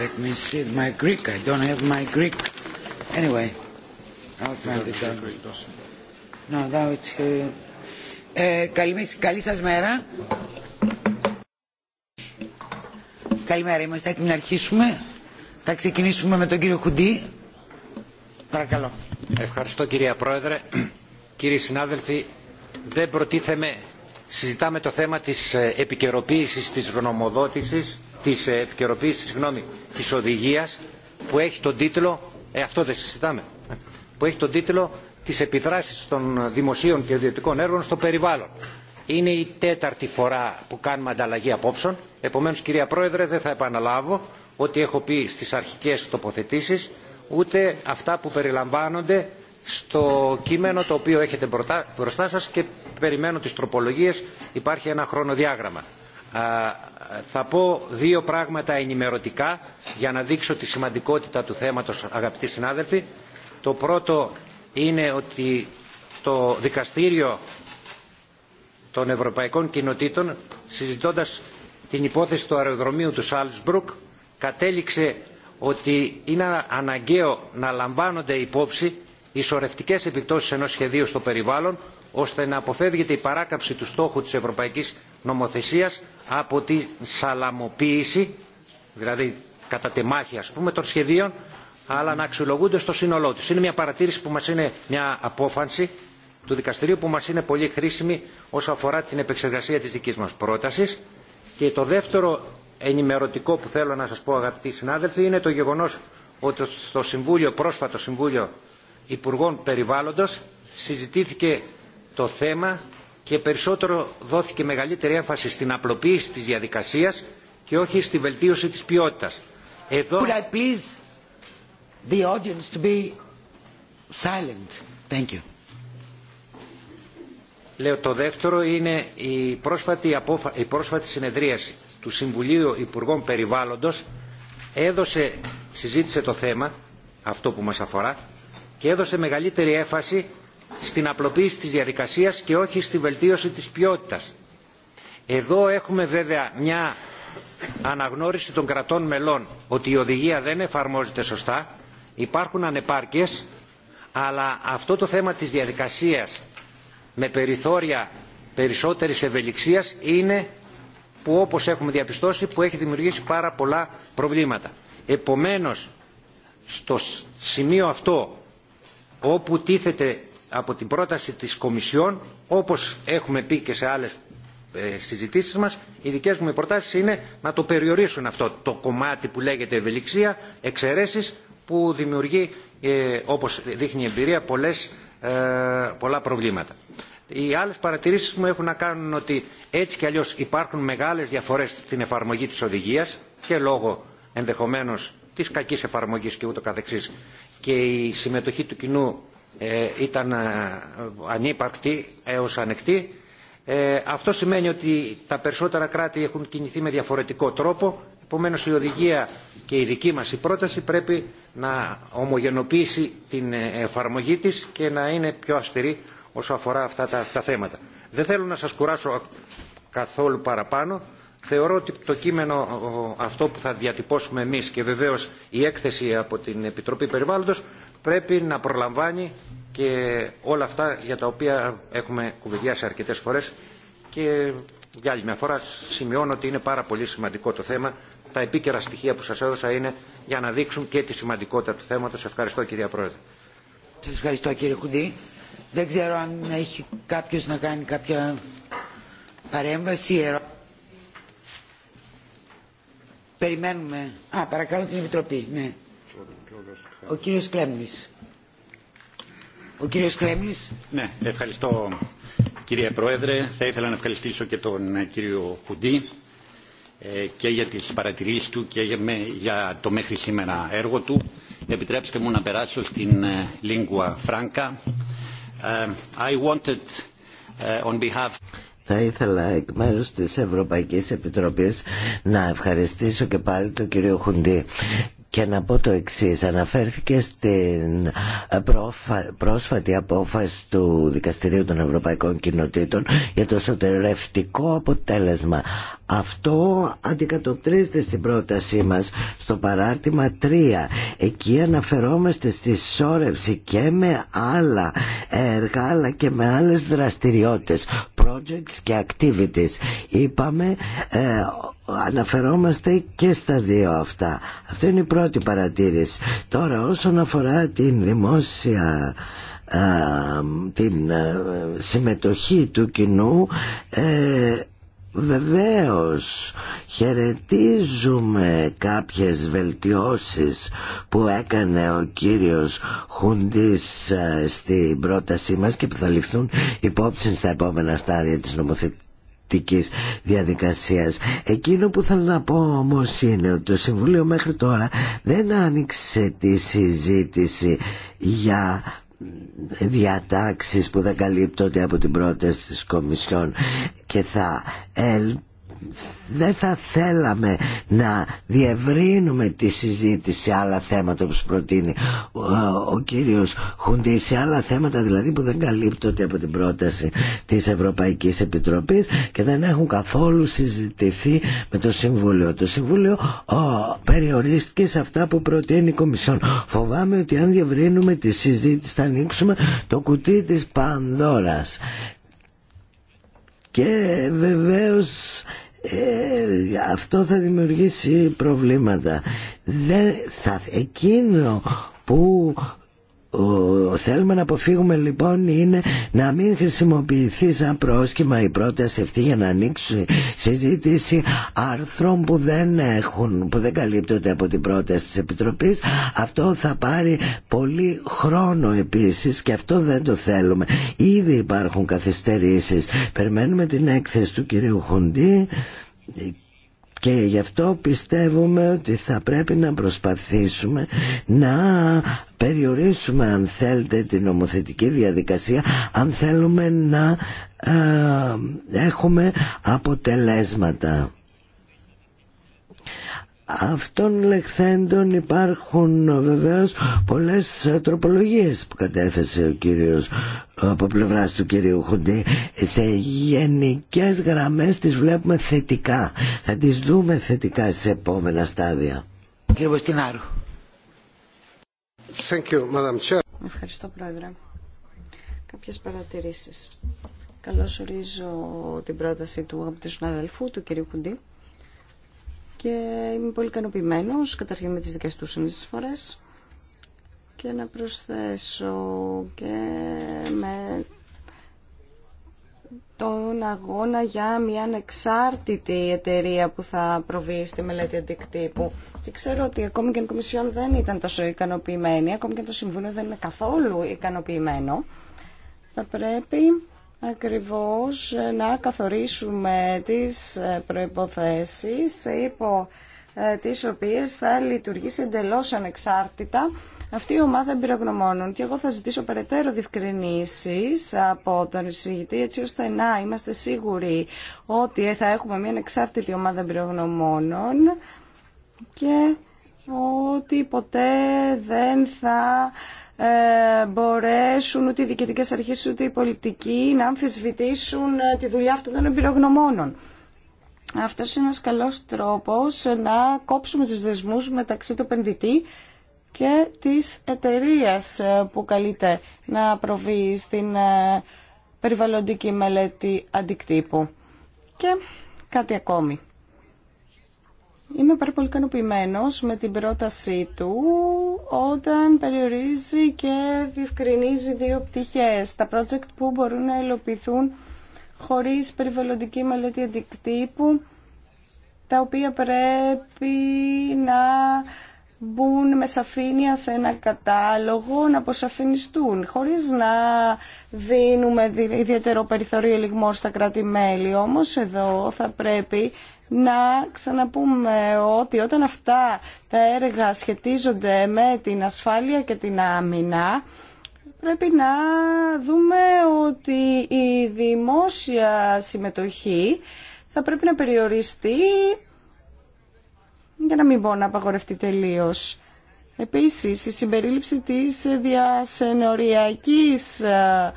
Let me see my Greek. I don't have my Greek. Anyway, I'll No, now it's here. Ε, καλή, καλή σας μέρα. Καλημέρα, είμαστε έτοιμοι να αρχίσουμε. Θα ξεκινήσουμε με τον κύριο Χουντή. Παρακαλώ. Ευχαριστώ κυρία Πρόεδρε. Κύριοι συνάδελφοι, δεν προτίθεμε. συζητάμε το θέμα της ε, επικαιροποίησης της γνωμοδότησης της επικαιροποίησης συγγνώμη, της οδηγίας που έχει τον τίτλο ε, αυτό δεν συζητάμε που έχει τον τίτλο της επιδράσεις των δημοσίων και ιδιωτικών έργων στο περιβάλλον. Είναι η τέταρτη φορά που κάνουμε ανταλλαγή απόψεων. Επομένως, κυρία Πρόεδρε, δεν θα επαναλάβω ό,τι έχω πει στις αρχικές τοποθετήσεις, ούτε αυτά που περιλαμβάνονται στο κείμενο το οποίο έχετε μπροστά σας και περιμένω τις τροπολογίες. Υπάρχει ένα χρονοδιάγραμμα θα πω δύο πράγματα ενημερωτικά για να δείξω τη σημαντικότητα του θέματος αγαπητοί συνάδελφοι. Το πρώτο είναι ότι το Δικαστήριο των Ευρωπαϊκών Κοινοτήτων συζητώντας την υπόθεση του αεροδρομίου του Σάλτσμπρουκ κατέληξε ότι είναι αναγκαίο να λαμβάνονται υπόψη οι σωρευτικές επιπτώσεις ενός σχεδίου στο περιβάλλον ώστε να αποφεύγεται η παράκαψη του στόχου της ευρωπαϊκής νομοθεσίας από τη σαλαμοποίηση, δηλαδή κατά τεμάχη ας πούμε των σχεδίων, αλλά να αξιολογούνται στο σύνολό τους. Είναι μια παρατήρηση που μας είναι μια απόφαση του δικαστηρίου που μας είναι πολύ χρήσιμη όσο αφορά την επεξεργασία της δικής μας πρότασης. Και το δεύτερο ενημερωτικό που θέλω να σας πω αγαπητοί συνάδελφοι είναι το γεγονός ότι στο Συμβούλιο, πρόσφατο Συμβούλιο Υπουργών Περιβάλλοντος συζητήθηκε το θέμα και περισσότερο δόθηκε μεγαλύτερη έμφαση στην απλοποίηση της διαδικασίας και όχι στη βελτίωση της ποιότητας. Εδώ... to be silent. Thank Λέω το δεύτερο είναι η πρόσφατη, απόφα... η πρόσφατη συνεδρίαση του Συμβουλίου Υπουργών Περιβάλλοντος έδωσε, συζήτησε το θέμα, αυτό που μας αφορά, και έδωσε μεγαλύτερη έμφαση στην απλοποίηση της διαδικασίας και όχι στη βελτίωση της ποιότητας. Εδώ έχουμε βέβαια μια αναγνώριση των κρατών μελών ότι η οδηγία δεν εφαρμόζεται σωστά, υπάρχουν ανεπάρκειες, αλλά αυτό το θέμα της διαδικασίας με περιθώρια περισσότερης ευελιξίας είναι που όπως έχουμε διαπιστώσει που έχει δημιουργήσει πάρα πολλά προβλήματα. Επομένως, στο σημείο αυτό όπου τίθεται από την πρόταση της Κομισιόν, όπως έχουμε πει και σε άλλες ε, συζητήσεις μας, οι δικές μου προτάσεις είναι να το περιορίσουν αυτό το κομμάτι που λέγεται ευελιξία, εξαιρέσεις που δημιουργεί, ε, όπως δείχνει η εμπειρία, πολλές, ε, πολλά προβλήματα. Οι άλλες παρατηρήσεις μου έχουν να κάνουν ότι έτσι κι αλλιώς υπάρχουν μεγάλες διαφορές στην εφαρμογή της οδηγίας και λόγω ενδεχομένως της κακής εφαρμογής και ούτω καθεξής και η συμμετοχή του κοινού ε, ήταν ε, ανύπαρκτη έως ανεκτή. Ε, αυτό σημαίνει ότι τα περισσότερα κράτη έχουν κινηθεί με διαφορετικό τρόπο. Επομένως η οδηγία και η δική μας η πρόταση πρέπει να ομογενοποιήσει την εφαρμογή της και να είναι πιο αυστηρή όσο αφορά αυτά τα, θέματα. Δεν θέλω να σας κουράσω καθόλου παραπάνω. Θεωρώ ότι το κείμενο αυτό που θα διατυπώσουμε εμείς και βεβαίως η έκθεση από την Επιτροπή Περιβάλλοντος πρέπει να προλαμβάνει και όλα αυτά για τα οποία έχουμε κουβεντιάσει αρκετές φορές και για άλλη μια φορά σημειώνω ότι είναι πάρα πολύ σημαντικό το θέμα. Τα επίκαιρα στοιχεία που σας έδωσα είναι για να δείξουν και τη σημαντικότητα του θέματος. Ευχαριστώ κυρία Πρόεδρε. Σας ευχαριστώ κύριε Κουντή. Δεν ξέρω αν έχει κάποιος να κάνει κάποια παρέμβαση, Περιμένουμε. Α, παρακαλώ την Επιτροπή. Ναι. Ο κύριος Κλέμνης. Ο κύριος Κλέμνης. Ναι, ευχαριστώ κύριε Πρόεδρε. Θα ήθελα να ευχαριστήσω και τον ε, κύριο Χουντή ε, και για τις παρατηρήσεις του και για το μέχρι σήμερα έργο του. Επιτρέψτε μου να περάσω στην ε, lingua franca. I wanted on behalf... Θα ήθελα εκ μέρους της Ευρωπαϊκής Επιτροπής να ευχαριστήσω και πάλι τον κύριο Χουντή και να πω το εξή, αναφέρθηκε στην πρόσφατη απόφαση του Δικαστηρίου των Ευρωπαϊκών Κοινοτήτων για το σωτερευτικό αποτέλεσμα. Αυτό αντικατοπτρίζεται στην πρότασή μας στο παράρτημα 3. Εκεί αναφερόμαστε στη σώρευση και με άλλα έργα αλλά και με άλλες δραστηριότητες, projects και activities. Είπαμε ε, αναφερόμαστε και στα δύο αυτά. Αυτό είναι η πρώτη παρατήρηση. Τώρα όσον αφορά την δημόσια την συμμετοχή του κοινού ε, Βεβαίως χαιρετίζουμε κάποιες βελτιώσεις που έκανε ο κύριος Χουντής ε, στην πρότασή μας και που θα ληφθούν υπόψη στα επόμενα στάδια της νομοθετικής διαδικασίας. Εκείνο που θέλω να πω όμως είναι ότι το Συμβούλιο μέχρι τώρα δεν άνοιξε τη συζήτηση για διατάξεις που δεν καλύπτονται από την πρόταση της Κομισιόν και θα L δεν θα θέλαμε να διευρύνουμε τη συζήτηση σε άλλα θέματα όπως προτείνει ο, ο κύριος Χουντή σε άλλα θέματα δηλαδή που δεν καλύπτονται από την πρόταση της Ευρωπαϊκής Επιτροπής και δεν έχουν καθόλου συζητηθεί με το Συμβούλιο. Το Συμβούλιο ο, περιορίστηκε σε αυτά που προτείνει η Κομισιόν. Φοβάμαι ότι αν διευρύνουμε τη συζήτηση θα ανοίξουμε το κουτί της Πανδώρας. Και βεβαίως ε, αυτό θα δημιουργήσει προβλήματα. Δεν, θα, εκείνο που θέλουμε να αποφύγουμε λοιπόν είναι να μην χρησιμοποιηθεί σαν πρόσχημα η πρόταση αυτή για να ανοίξει συζήτηση άρθρων που δεν έχουν, που δεν καλύπτονται από την πρόταση της Επιτροπής. Αυτό θα πάρει πολύ χρόνο επίσης και αυτό δεν το θέλουμε. Ήδη υπάρχουν καθυστερήσεις. Περιμένουμε την έκθεση του κυρίου Χοντή και γι' αυτό πιστεύουμε ότι θα πρέπει να προσπαθήσουμε να περιορίσουμε αν θέλετε την νομοθετική διαδικασία αν θέλουμε να ε, έχουμε αποτελέσματα. Αυτών λεχθέντων υπάρχουν βεβαίως πολλές τροπολογίες που κατέθεσε ο κύριος από πλευρά του κυρίου Χοντή. Σε γενικές γραμμές τις βλέπουμε θετικά. Θα τις δούμε θετικά σε επόμενα στάδια. Κύριε Βοστινάρου. Ευχαριστώ, Πρόεδρε. Κάποιες παρατηρήσεις. Καλώς ορίζω την πρόταση του αγαπητού συναδελφού, του κυρίου Κουντή. Και είμαι πολύ ικανοποιημένο καταρχήν με τις δικές του συνεισφορές και να προσθέσω και με τον αγώνα για μια ανεξάρτητη εταιρεία που θα προβεί στη μελέτη αντικτύπου. Και ξέρω ότι ακόμη και η Κομισιόν δεν ήταν τόσο ικανοποιημένη, ακόμη και το Συμβούλιο δεν είναι καθόλου ικανοποιημένο. Θα πρέπει ακριβώς να καθορίσουμε τις ε, προϋποθέσεις υπό ε, τις οποίες θα λειτουργήσει εντελώς ανεξάρτητα αυτή η ομάδα εμπειρογνωμόνων. Και εγώ θα ζητήσω περαιτέρω διευκρινήσεις από τον εισηγητή, έτσι ώστε να είμαστε σίγουροι ότι θα έχουμε μια ανεξάρτητη ομάδα εμπειρογνωμόνων και ότι ποτέ δεν θα ε, μπορέσουν ούτε οι διοικητικές αρχές ούτε οι πολιτικοί να αμφισβητήσουν ε, τη δουλειά αυτών των εμπειρογνωμόνων. Αυτό είναι ένας καλός τρόπος να κόψουμε τους δεσμούς μεταξύ του επενδυτή και της εταιρείας ε, που καλείται να προβεί στην περιβαλλοντική μελέτη αντικτύπου. Και κάτι ακόμη. Είμαι πάρα πολύ ικανοποιημένο με την πρότασή του όταν περιορίζει και διευκρινίζει δύο πτυχές. Τα project που μπορούν να υλοποιηθούν χωρίς περιβαλλοντική μελέτη αντικτύπου, τα οποία πρέπει να μπουν με σαφήνεια σε ένα κατάλογο να αποσαφινιστούν, χωρίς να δίνουμε ιδιαίτερο περιθώριο λιγμό στα κράτη-μέλη. Όμως εδώ θα πρέπει να ξαναπούμε ότι όταν αυτά τα έργα σχετίζονται με την ασφάλεια και την άμυνα, πρέπει να δούμε ότι η δημόσια συμμετοχή θα πρέπει να περιοριστεί για να μην μπορεί να απαγορευτεί τελείως. Επίσης, η συμπερίληψη της διασενοριακής ε,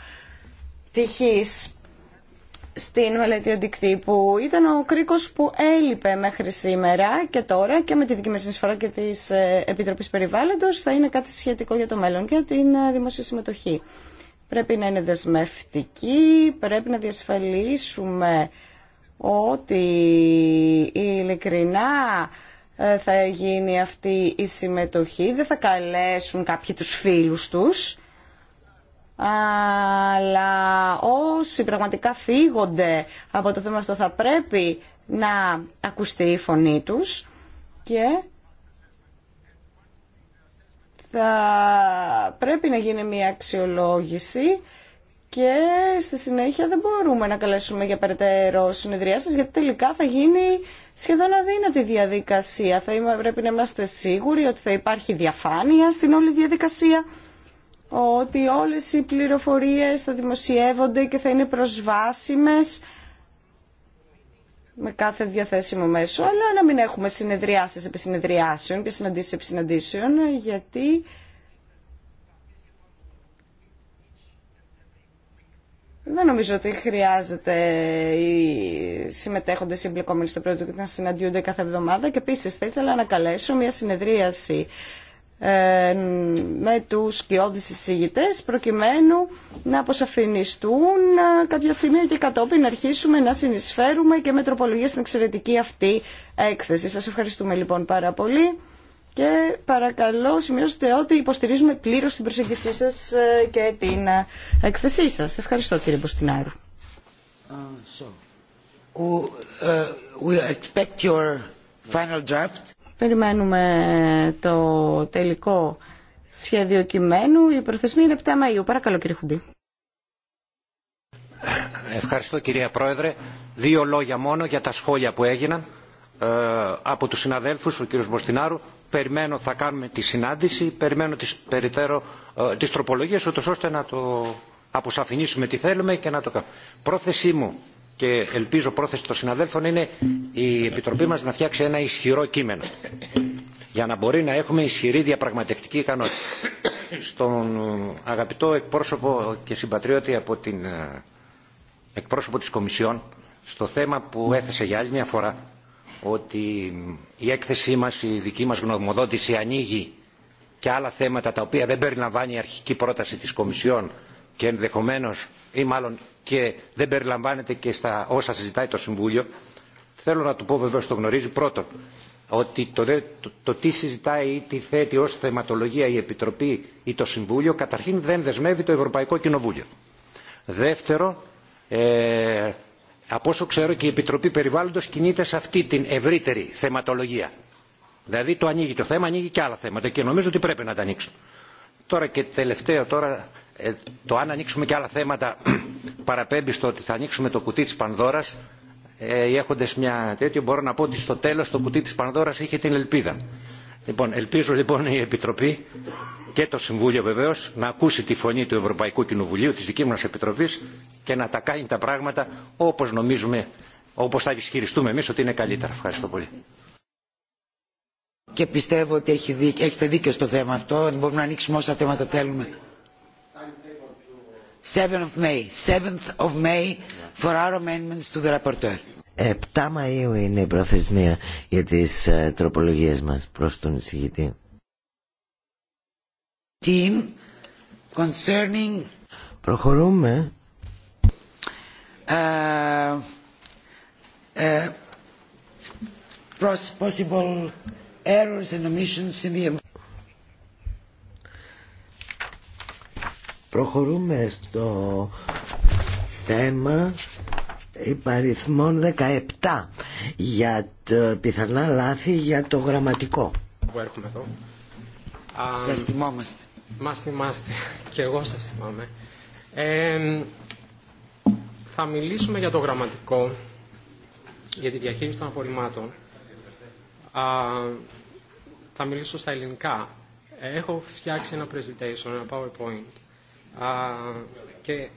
τυχής στην μελέτη αντικτύπου. Ήταν ο κρίκος που έλειπε μέχρι σήμερα και τώρα και με τη δική μας συνεισφορά και της ε, Επιτροπής Περιβάλλοντος θα είναι κάτι σχετικό για το μέλλον και την ε, δημοσία συμμετοχή. Πρέπει να είναι δεσμευτική, πρέπει να διασφαλίσουμε ότι ειλικρινά ε, θα γίνει αυτή η συμμετοχή, δεν θα καλέσουν κάποιοι τους φίλους τους αλλά όσοι πραγματικά φύγονται από το θέμα αυτό θα πρέπει να ακουστεί η φωνή τους και θα πρέπει να γίνει μια αξιολόγηση και στη συνέχεια δεν μπορούμε να καλέσουμε για περαιτέρω συνεδριάσεις γιατί τελικά θα γίνει σχεδόν αδύνατη διαδικασία. Θα πρέπει να είμαστε σίγουροι ότι θα υπάρχει διαφάνεια στην όλη διαδικασία ότι όλες οι πληροφορίες θα δημοσιεύονται και θα είναι προσβάσιμες με κάθε διαθέσιμο μέσο, αλλά να μην έχουμε συνεδριάσεις επί συνεδριάσεων και συναντήσεις επί συναντήσεων, γιατί Δεν νομίζω ότι χρειάζεται οι συμμετέχοντες ή εμπλεκόμενοι στο project να συναντιούνται κάθε εβδομάδα και επίση θα ήθελα να καλέσω μια συνεδρίαση ε, με τους σκιώδεις εισηγητές προκειμένου να αποσαφινιστούν ε, κάποια σημεία και κατόπιν να αρχίσουμε να συνεισφέρουμε και με τροπολογία στην εξαιρετική αυτή έκθεση. Σας ευχαριστούμε λοιπόν πάρα πολύ και παρακαλώ σημειώστε ότι υποστηρίζουμε πλήρως την προσέγγισή σας ε, και την έκθεσή σας. Ευχαριστώ κύριε Μποστινάρου. Uh, We uh, expect your final Περιμένουμε το τελικό σχέδιο κειμένου. Η προθεσμία είναι 7 Μαΐου. Παρακαλώ κύριε Χουντή. Ευχαριστώ κυρία Πρόεδρε. Δύο λόγια μόνο για τα σχόλια που έγιναν ε, από τους συναδέλφους, ο κύριος Μποστινάρου. Περιμένω, θα κάνουμε τη συνάντηση, περιμένω τις, περιτέρω, ε, τις τροπολογίες, ώστε να το αποσαφηνίσουμε τι θέλουμε και να το κάνουμε. Πρόθεσή μου και ελπίζω πρόθεση των συναδέλφων είναι η Επιτροπή μας να φτιάξει ένα ισχυρό κείμενο για να μπορεί να έχουμε ισχυρή διαπραγματευτική ικανότητα. Στον αγαπητό εκπρόσωπο και συμπατριώτη από την ε, εκπρόσωπο της Κομισιόν στο θέμα που έθεσε για άλλη μια φορά ότι η έκθεσή μας, η δική μας γνωμοδότηση ανοίγει και άλλα θέματα τα οποία δεν περιλαμβάνει η αρχική πρόταση της Κομισιόν και ενδεχομένως ή μάλλον και δεν περιλαμβάνεται και στα όσα συζητάει το Συμβούλιο θέλω να του πω βεβαίως το γνωρίζει πρώτον ότι το, το, το τι συζητάει ή τι θέτει ως θεματολογία η Επιτροπή ή το Συμβούλιο καταρχήν δεν δεσμεύει το Ευρωπαϊκό Κοινοβούλιο. Δεύτερο, ε, από όσο ξέρω και η Επιτροπή Περιβάλλοντος κινείται σε αυτή την ευρύτερη θεματολογία. Δηλαδή το ανοίγει το θέμα, ανοίγει και άλλα θέματα και νομίζω ότι πρέπει να τα ανοίξουν. Τώρα και τελευταίο, τώρα ε, το αν ανοίξουμε και άλλα θέματα παραπέμπει στο ότι θα ανοίξουμε το κουτί της πανδώρας ή ε, έχοντας μια τέτοια μπορώ να πω ότι στο τέλος το κουτί της πανδώρας είχε την ελπίδα. Λοιπόν, ελπίζω λοιπόν η Επιτροπή και το Συμβούλιο βεβαίω να ακούσει τη φωνή του Ευρωπαϊκού Κοινοβουλίου, τη δική μα Επιτροπή και να τα κάνει τα πράγματα όπω νομίζουμε, όπω θα ισχυριστούμε εμεί ότι είναι καλύτερα. Ευχαριστώ πολύ. Και πιστεύω ότι έχετε δίκιο στο θέμα αυτό. Μπορούμε να ανοίξουμε όσα θέματα θέλουμε. 7 of May, 7th of May for our amendments to the rapporteur. 7 Μαΐου είναι η προθεσμία για τις ε, τροπολογίες μας προς τον εισηγητή. Team concerning... Προχωρούμε. Uh, uh, possible errors and omissions in the... Προχωρούμε στο θέμα υπαριθμών 17 για το πιθανά λάθη για το γραμματικό. Που έρχομαι εδώ. Σας θυμόμαστε. Μας θυμάστε. Και εγώ σας θυμάμαι. θα μιλήσουμε για το γραμματικό, για τη διαχείριση των απορριμμάτων. θα μιλήσω στα ελληνικά. Έχω φτιάξει ένα presentation, ένα PowerPoint, και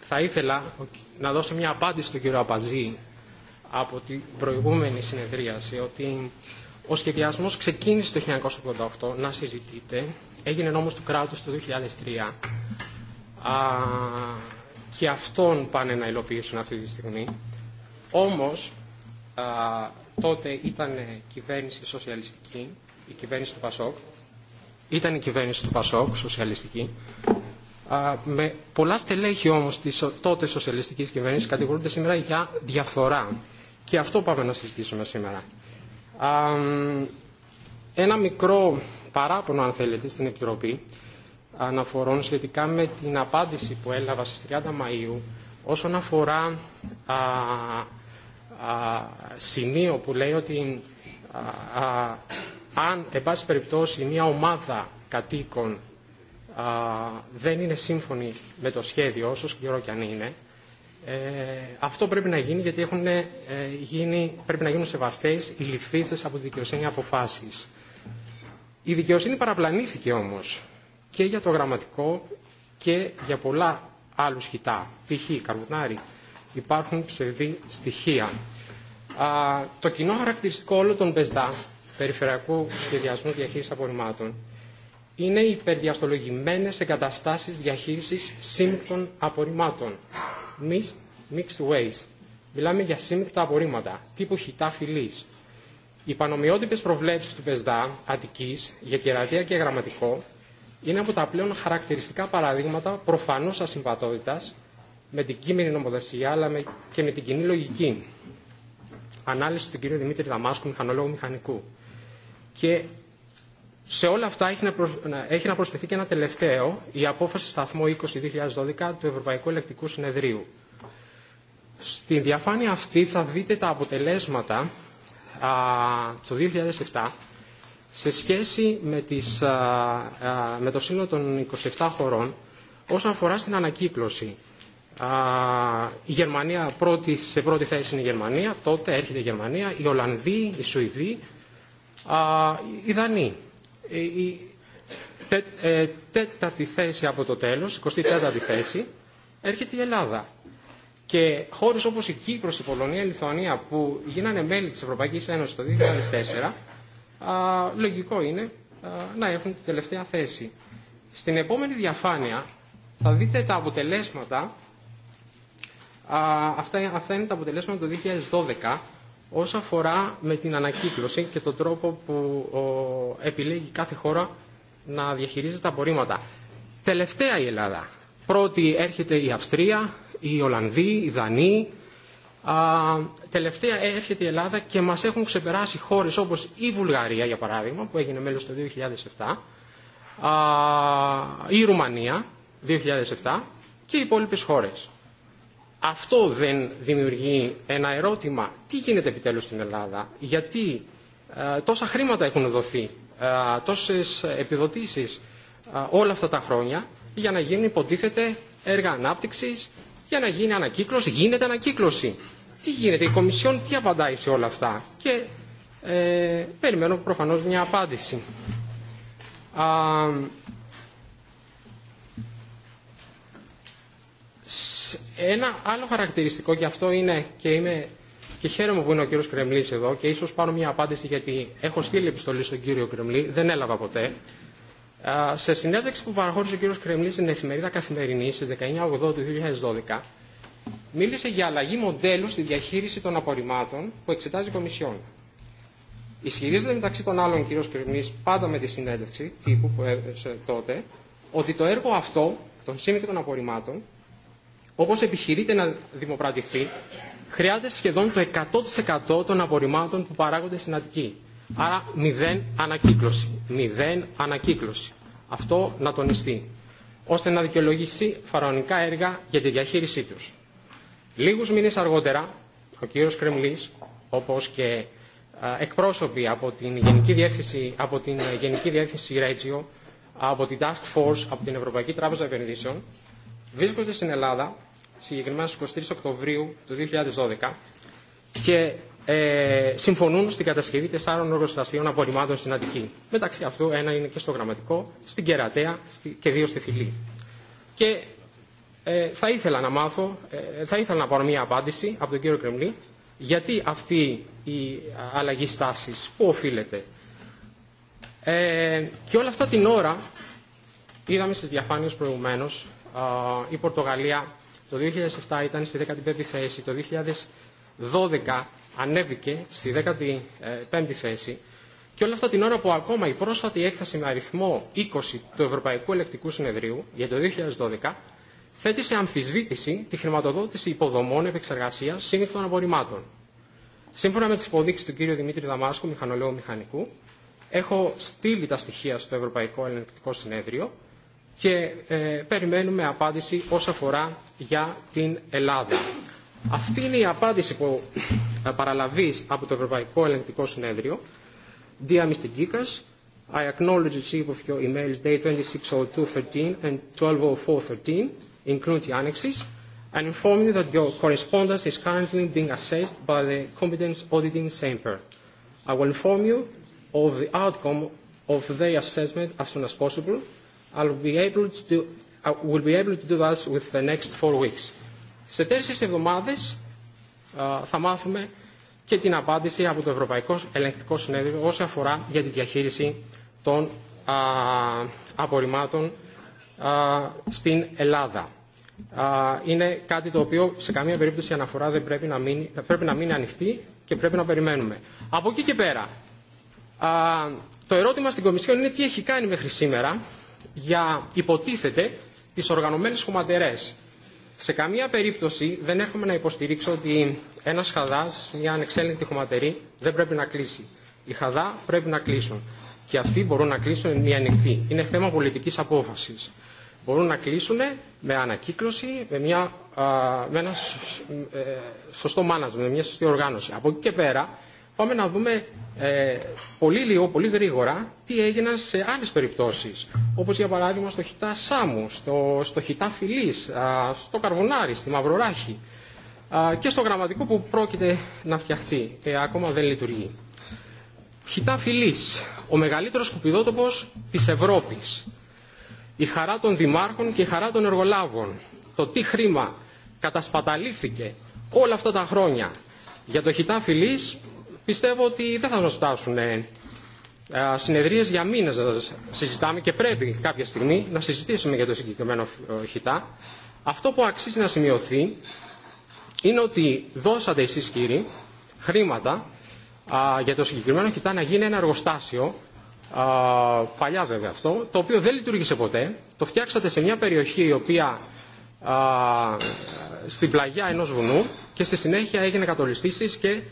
θα ήθελα να δώσω μια απάντηση στον κύριο Απαζή από την προηγούμενη συνεδρίαση ότι ο σχεδιασμός ξεκίνησε το 1988 να συζητείται, έγινε νόμος του κράτους το 2003 και αυτόν πάνε να υλοποιήσουν αυτή τη στιγμή. Όμως τότε ήταν κυβέρνηση σοσιαλιστική, η κυβέρνηση του Πασόκ, ήταν η κυβέρνηση του Πασόκ, σοσιαλιστική, με πολλά στελέχη όμως της τότε σοσιαλιστικής κυβέρνησης κατηγορούνται σήμερα για διαφθορά. Και αυτό πάμε να συζητήσουμε σήμερα. Ένα μικρό παράπονο, αν θέλετε, στην Επιτροπή αναφορών σχετικά με την απάντηση που έλαβα στις 30 Μαΐου όσον αφορά α, α, σημείο που λέει ότι α, αν, εν πάση περιπτώσει, μια ομάδα κατοίκων δεν είναι σύμφωνοι με το σχέδιο, όσο σκληρό και αν είναι, ε, αυτό πρέπει να γίνει γιατί έχουν, ε, γίνει, πρέπει να γίνουν σεβαστές οι ληφθήσεις από τη δικαιοσύνη αποφάσεις. Η δικαιοσύνη παραπλανήθηκε όμως και για το γραμματικό και για πολλά άλλου χιτά. Π.χ. καρβουνάρι. Υπάρχουν ψευδή στοιχεία. Α, το κοινό χαρακτηριστικό όλων των ΠΕΣΔΑ, Περιφερειακού Σχεδιασμού Διαχείρισης Απορριμμάτων, είναι οι υπερδιαστολογημένες εγκαταστάσεις διαχείρισης σύμπτων απορριμμάτων, mixed, mixed waste. Μιλάμε για σύμπτα απορρίμματα, τύπου χιτά φυλής. Οι πανομοιότυπες προβλέψεις του ΠΕΣΔΑ, Αττικής, για κερατεία και γραμματικό, είναι από τα πλέον χαρακτηριστικά παραδείγματα προφανούς ασυμπατότητας με την κείμενη νομοθεσία αλλά και με την κοινή λογική. Ανάλυση του κ. Δημήτρη Δαμάσκου, μηχανολόγου μηχανικού. Και σε όλα αυτά έχει να, έχει να προσθεθεί και ένα τελευταίο, η απόφαση σταθμό 20-2012 του Ευρωπαϊκού Ελεκτικού Συνεδρίου. Στην διαφάνεια αυτή θα δείτε τα αποτελέσματα α, το 2007 σε σχέση με, τις, με το σύνολο των 27 χωρών όσον αφορά στην ανακύκλωση. Η Γερμανία πρώτη, σε πρώτη θέση είναι η Γερμανία, τότε έρχεται η Γερμανία, η Ολλανδοί, οι Σουηδοί, οι Δανείοι. Ε, η ε, τέταρτη θέση από το τέλος, 24η θέση, έρχεται η Ελλάδα. Και χώρες όπως η Κύπρος, η Πολωνία, η Λιθουανία που γίνανε μέλη της Ευρωπαϊκής Ένωσης το 2004, α, λογικό είναι να έχουν την τελευταία θέση. Στην επόμενη διαφάνεια θα δείτε τα αποτελέσματα, αυτά, αυτά είναι τα αποτελέσματα του 2012, Όσο αφορά με την ανακύκλωση και τον τρόπο που επιλέγει κάθε χώρα να διαχειρίζει τα απορρίμματα. Τελευταία η Ελλάδα. Πρώτη έρχεται η Αυστρία, οι Ολλανδοί, οι Δανείοι. Τελευταία έρχεται η Ελλάδα και μας έχουν ξεπεράσει χώρες όπως η Βουλγαρία, για παράδειγμα, που έγινε μέλος το 2007, η Ρουμανία, 2007 και οι υπόλοιπες χώρες. Αυτό δεν δημιουργεί ένα ερώτημα. Τι γίνεται επιτέλους στην Ελλάδα. Γιατί ε, τόσα χρήματα έχουν δοθεί, ε, τόσες επιδοτήσεις ε, όλα αυτά τα χρόνια για να γίνουν υποτίθεται έργα ανάπτυξης, για να γίνει ανακύκλωση. Γίνεται ανακύκλωση. Τι γίνεται. Η Κομισιόν τι απαντάει σε όλα αυτά. Και περιμένω προφανώς μια απάντηση. Ένα άλλο χαρακτηριστικό, και αυτό είναι και, είμαι, και χαίρομαι που είναι ο κύριο Κρεμλής εδώ και ίσω πάρω μια απάντηση γιατί έχω στείλει επιστολή στον κύριο Κρεμλή, δεν έλαβα ποτέ. Σε συνέντευξη που παραχώρησε ο κύριος Κρεμλής στην εφημερίδα Καθημερινή στις 19 του 2012, μίλησε για αλλαγή μοντέλου στη διαχείριση των απορριμμάτων που εξετάζει η Κομισιόν. Ισχυρίζεται μεταξύ των άλλων ο Κρεμλής πάντα με τη συνέντευξη τύπου που έδωσε τότε, ότι το έργο αυτό των των απορριμμάτων όπως επιχειρείται να δημοπρατηθεί, χρειάζεται σχεδόν το 100% των απορριμμάτων που παράγονται στην Αττική. Άρα μηδέν ανακύκλωση. Μηδέν ανακύκλωση. Αυτό να τονιστεί, ώστε να δικαιολογήσει φαραωνικά έργα για τη διαχείρισή τους. Λίγους μήνες αργότερα, ο κύριος Κρεμλής, όπως και εκπρόσωποι από την Γενική Διεύθυνση, από την Γενική Διεύθυνση από την Task Force, από την Ευρωπαϊκή Τράπεζα Επενδύσεων, βρίσκονται στην Ελλάδα συγκεκριμένα στις 23 Οκτωβρίου του 2012 και ε, συμφωνούν στην κατασκευή τεσσάρων εργοστασίων απορριμμάτων στην Αττική. Μεταξύ αυτού ένα είναι και στο γραμματικό, στην Κερατέα και δύο στη Φιλή. Και ε, θα ήθελα να μάθω, ε, θα ήθελα να πάρω μια απάντηση από τον κύριο Κρεμλή, γιατί αυτή η αλλαγή στάσης, πού οφείλεται. Ε, και όλα αυτά την ώρα, είδαμε στις διαφάνειες προηγουμένως, η Πορτογαλία το 2007 ήταν στη 15η θέση, το 2012 ανέβηκε στη 15η θέση και όλα αυτά την ώρα που ακόμα η πρόσφατη έκθεση με αριθμό 20 του Ευρωπαϊκού Ελεκτικού Συνεδρίου για το 2012 θέτει σε αμφισβήτηση τη χρηματοδότηση υποδομών επεξεργασία σύνδεκτων απορριμμάτων. Σύμφωνα με τι υποδείξει του κ. Δημήτρη Δαμάσκου, μηχανολόγου μηχανικού, έχω στείλει τα στοιχεία στο Ευρωπαϊκό Ελεκτικό Συνέδριο και περιμένουμε απάντηση όσον αφορά για την Ελλάδα. Αυτή είναι η απάντηση που παραλαβείς από το Ευρωπαϊκό Ελεγκτικό Συνέδριο. Dear Mr. Gikas, I acknowledge receipt of your emails dated 260213 and 120413, including the annexes, and inform you that your correspondence is currently being assessed by the Competence Auditing Chamber. I will inform you of the outcome of their assessment as soon as possible θα uh, will be able to do, will be able to that with the next four weeks. Σε τέσσερις εβδομάδες ε, θα μάθουμε και την απάντηση από το Ευρωπαϊκό Ελεγκτικό Συνέδριο όσον αφορά για τη διαχείριση των ε, απορριμμάτων ε, στην Ελλάδα. Είναι κάτι το οποίο σε καμία περίπτωση αναφορά δεν πρέπει να μείνει, πρέπει να μείνει ανοιχτή και πρέπει να περιμένουμε. Από εκεί και πέρα, το ερώτημα στην Κομισιόν είναι τι έχει κάνει μέχρι σήμερα για υποτίθεται τις οργανωμένες χωματερές. Σε καμία περίπτωση δεν έχουμε να υποστηρίξω ότι ένας χαδάς, μια ανεξέλεγκτη χωματερή, δεν πρέπει να κλείσει. Οι χαδά πρέπει να κλείσουν. Και αυτοί μπορούν να κλείσουν μια ανοιχτή. Είναι θέμα πολιτικής απόφασης. Μπορούν να κλείσουν με ανακύκλωση, με, μια, με ένα ε, σωστό management, με μια σωστή οργάνωση. Από εκεί και πέρα Πάμε να δούμε ε, πολύ λίγο, πολύ γρήγορα, τι έγιναν σε άλλες περιπτώσεις. Όπως για παράδειγμα στο χιτά Σάμου, στο, στο χιτά Φιλής, στο Καρβονάρι, στη Μαυροράχη και στο γραμματικό που πρόκειται να φτιαχτεί. και ε, ακόμα δεν λειτουργεί. Χιτά Φιλής, ο μεγαλύτερος σκουπιδότοπος της Ευρώπης. Η χαρά των δημάρχων και η χαρά των εργολάβων. Το τι χρήμα κατασπαταλήθηκε όλα αυτά τα χρόνια για το χιτά πιστεύω ότι δεν θα μας φτάσουν ε, συνεδρίες για μήνες να συζητάμε και πρέπει κάποια στιγμή να συζητήσουμε για το συγκεκριμένο ε, χιτά. Αυτό που αξίζει να σημειωθεί είναι ότι δώσατε εσείς κύριοι χρήματα για το συγκεκριμένο χιτά να γίνει ένα εργοστάσιο παλιά βέβαια αυτό, το οποίο δεν λειτουργήσε ποτέ. Το φτιάξατε σε μια περιοχή η οποία στην πλαγιά ενός βουνού και στη συνέχεια έγινε κατολιστήσεις και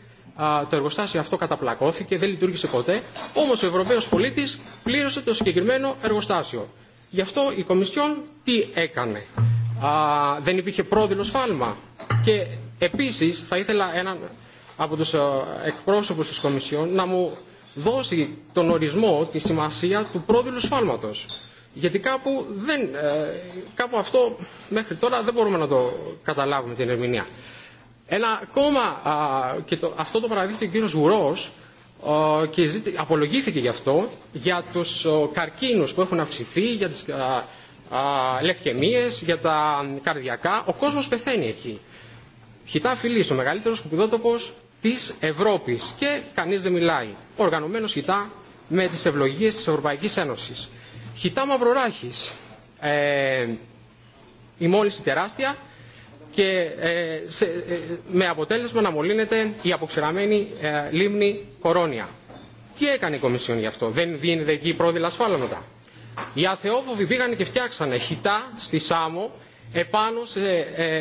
το εργοστάσιο αυτό καταπλακώθηκε, δεν λειτουργήσε ποτέ, όμως ο Ευρωπαίος πολίτης πλήρωσε το συγκεκριμένο εργοστάσιο. Γι' αυτό η Κομισιόν τι έκανε. Α, δεν υπήρχε πρόδειλο σφάλμα. Και επίσης θα ήθελα έναν από τους ε, εκπρόσωπους της Κομισιόν να μου δώσει τον ορισμό, τη σημασία του πρόδειλου σφάλματος. Γιατί κάπου, δεν, ε, κάπου αυτό μέχρι τώρα δεν μπορούμε να το καταλάβουμε την ερμηνεία. Ένα ακόμα, και το, αυτό το παραδείχθηκε ο κύριο Γουρό και ζήτη, απολογήθηκε γι' αυτό, για τους καρκίνους που έχουν αυξηθεί, για τις α, για τα καρδιακά. Ο κόσμος πεθαίνει εκεί. Χιτά φιλή, ο μεγαλύτερος σκουπιδότοπος της Ευρώπης και κανείς δεν μιλάει. Οργανωμένος χιτά με τις ευλογίε της Ευρωπαϊκή Ένωση. Χιτά μαυροράχη. Ε, η μόνηση τεράστια και ε, σε, ε, με αποτέλεσμα να μολύνεται η αποξηραμένη ε, λίμνη Κορώνια. Τι έκανε η Κομισιόν γι' αυτό, δεν δίνεται εκεί πρόδειλα ασφάλματα. Οι αθεόφοβοι πήγαν και φτιάξανε χιτά στη Σάμο επάνω σε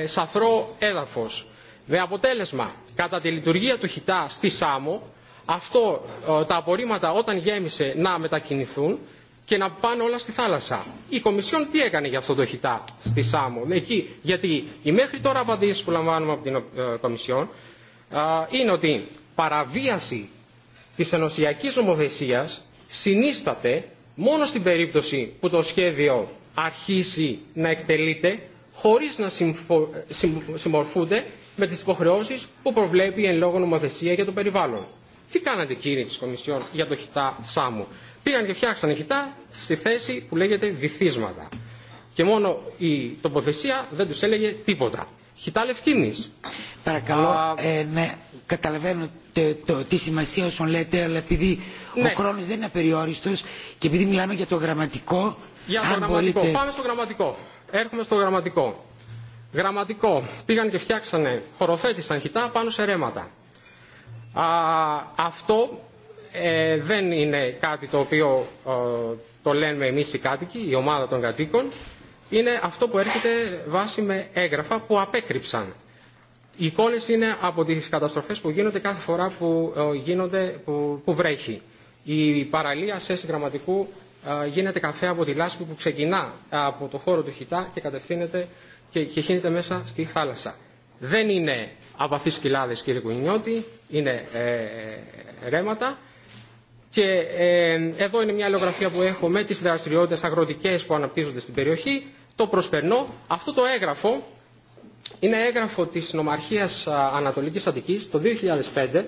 σαθρό έδαφος. Με αποτέλεσμα, κατά τη λειτουργία του χιτά στη Σάμο, αυτό, τα απορρίμματα όταν γέμισε να μετακινηθούν, και να πάνε όλα στη θάλασσα. Η Κομισιόν τι έκανε για αυτό το χιτά στη Σάμο. γιατί οι μέχρι τώρα απαντήσει που λαμβάνουμε από την ε, Κομισιόν είναι ότι παραβίαση της ενωσιακής νομοθεσίας συνίσταται μόνο στην περίπτωση που το σχέδιο αρχίσει να εκτελείται χωρίς να συμφο... συμμορφούνται με τις υποχρεώσεις που προβλέπει η εν λόγω νομοθεσία για το περιβάλλον. Τι κάνατε κύριοι της Κομισιόν για το χιτά Σάμου. Πήγαν και φτιάξαν χιτά στη θέση που λέγεται βυθίσματα. Και μόνο η τοποθεσία δεν τους έλεγε τίποτα. Χιτά Λευκίνης. Παρακαλώ, ε, ναι, καταλαβαίνω το, τη σημασία όσων λέτε, αλλά επειδή ο ναι. χρόνος δεν είναι απεριόριστος και επειδή μιλάμε για το γραμματικό... Για το γραμματικό. Πάμε στο γραμματικό. Έρχομαι στο γραμματικό. Γραμματικό. Πήγαν και φτιάξανε, χωροθέτησαν χιτά πάνω σε ρέματα. Α, αυτό ε, δεν είναι κάτι το οποίο ε, το λέμε εμείς οι κάτοικοι, η ομάδα των κατοίκων. Είναι αυτό που έρχεται βάσει με έγγραφα που απέκρυψαν. Οι εικόνες είναι από τις καταστροφές που γίνονται κάθε φορά που, ε, γίνονται, που, βρέχει. Η παραλία σε γραμματικού ε, γίνεται καφέ από τη λάσπη που ξεκινά από το χώρο του χιτά και κατευθύνεται και, και χύνεται μέσα στη θάλασσα. Δεν είναι απαθείς κοιλάδες κύριε Κουνιώτη, είναι ρέματα και ε, εδώ είναι μια αλληλογραφία που έχω με τις δραστηριότητες αγροτικές που αναπτύσσονται στην περιοχή. Το προσπερνώ. Αυτό το έγγραφο είναι έγγραφο της Νομαρχίας Ανατολικής Αττικής το 2005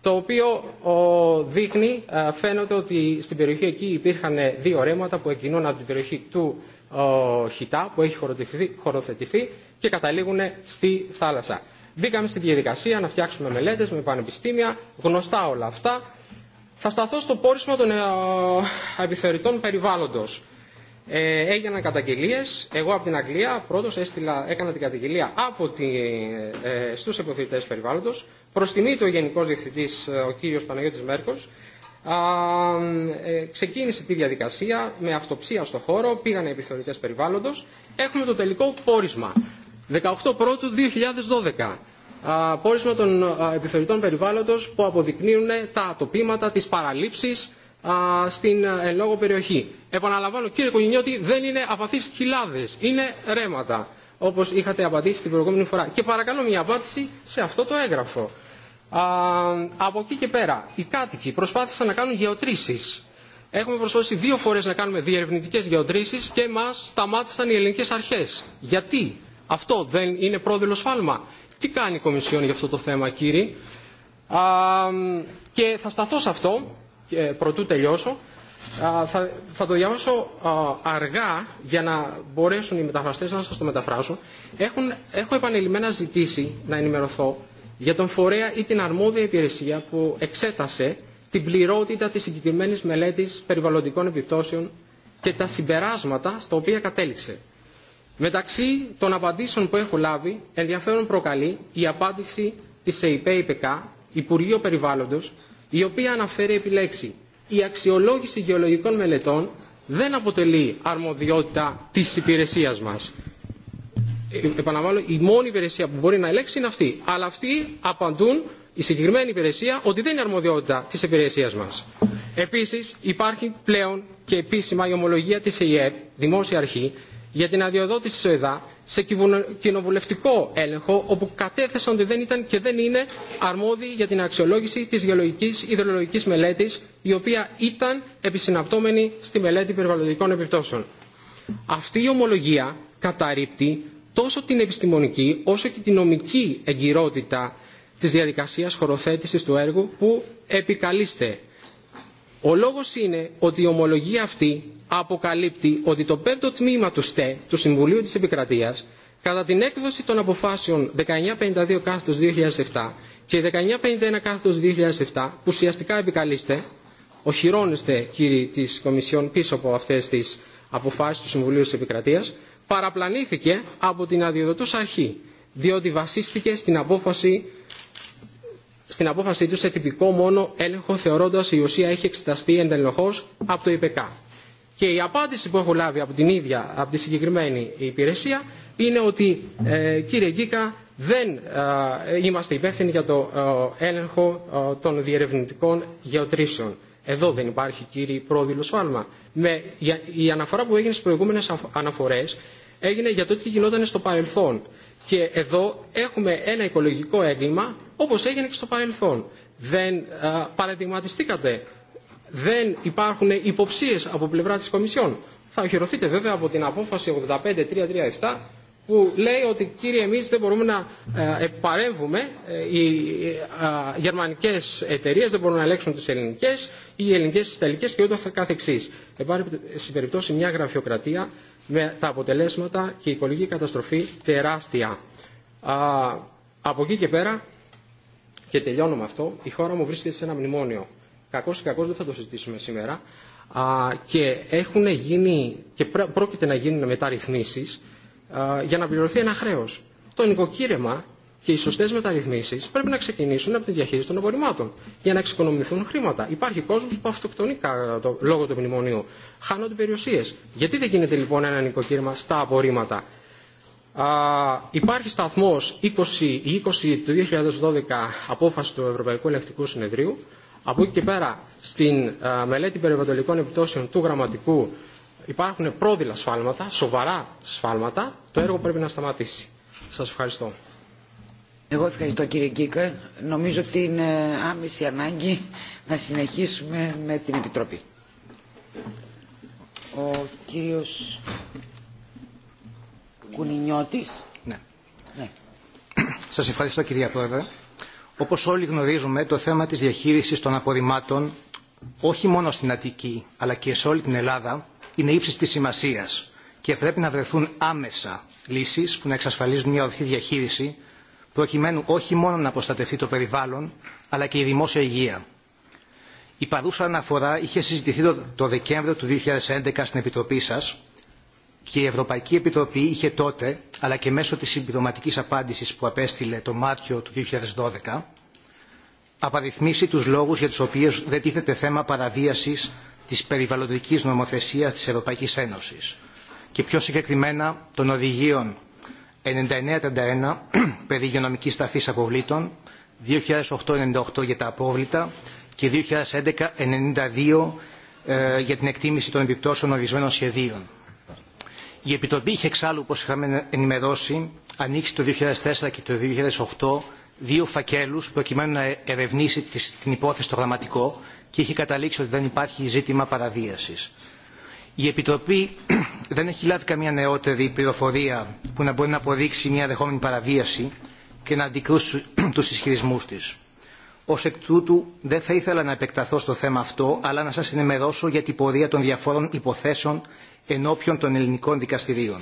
το οποίο δείχνει, φαίνεται ότι στην περιοχή εκεί υπήρχαν δύο ρέματα που εκκινούν από την περιοχή του Χιτά που έχει χωροθετηθεί και καταλήγουν στη θάλασσα. Μπήκαμε στη διαδικασία να φτιάξουμε μελέτες με πανεπιστήμια, γνωστά όλα αυτά θα σταθώ στο πόρισμα των ε, επιθεωρητών περιβάλλοντος. Ε, έγιναν καταγγελίε, Εγώ από την Αγγλία πρώτος έκανα την καταγγελία από τη, ε, στους επιθεωρητές περιβάλλοντος. Προ τιμή ο Γενικός Διευθυντής, ε, ο κύριος Παναγιώτης Μέρκος, ξεκίνησε τη διαδικασία με αυτοψία στο χώρο, πήγαν οι επιθεωρητέ περιβάλλοντος. Έχουμε το τελικό πόρισμα. 18 Πρώτου 2012 πόρισμα των επιθεωρητών περιβάλλοντος που αποδεικνύουν τα ατοπήματα, τις παραλήψεις στην ε, εν λόγω περιοχή. Επαναλαμβάνω κύριε Κογινιώτη, δεν είναι απαθείς χιλάδες, είναι ρέματα, όπως είχατε απαντήσει την προηγούμενη φορά. Και παρακαλώ μια απάντηση σε αυτό το έγγραφο. από εκεί και πέρα, οι κάτοικοι προσπάθησαν να κάνουν γεωτρήσεις. Έχουμε προσπαθήσει δύο φορές να κάνουμε διερευνητικέ γεωτρήσεις και μας σταμάτησαν οι ελληνικές αρχές. Γιατί αυτό δεν είναι πρόδειλο σφάλμα. Τι κάνει η Κομισιόν για αυτό το θέμα, κύριε. Α, και θα σταθώ σε αυτό, προτού τελειώσω. Α, θα, θα το διαβάσω αργά για να μπορέσουν οι μεταφραστές να σας το μεταφράσουν. Έχουν, έχω επανειλημμένα ζητήσει να ενημερωθώ για τον φορέα ή την αρμόδια υπηρεσία που εξέτασε την πληρότητα της συγκεκριμένης μελέτης περιβαλλοντικών επιπτώσεων και τα συμπεράσματα στα οποία κατέληξε. Μεταξύ των απαντήσεων που έχω λάβει, ενδιαφέρον προκαλεί η απάντηση της ΕΙΠΕΙΠΕΚ, Υπουργείο Περιβάλλοντο, η οποία αναφέρει επιλέξει «Η αξιολόγηση γεωλογικών μελετών δεν αποτελεί αρμοδιότητα της υπηρεσίας μας». Ε, επαναβάλλω, η μόνη υπηρεσία που μπορεί να ελέξει είναι αυτή. Αλλά αυτοί απαντούν, η συγκεκριμένη υπηρεσία, ότι δεν είναι αρμοδιότητα τη υπηρεσία μα. επαναλαμβανω η μονη υπηρεσια που μπορει να ελεξει ειναι αυτη αλλα αυτοι απαντουν η συγκεκριμενη υπηρεσια οτι δεν ειναι αρμοδιοτητα τη υπηρεσία μα. Επίση, υπαρχει πλεον και επισημα η ομολογια τη ΕΙΕΠ, δημόσια αρχή, για την αδειοδότηση της ΟΕΔΑ σε κοινοβουλευτικό έλεγχο όπου κατέθεσαν ότι δεν ήταν και δεν είναι αρμόδιοι για την αξιολόγηση της γεωλογικής υδρολογικής μελέτης η οποία ήταν επισυναπτώμενη στη μελέτη περιβαλλοντικών επιπτώσεων. Αυτή η ομολογία καταρρύπτει τόσο την επιστημονική όσο και την νομική εγκυρότητα της διαδικασίας χωροθέτησης του έργου που επικαλείστε. Ο λόγος είναι ότι η ομολογία αυτή αποκαλύπτει ότι το πέμπτο τμήμα του ΣΤΕ, του Συμβουλίου της Επικρατείας, κατά την έκδοση των αποφάσεων 1952 2007 και 1951 2007, που ουσιαστικά επικαλείστε, οχυρώνεστε κύριοι της Κομισιόν πίσω από αυτές τις αποφάσεις του Συμβουλίου της Επικρατείας, παραπλανήθηκε από την αδειοδοτούσα αρχή, διότι βασίστηκε στην απόφαση στην απόφασή του σε τυπικό μόνο έλεγχο θεωρώντας η ουσία έχει εξεταστεί εντελεχώς από το ΙΠΚ. Και η απάντηση που έχω λάβει από την ίδια, από τη συγκεκριμένη υπηρεσία, είναι ότι ε, κύριε Γκίκα δεν ε, είμαστε υπεύθυνοι για το ε, έλεγχο ε, των διερευνητικών γεωτρήσεων. Εδώ δεν υπάρχει κύριε πρόδειλο σφάλμα. Με, η αναφορά που έγινε στις προηγούμενες αναφορές έγινε για το τι γινόταν στο παρελθόν. Και εδώ έχουμε ένα οικολογικό έγκλημα όπως έγινε και στο παρελθόν. Δεν παραδειγματιστήκατε δεν υπάρχουν υποψίες από πλευρά της Κομισιόν. Θα οχυρωθείτε βέβαια από την απόφαση 85337 που λέει ότι κύριε εμείς δεν μπορούμε να ε, παρέμβουμε, ε, οι ε, γερμανικές εταιρείες δεν μπορούν να ελέγξουν τις ελληνικές, οι ελληνικές τις ιταλικές και ούτω καθεξής. Υπάρχει σε περιπτώσει μια γραφειοκρατία με τα αποτελέσματα και η οικολογική καταστροφή τεράστια. Α, από εκεί και πέρα, και τελειώνω με αυτό, η χώρα μου βρίσκεται σε ένα μνημόνιο κακός ή κακό δεν θα το συζητήσουμε σήμερα, και έχουν γίνει και πρόκειται να γίνουν μεταρρυθμίσει για να πληρωθεί ένα χρέο. Το νοικοκύρεμα και οι σωστέ μεταρρυθμίσει πρέπει να ξεκινήσουν από τη διαχείριση των απορριμμάτων για να εξοικονομηθούν χρήματα. Υπάρχει κόσμο που αυτοκτονεί λόγω του μνημονίου. Χάνονται περιουσίε. Γιατί δεν γίνεται λοιπόν ένα νοικοκύρεμα στα απορρίμματα. υπάρχει σταθμό 20, 20 του 2012 απόφαση του Ευρωπαϊκού Ελεκτικού Συνεδρίου από εκεί και πέρα, στην ε, μελέτη περιβαλλοντικών επιπτώσεων του γραμματικού υπάρχουν πρόδειλα σφάλματα, σοβαρά σφάλματα. Το έργο πρέπει να σταματήσει. Σας ευχαριστώ. Εγώ ευχαριστώ κύριε Κίκα. Νομίζω ότι είναι άμεση ανάγκη να συνεχίσουμε με την Επιτροπή. Ο κύριος Κουνινιώτης. Ναι. ναι. Σας ευχαριστώ κυρία Πρόεδρε. Όπως όλοι γνωρίζουμε, το θέμα της διαχείρισης των απορριμμάτων, όχι μόνο στην Αττική, αλλά και σε όλη την Ελλάδα, είναι ύψης της σημασίας και πρέπει να βρεθούν άμεσα λύσεις που να εξασφαλίζουν μια ορθή διαχείριση, προκειμένου όχι μόνο να προστατευτεί το περιβάλλον, αλλά και η δημόσια υγεία. Η παρούσα αναφορά είχε συζητηθεί το Δεκέμβριο του 2011 στην Επιτροπή σας και η Ευρωπαϊκή Επιτροπή είχε τότε, αλλά και μέσω της συμπληρωματική απάντησης που απέστειλε το Μάρτιο του 2012, απαριθμίσει τους λόγους για τους οποίους δεν τίθεται θέμα παραβίασης της περιβαλλοντικής νομοθεσίας της Ευρωπαϊκής Ένωσης και πιο συγκεκριμένα των οδηγίων 9931 περί υγειονομικής ταφής αποβλήτων, 2008-98 για τα απόβλητα και 2011-92 ε, για την εκτίμηση των επιπτώσεων ορισμένων σχεδίων. Η Επιτροπή είχε εξάλλου, όπως είχαμε ενημερώσει, ανοίξει το 2004 και το 2008 δύο φακέλους προκειμένου να ερευνήσει την υπόθεση στο γραμματικό και είχε καταλήξει ότι δεν υπάρχει ζήτημα παραβίαση. Η Επιτροπή δεν έχει λάβει καμία νεότερη πληροφορία που να μπορεί να αποδείξει μια δεχόμενη παραβίαση και να αντικρούσει τους ισχυρισμούς της. Ω εκ τούτου δεν θα ήθελα να επεκταθώ στο θέμα αυτό, αλλά να σα ενημερώσω για την πορεία των διαφόρων υποθέσεων ενώπιον των ελληνικών δικαστηρίων.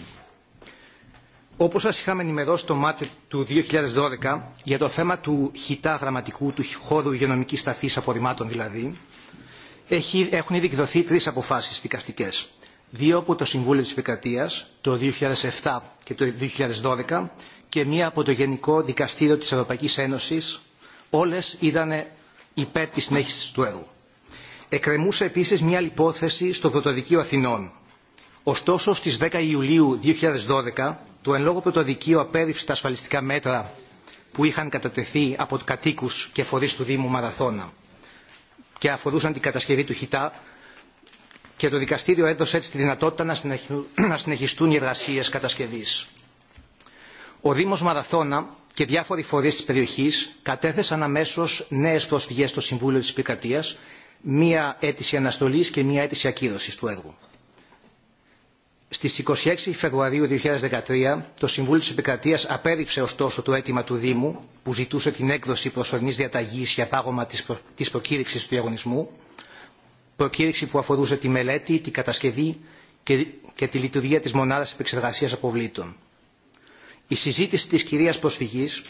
Όπω σα είχαμε ενημερώσει το Μάρτιο του 2012 για το θέμα του χιτά γραμματικού, του χώρου υγειονομική ταφή απορριμμάτων δηλαδή, έχουν ήδη εκδοθεί τρει αποφάσεις δικαστικές. Δύο από το Συμβούλιο τη Επικρατεία το 2007 και το 2012 και μία από το Γενικό Δικαστήριο τη Ευρωπαϊκή Ένωση όλες ήταν υπέρ της συνέχισης του έργου. Εκκρεμούσε επίσης μια υπόθεση στο Πρωτοδικείο Αθηνών. Ωστόσο, στις 10 Ιουλίου 2012, το εν λόγω Πρωτοδικείο απέρριψε τα ασφαλιστικά μέτρα που είχαν κατατεθεί από κατοίκους και φορείς του Δήμου Μαραθώνα και αφορούσαν την κατασκευή του ΧΙΤΑ και το δικαστήριο έδωσε έτσι τη δυνατότητα να συνεχιστούν οι εργασίες κατασκευής. Ο Δήμος Μαραθώνα και διάφοροι φορείς της περιοχής κατέθεσαν αμέσως νέες προσφυγές στο Συμβούλιο της Επικρατείας, μία αίτηση αναστολής και μία αίτηση ακύρωσης του έργου. Στις 26 Φεβρουαρίου 2013 το Συμβούλιο της Επικρατείας απέρριψε ωστόσο το αίτημα του Δήμου που ζητούσε την έκδοση προσωρινής διαταγής για πάγωμα της, προ... της προκήρυξης του διαγωνισμού, προκήρυξη που αφορούσε τη μελέτη, την κατασκευή και, και τη λειτουργία της μονάδας επεξεργασίας αποβλήτων. Η συζήτηση της κυρίας προσφυγής,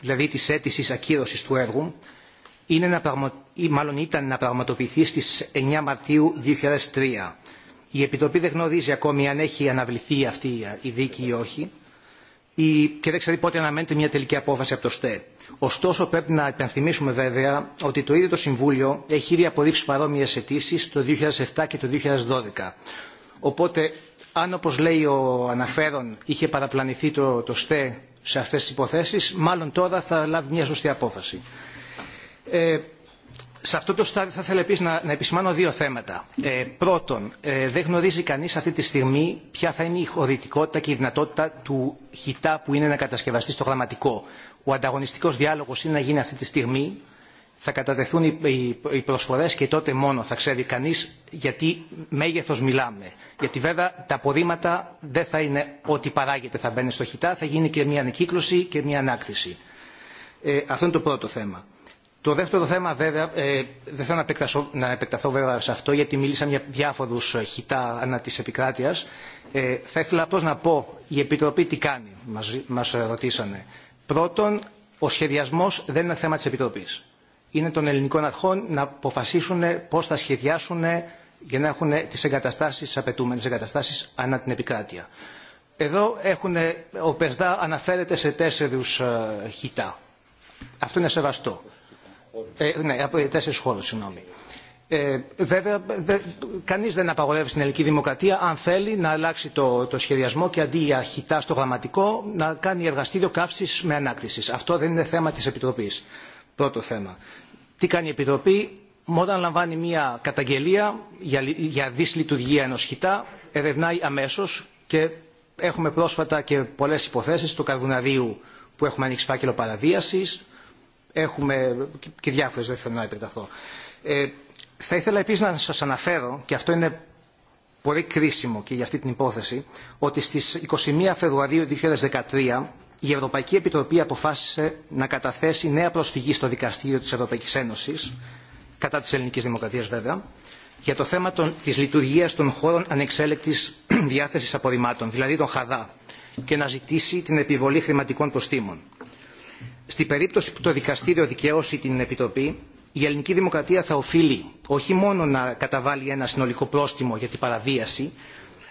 δηλαδή της αίτησης ακύρωσης του έργου, είναι να πραγμα... ή μάλλον ήταν να πραγματοποιηθεί στις 9 Μαρτίου 2003. Η Επιτροπή δεν γνωρίζει ακόμη αν έχει αναβληθεί αυτή η δίκη ή όχι ή... και δεν ξέρει πότε αναμένεται μια τελική απόφαση από το ΣΤΕ. Ωστόσο πρέπει να υπενθυμίσουμε βέβαια ότι το ίδιο το Συμβούλιο έχει ήδη απορρίψει παρόμοιες αιτήσει το 2007 και το 2012. Οπότε αν όπως λέει ο αναφέρον είχε παραπλανηθεί το, το ΣΤΕ σε αυτές τις υποθέσεις, μάλλον τώρα θα λάβει μια σωστή απόφαση. Ε, σε αυτό το στάδιο θα ήθελα επίση να, επισημάνω δύο θέματα. Ε, πρώτον, ε, δεν γνωρίζει κανείς αυτή τη στιγμή ποια θα είναι η χωρητικότητα και η δυνατότητα του χιτά που είναι να κατασκευαστεί στο γραμματικό. Ο ανταγωνιστικό διάλογο είναι να γίνει αυτή τη στιγμή θα κατατεθούν οι προσφορές και τότε μόνο θα ξέρει κανείς γιατί μέγεθος μιλάμε. Γιατί βέβαια τα απορρίμματα δεν θα είναι ό,τι παράγεται θα μπαίνει στο χιτά, θα γίνει και μια ανακύκλωση και μια ανάκτηση. Ε, αυτό είναι το πρώτο θέμα. Το δεύτερο θέμα βέβαια, ε, δεν θέλω να επεκταθώ, βέβαια σε αυτό γιατί μίλησα για διάφορους ε, χιτά ανά της επικράτειας. Ε, θα ήθελα απλώς να πω η Επιτροπή τι κάνει, μας, μας ρωτήσανε. Πρώτον, ο σχεδιασμός δεν είναι θέμα της Επιτροπής είναι των ελληνικών αρχών να αποφασίσουν πώ θα σχεδιάσουν για να έχουν τι εγκαταστάσει τι εγκαταστάσεις ανά την επικράτεια. Εδώ έχουν, ο Πεσδά αναφέρεται σε τέσσερι ε, χιτά. Αυτό είναι σεβαστό. Ε, ναι, από τέσσερι συγγνώμη. Ε, βέβαια, κανεί δεν απαγορεύει στην ελληνική δημοκρατία αν θέλει να αλλάξει το, σχεδιασμό και αντί για χιτά στο γραμματικό να κάνει εργαστήριο καύση με ανάκτηση. Αυτό δεν είναι θέμα τη επιτροπή. Πρώτο θέμα. Τι κάνει η Επιτροπή όταν λαμβάνει μια καταγγελία για δυσλειτουργία ενό χιτά, ερευνάει αμέσως και έχουμε πρόσφατα και πολλές υποθέσεις του καρβουναδίου που έχουμε ανοίξει φάκελο παραβίαση. έχουμε και διάφορες, δεν θέλω να επεκταθώ. Ε, θα ήθελα επίσης να σας αναφέρω, και αυτό είναι πολύ κρίσιμο και για αυτή την υπόθεση, ότι στι 21 Φεβρουαρίου 2013 η Ευρωπαϊκή Επιτροπή αποφάσισε να καταθέσει νέα προσφυγή στο Δικαστήριο της Ευρωπαϊκής Ένωσης, κατά της ελληνικής δημοκρατίας βέβαια, για το θέμα των, της λειτουργίας των χώρων ανεξέλεκτης διάθεσης απορριμμάτων, δηλαδή των ΧΑΔΑ, και να ζητήσει την επιβολή χρηματικών προστήμων. Στη περίπτωση που το δικαστήριο δικαιώσει την Επιτροπή, η ελληνική δημοκρατία θα οφείλει όχι μόνο να καταβάλει ένα συνολικό πρόστιμο για την παραβίαση,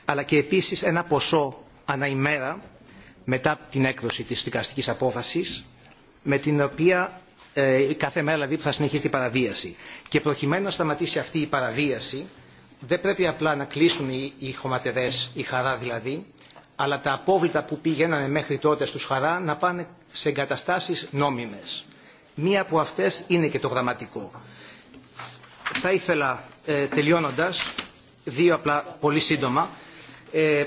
αλλά και επίσης ένα ποσό ημέρα μετά την έκδοση της δικαστικής απόφασης με την οποία ε, κάθε μέρα δηλαδή που θα συνεχίσει την παραβίαση. Και προκειμένου να σταματήσει αυτή η παραβίαση δεν πρέπει απλά να κλείσουν οι, οι χωματερές, η χαρά δηλαδή, αλλά τα απόβλητα που πήγαιναν μέχρι τότε στους χαρά να πάνε σε εγκαταστάσεις νόμιμες. Μία από αυτές είναι και το γραμματικό. Θα ήθελα, ε, τελειώνοντας, δύο απλά πολύ σύντομα, ε,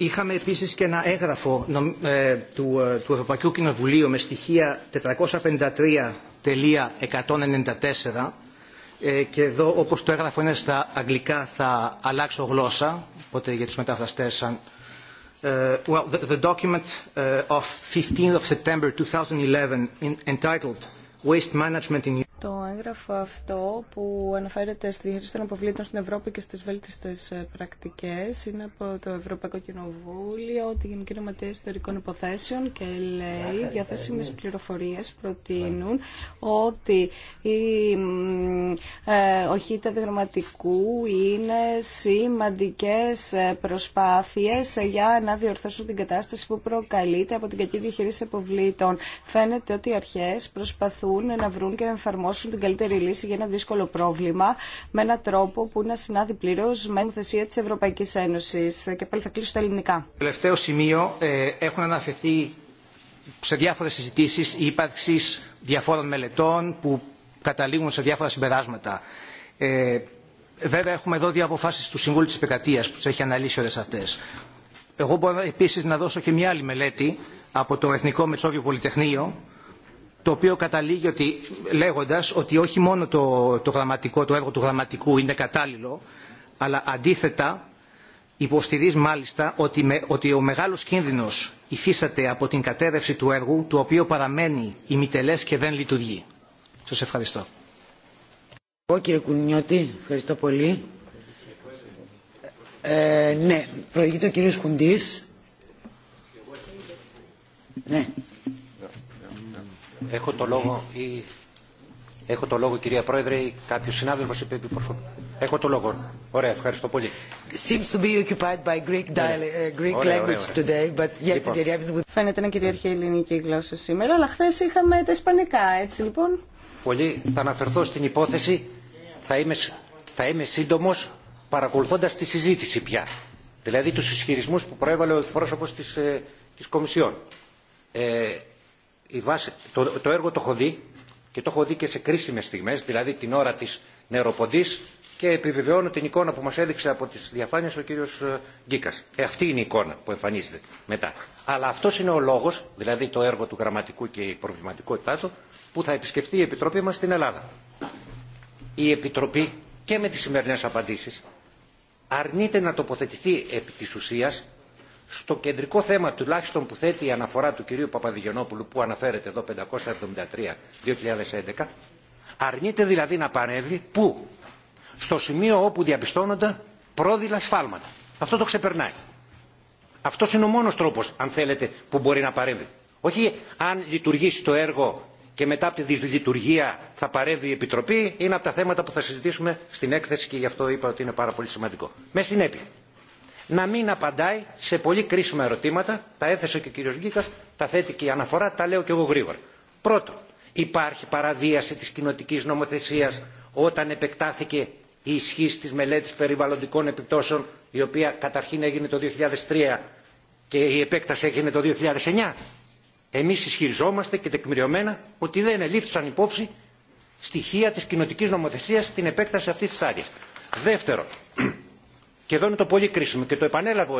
Είχαμε επίσης και ένα έγγραφο ε, του, ε, του Ευρωπαϊκού Κοινοβουλίου με στοιχεία 453.194 ε, και εδώ όπως το έγγραφο είναι στα αγγλικά θα αλλάξω γλώσσα, οπότε για τους μεταφραστές well, the, the document of 15 of September 2011 entitled Waste Management in Europe. Το έγγραφο αυτό που αναφέρεται στη διαχείριση των αποβλήτων στην Ευρώπη και στις βέλτιστες ε, πρακτικές είναι από το Ευρωπαϊκό Κοινοβούλιο, τη Γενική Νοματεία Ιστορικών Υποθέσεων και λέει διαθέσιμες ναι. πληροφορίες προτείνουν ναι. ότι η ε, οχήτα δραματικού είναι σημαντικές ε, προσπάθειες για να διορθώσουν την κατάσταση που προκαλείται από την κακή διαχείριση αποβλήτων. Φαίνεται ότι οι αρχές προσπαθούν να βρουν και να εφαρμόσουν εφαρμόσουν την καλύτερη λύση για ένα δύσκολο πρόβλημα με έναν τρόπο που να συνάδει πλήρω με την τη Ευρωπαϊκή Ένωση. Και πάλι θα κλείσω τα ελληνικά. Τελευταίο σημείο ε, έχουν αναφερθεί σε διάφορε συζητήσει η ύπαρξη διαφόρων μελετών που καταλήγουν σε διάφορα συμπεράσματα. Ε, βέβαια έχουμε εδώ δύο αποφάσει του Συμβούλου τη Επικρατεία που τι έχει αναλύσει όλε αυτέ. Εγώ μπορώ επίση να δώσω και μια άλλη μελέτη από το Εθνικό Μετσόβιο Πολυτεχνείο το οποίο καταλήγει ότι, λέγοντας ότι όχι μόνο το, το, γραμματικό, το έργο του γραμματικού είναι κατάλληλο, αλλά αντίθετα υποστηρίζει μάλιστα ότι, ότι ο μεγάλος κίνδυνος υφίσταται από την κατέρευση του έργου, το οποίο παραμένει ημιτελές και δεν λειτουργεί. Σας ευχαριστώ. Εγώ κύριε Κουνιώτη, ευχαριστώ πολύ. Ε, ναι, προηγείται ο κύριος Χουντής. Ναι. Έχω το λόγο ή... Έχω το λόγο κυρία Πρόεδρε ή κάποιος συνάδελφος είπε επιπροσωπή. Έχω το λόγο. Ωραία, ευχαριστώ πολύ. Φαίνεται να κυριαρχεί κυρια προεδρε η γλώσσα σήμερα, αλλά χθε είχαμε τα ισπανικά, έτσι λοιπόν. Πολύ. Θα αναφερθώ στην υπόθεση, θα είμαι, θα είμαι σύντομος παρακολουθώντας τη συζήτηση πια. Δηλαδή τους ισχυρισμούς που προέβαλε ο πρόσωπος τη ε, της Κομισιόν. Ε, η βάση, το, έργο το έχω δει και το έχω δει και σε κρίσιμες στιγμές, δηλαδή την ώρα της νεροποντής και επιβεβαιώνω την εικόνα που μας έδειξε από τις διαφάνειες ο κύριος ε, Γκίκας. Ε, αυτή είναι η εικόνα που εμφανίζεται μετά. Αλλά αυτό είναι ο λόγος, δηλαδή το έργο του γραμματικού και η προβληματικότητά του, που θα επισκεφτεί η Επιτροπή μας στην Ελλάδα. Η Επιτροπή και με τις σημερινές απαντήσεις αρνείται να τοποθετηθεί επί της ουσίας στο κεντρικό θέμα τουλάχιστον που θέτει η αναφορά του κυρίου Παπαδηγενόπουλου που αναφέρεται εδώ 573-2011 αρνείται δηλαδή να παρεύει που στο σημείο όπου διαπιστώνονται πρόδειλα σφάλματα. Αυτό το ξεπερνάει. Αυτό είναι ο μόνος τρόπος αν θέλετε που μπορεί να παρεύει. Όχι αν λειτουργήσει το έργο και μετά από τη δυσλειτουργία θα παρεύει η Επιτροπή είναι από τα θέματα που θα συζητήσουμε στην έκθεση και γι' αυτό είπα ότι είναι πάρα πολύ σημαντικό. Με συνέπεια να μην απαντάει σε πολύ κρίσιμα ερωτήματα, τα έθεσε και ο κύριος Γκίκας, τα θέτει και η αναφορά, τα λέω και εγώ γρήγορα. Πρώτον, υπάρχει παραβίαση της κοινοτικής νομοθεσίας όταν επεκτάθηκε η ισχύ της μελέτης περιβαλλοντικών επιπτώσεων, η οποία καταρχήν έγινε το 2003 και η επέκταση έγινε το 2009. Εμείς ισχυριζόμαστε και τεκμηριωμένα ότι δεν ελήφθησαν υπόψη στοιχεία της κοινοτικής νομοθεσίας στην επέκταση αυτής της άδειας. Δεύτερον, και εδώ είναι το πολύ κρίσιμο και το επανέλαβε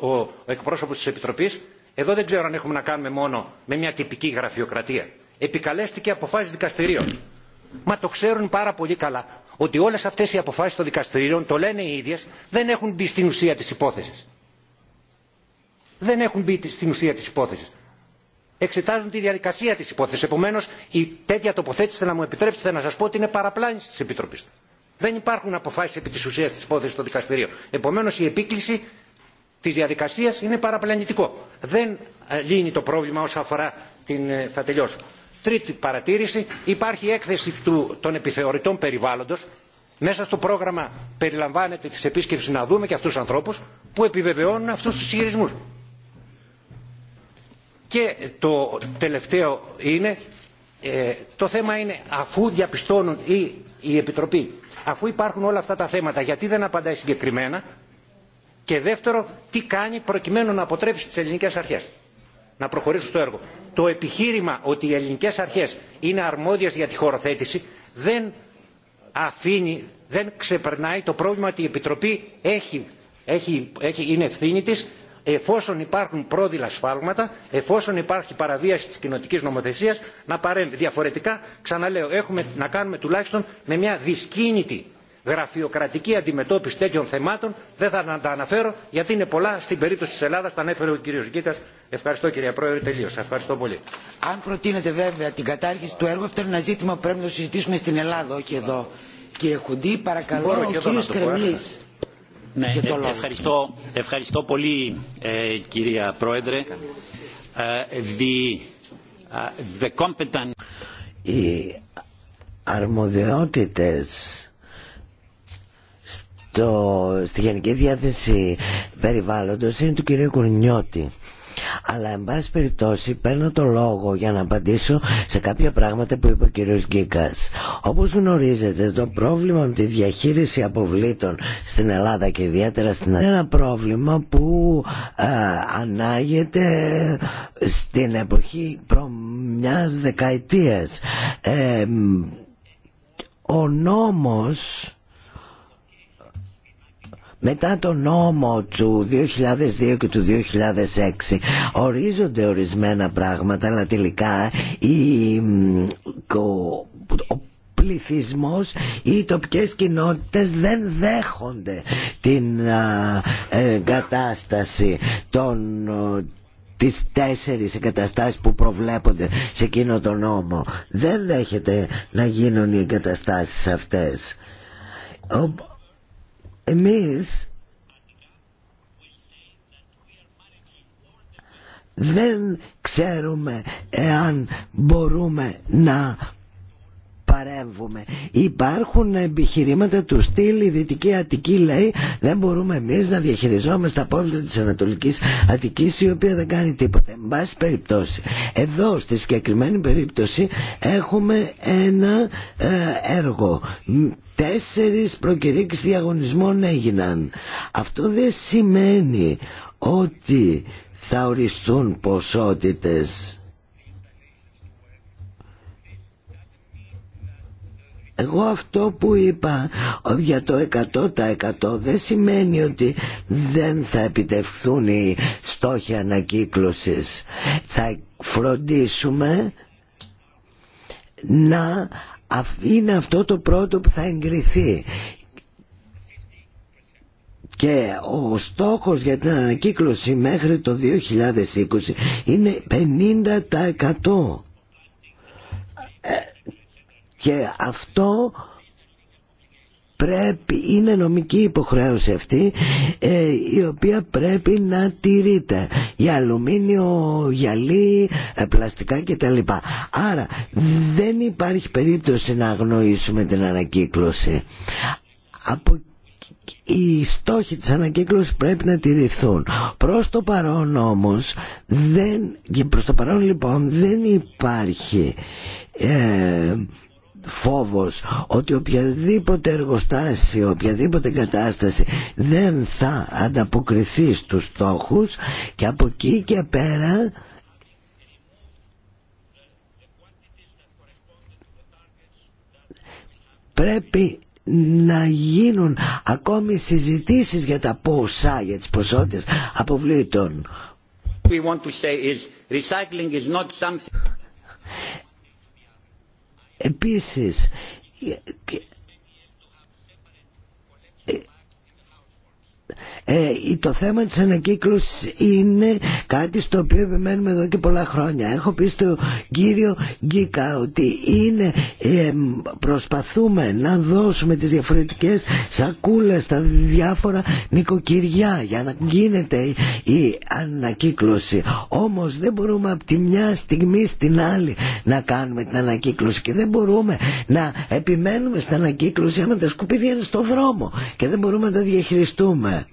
ο, εκπρόσωπος της Επιτροπής, εδώ δεν ξέρω αν έχουμε να κάνουμε μόνο με μια τυπική γραφειοκρατία. Επικαλέστηκε αποφάσεις δικαστηρίων. Μα το ξέρουν πάρα πολύ καλά ότι όλες αυτές οι αποφάσεις των δικαστηρίων, το λένε οι ίδιες, δεν έχουν μπει στην ουσία της υπόθεσης. Δεν έχουν μπει στην ουσία της υπόθεσης. Εξετάζουν τη διαδικασία της υπόθεσης. Επομένως, η τέτοια τοποθέτηση, να μου επιτρέψετε να σας πω, ότι είναι παραπλάνηση της Επιτροπής δεν υπάρχουν αποφάσει επί της ουσίας της υπόθεση στο δικαστήριο. Επομένω η επίκληση τη διαδικασία είναι παραπλανητικό. Δεν ε, λύνει το πρόβλημα όσον αφορά την... Ε, θα τελειώσω. Τρίτη παρατήρηση, υπάρχει έκθεση του, των επιθεωρητών περιβάλλοντο Μέσα στο πρόγραμμα περιλαμβάνεται τη επίσκεψη να δούμε και αυτού του ανθρώπου που επιβεβαιώνουν αυτού του συγχειρισμούς. Και το τελευταίο είναι, ε, το θέμα είναι αφού διαπιστώνουν ή η Επιτροπή αφού υπάρχουν όλα αυτά τα θέματα γιατί δεν απαντάει συγκεκριμένα και δεύτερο τι κάνει προκειμένου να αποτρέψει τις ελληνικές αρχές να προχωρήσουν στο έργο. Το επιχείρημα ότι οι ελληνικές αρχές είναι αρμόδιες για τη χωροθέτηση δεν αφήνει, δεν ξεπερνάει το πρόβλημα ότι η Επιτροπή έχει, έχει, είναι ευθύνη της εφόσον υπάρχουν πρόδειλα σφάλματα, εφόσον υπάρχει παραβίαση της κοινοτικής νομοθεσίας, να παρέμβει. Διαφορετικά, ξαναλέω, έχουμε να κάνουμε τουλάχιστον με μια δυσκίνητη γραφειοκρατική αντιμετώπιση τέτοιων θεμάτων. Δεν θα τα αναφέρω γιατί είναι πολλά. Στην περίπτωση της Ελλάδας τα ανέφερε ο κύριος Γκίτας. Ευχαριστώ κύριε Πρόεδρε. Τελείωσα. Ευχαριστώ πολύ. Αν προτείνετε βέβαια την κατάργηση του έργου, αυτό είναι ένα ζήτημα που πρέπει να το συζητήσουμε στην Ελλάδα, όχι εδώ. Κύριε Χουντή, παρακαλώ, ο ναι, ε, ευχαριστώ, ευχαριστώ πολύ ε, κυρία Πρόεδρε. Ε, the, ε, Οι αρμοδιότητες στη Γενική Διάθεση Περιβάλλοντος είναι του κυρίου Κουρνιώτη. Αλλά εν πάση περιπτώσει παίρνω το λόγο για να απαντήσω σε κάποια πράγματα που είπε ο κύριος Γκίκας. Όπως γνωρίζετε το πρόβλημα με τη διαχείριση αποβλήτων στην Ελλάδα και ιδιαίτερα στην Ελλάδα είναι ένα πρόβλημα που ε, ανάγεται στην εποχή προ μιας δεκαετίας. Ε, ο νόμος μετά το νόμο του 2002 και του 2006 ορίζονται ορισμένα πράγματα αλλά τελικά η, ο πληθυσμός ή οι τοπικές κοινότητες δεν δέχονται την α, ε, κατάσταση των τις τέσσερις εγκαταστάσεις που προβλέπονται σε εκείνο τον νόμο. Δεν δέχεται να γίνουν οι εγκαταστάσεις αυτές. Εμείς δεν ξέρουμε εάν μπορούμε να παρέμβουμε. Υπάρχουν επιχειρήματα του στυλ, η Δυτική Αττική λέει δεν μπορούμε εμεί να διαχειριζόμαστε τα πόλη τη Ανατολική Αττική η οποία δεν κάνει τίποτα. Εν περιπτώσει, εδώ στη συγκεκριμένη περίπτωση έχουμε ένα ε, έργο. Τέσσερις προκηρύξει διαγωνισμών έγιναν. Αυτό δεν σημαίνει ότι θα οριστούν ποσότητες εγώ αυτό που είπα για το 100% δεν σημαίνει ότι δεν θα επιτευχθούν οι στόχοι ανακύκλωσης. Θα φροντίσουμε να είναι αυτό το πρώτο που θα εγκριθεί. Και ο στόχος για την ανακύκλωση μέχρι το 2020 είναι 50% και αυτό πρέπει, είναι νομική υποχρέωση αυτή ε, η οποία πρέπει να τηρείται για αλουμίνιο, γυαλί, ε, πλαστικά κτλ. Άρα δεν υπάρχει περίπτωση να αγνοήσουμε την ανακύκλωση. Από οι στόχοι της ανακύκλωσης πρέπει να τηρηθούν. Προς το παρόν όμως, δεν, προς το παρόν λοιπόν δεν υπάρχει ε, φόβος ότι οποιαδήποτε εργοστάσιο, οποιαδήποτε κατάσταση δεν θα ανταποκριθεί στους στόχους και από εκεί και πέρα πρέπει να γίνουν ακόμη συζητήσεις για τα ποσά, για τις ποσότητες αποβλήτων. We Επίσης, Ε, το θέμα της ανακύκλωσης είναι κάτι στο οποίο επιμένουμε εδώ και πολλά χρόνια. Έχω πει στον κύριο Γκίκα ότι είναι, προσπαθούμε να δώσουμε τις διαφορετικές σακούλες στα διάφορα νοικοκυριά για να γίνεται η ανακύκλωση. Όμως δεν μπορούμε από τη μια στιγμή στην άλλη να κάνουμε την ανακύκλωση και δεν μπορούμε να επιμένουμε στην ανακύκλωση άμα τα σκουπίδια είναι στο δρόμο και δεν μπορούμε να τα διαχειριστούμε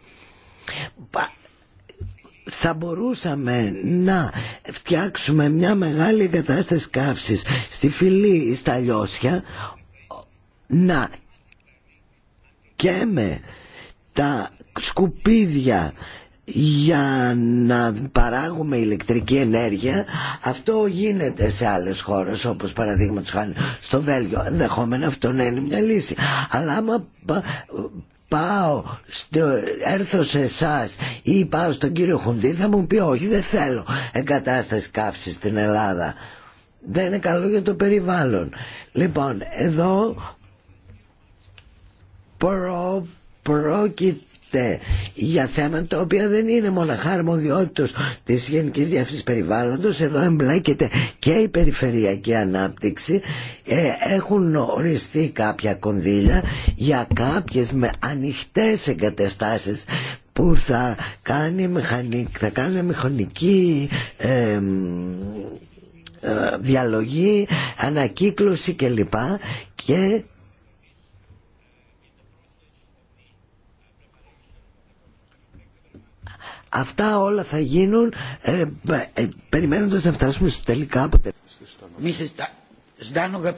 θα μπορούσαμε να φτιάξουμε μια μεγάλη εγκατάσταση καύσης στη φυλή στα λιώσια να καίμε τα σκουπίδια για να παράγουμε ηλεκτρική ενέργεια αυτό γίνεται σε άλλες χώρες όπως παραδείγματος χάνει στο Βέλγιο ενδεχόμενα αυτό να είναι μια λύση αλλά άμα πάω έρθω σε εσά ή πάω στον κύριο Χουντή θα μου πει όχι δεν θέλω εγκατάσταση καύσης στην Ελλάδα δεν είναι καλό για το περιβάλλον λοιπόν εδώ προ, πρόκειται για θέματα τα οποία δεν είναι μόνο αρμοδιότητο τη Γενική Διεύθυνση Περιβάλλοντο. Εδώ εμπλέκεται και η περιφερειακή ανάπτυξη. Ε, έχουν οριστεί κάποια κονδύλια για κάποιε με ανοιχτέ εγκαταστάσει που θα κάνει, μηχανική, θα ε, διαλογή, ανακύκλωση κλπ. Και Αυτά όλα θα γίνουν ε, ε, ε, περιμένοντας να φτάσουμε στο τελικά αποτέλεσμα.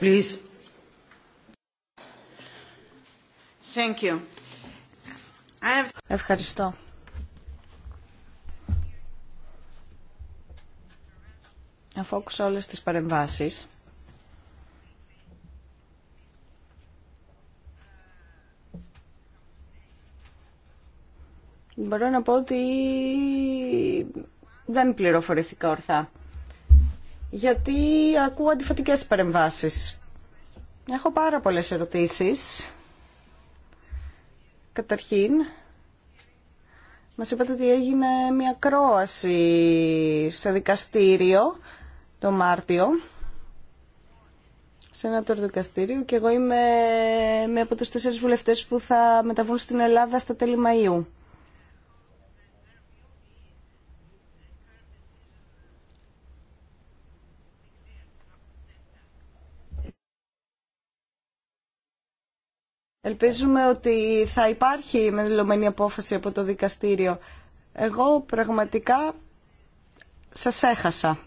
please. Thank you. Ευχαριστώ. Αφού άκουσα όλες τις παρεμβάσεις, μπορώ να πω ότι δεν πληροφορηθήκα ορθά. Γιατί ακούω αντιφατικές παρεμβάσεις. Έχω πάρα πολλές ερωτήσεις. Καταρχήν, μας είπατε ότι έγινε μια κρόαση σε δικαστήριο το Μάρτιο σε ένα το δικαστήριο και εγώ είμαι με από τους τέσσερις βουλευτές που θα μεταβούν στην Ελλάδα στα τέλη Μαΐου. Ελπίζουμε ότι θα υπάρχει με απόφαση από το δικαστήριο. Εγώ πραγματικά σας έχασα.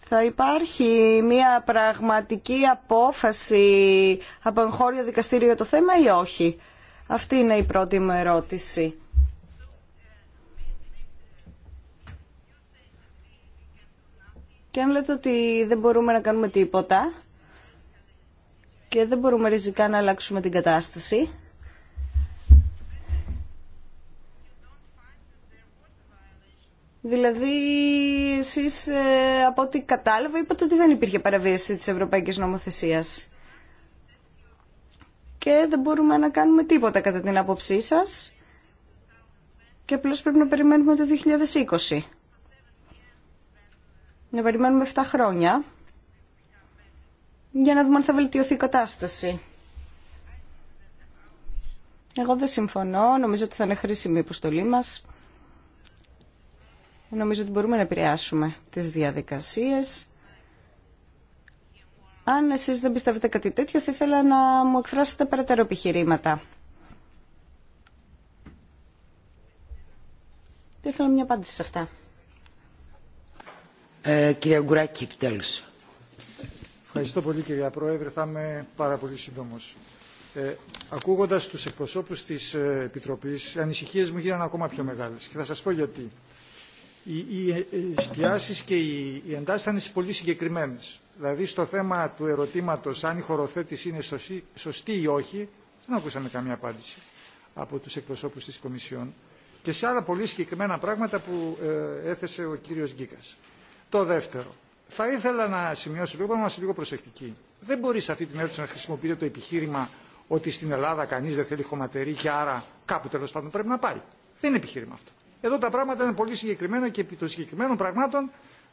Θα υπάρχει μια πραγματική απόφαση από εγχώριο δικαστήριο το θέμα ή όχι. Αυτή είναι η πρώτη μου ερώτηση. Και αν λέτε ότι δεν μπορούμε να κάνουμε τίποτα και δεν μπορούμε ριζικά να αλλάξουμε την κατάσταση, Δηλαδή, εσείς ε, από ό,τι κατάλαβα είπατε ότι δεν υπήρχε παραβίαση της Ευρωπαϊκής Νομοθεσίας. Και δεν μπορούμε να κάνουμε τίποτα κατά την άποψή σας. Και απλώ πρέπει να περιμένουμε το 2020 να περιμένουμε 7 χρόνια για να δούμε αν θα βελτιωθεί η κατάσταση. Εγώ δεν συμφωνώ. Νομίζω ότι θα είναι χρήσιμη η υποστολή μας. Νομίζω ότι μπορούμε να επηρεάσουμε τις διαδικασίες. Αν εσείς δεν πιστεύετε κάτι τέτοιο, θα ήθελα να μου εκφράσετε περαιτέρω επιχειρήματα. Θα ήθελα μια απάντηση σε αυτά. Ε, Γκουράκη, επιτέλους. Ευχαριστώ πολύ κυρία Πρόεδρε. Θα είμαι πάρα πολύ σύντομος. Ε, ακούγοντας τους εκπροσώπους της ε, Επιτροπής, οι ανησυχίες μου γίνανε ακόμα πιο μεγάλες. Και θα σας πω γιατί. Οι, οι και οι, οι εντάσεις ήταν πολύ συγκεκριμένες. Δηλαδή στο θέμα του ερωτήματος αν η χωροθέτηση είναι σωστή, ή όχι, δεν ακούσαμε καμία απάντηση από τους εκπροσώπους της Κομισιόν. Και σε άλλα πολύ συγκεκριμένα πράγματα που ε, έθεσε ο κύριος Γκίκας. Το δεύτερο. Θα ήθελα να σημειώσω λίγο, να είμαστε λίγο προσεκτικοί. Δεν μπορεί σε αυτή την αίθουσα να χρησιμοποιείτε το επιχείρημα ότι στην Ελλάδα κανεί δεν θέλει χωματερή και άρα κάπου τέλο πάντων πρέπει να πάει. Δεν είναι επιχείρημα αυτό. Εδώ τα πράγματα είναι πολύ συγκεκριμένα και επί των συγκεκριμένων πραγμάτων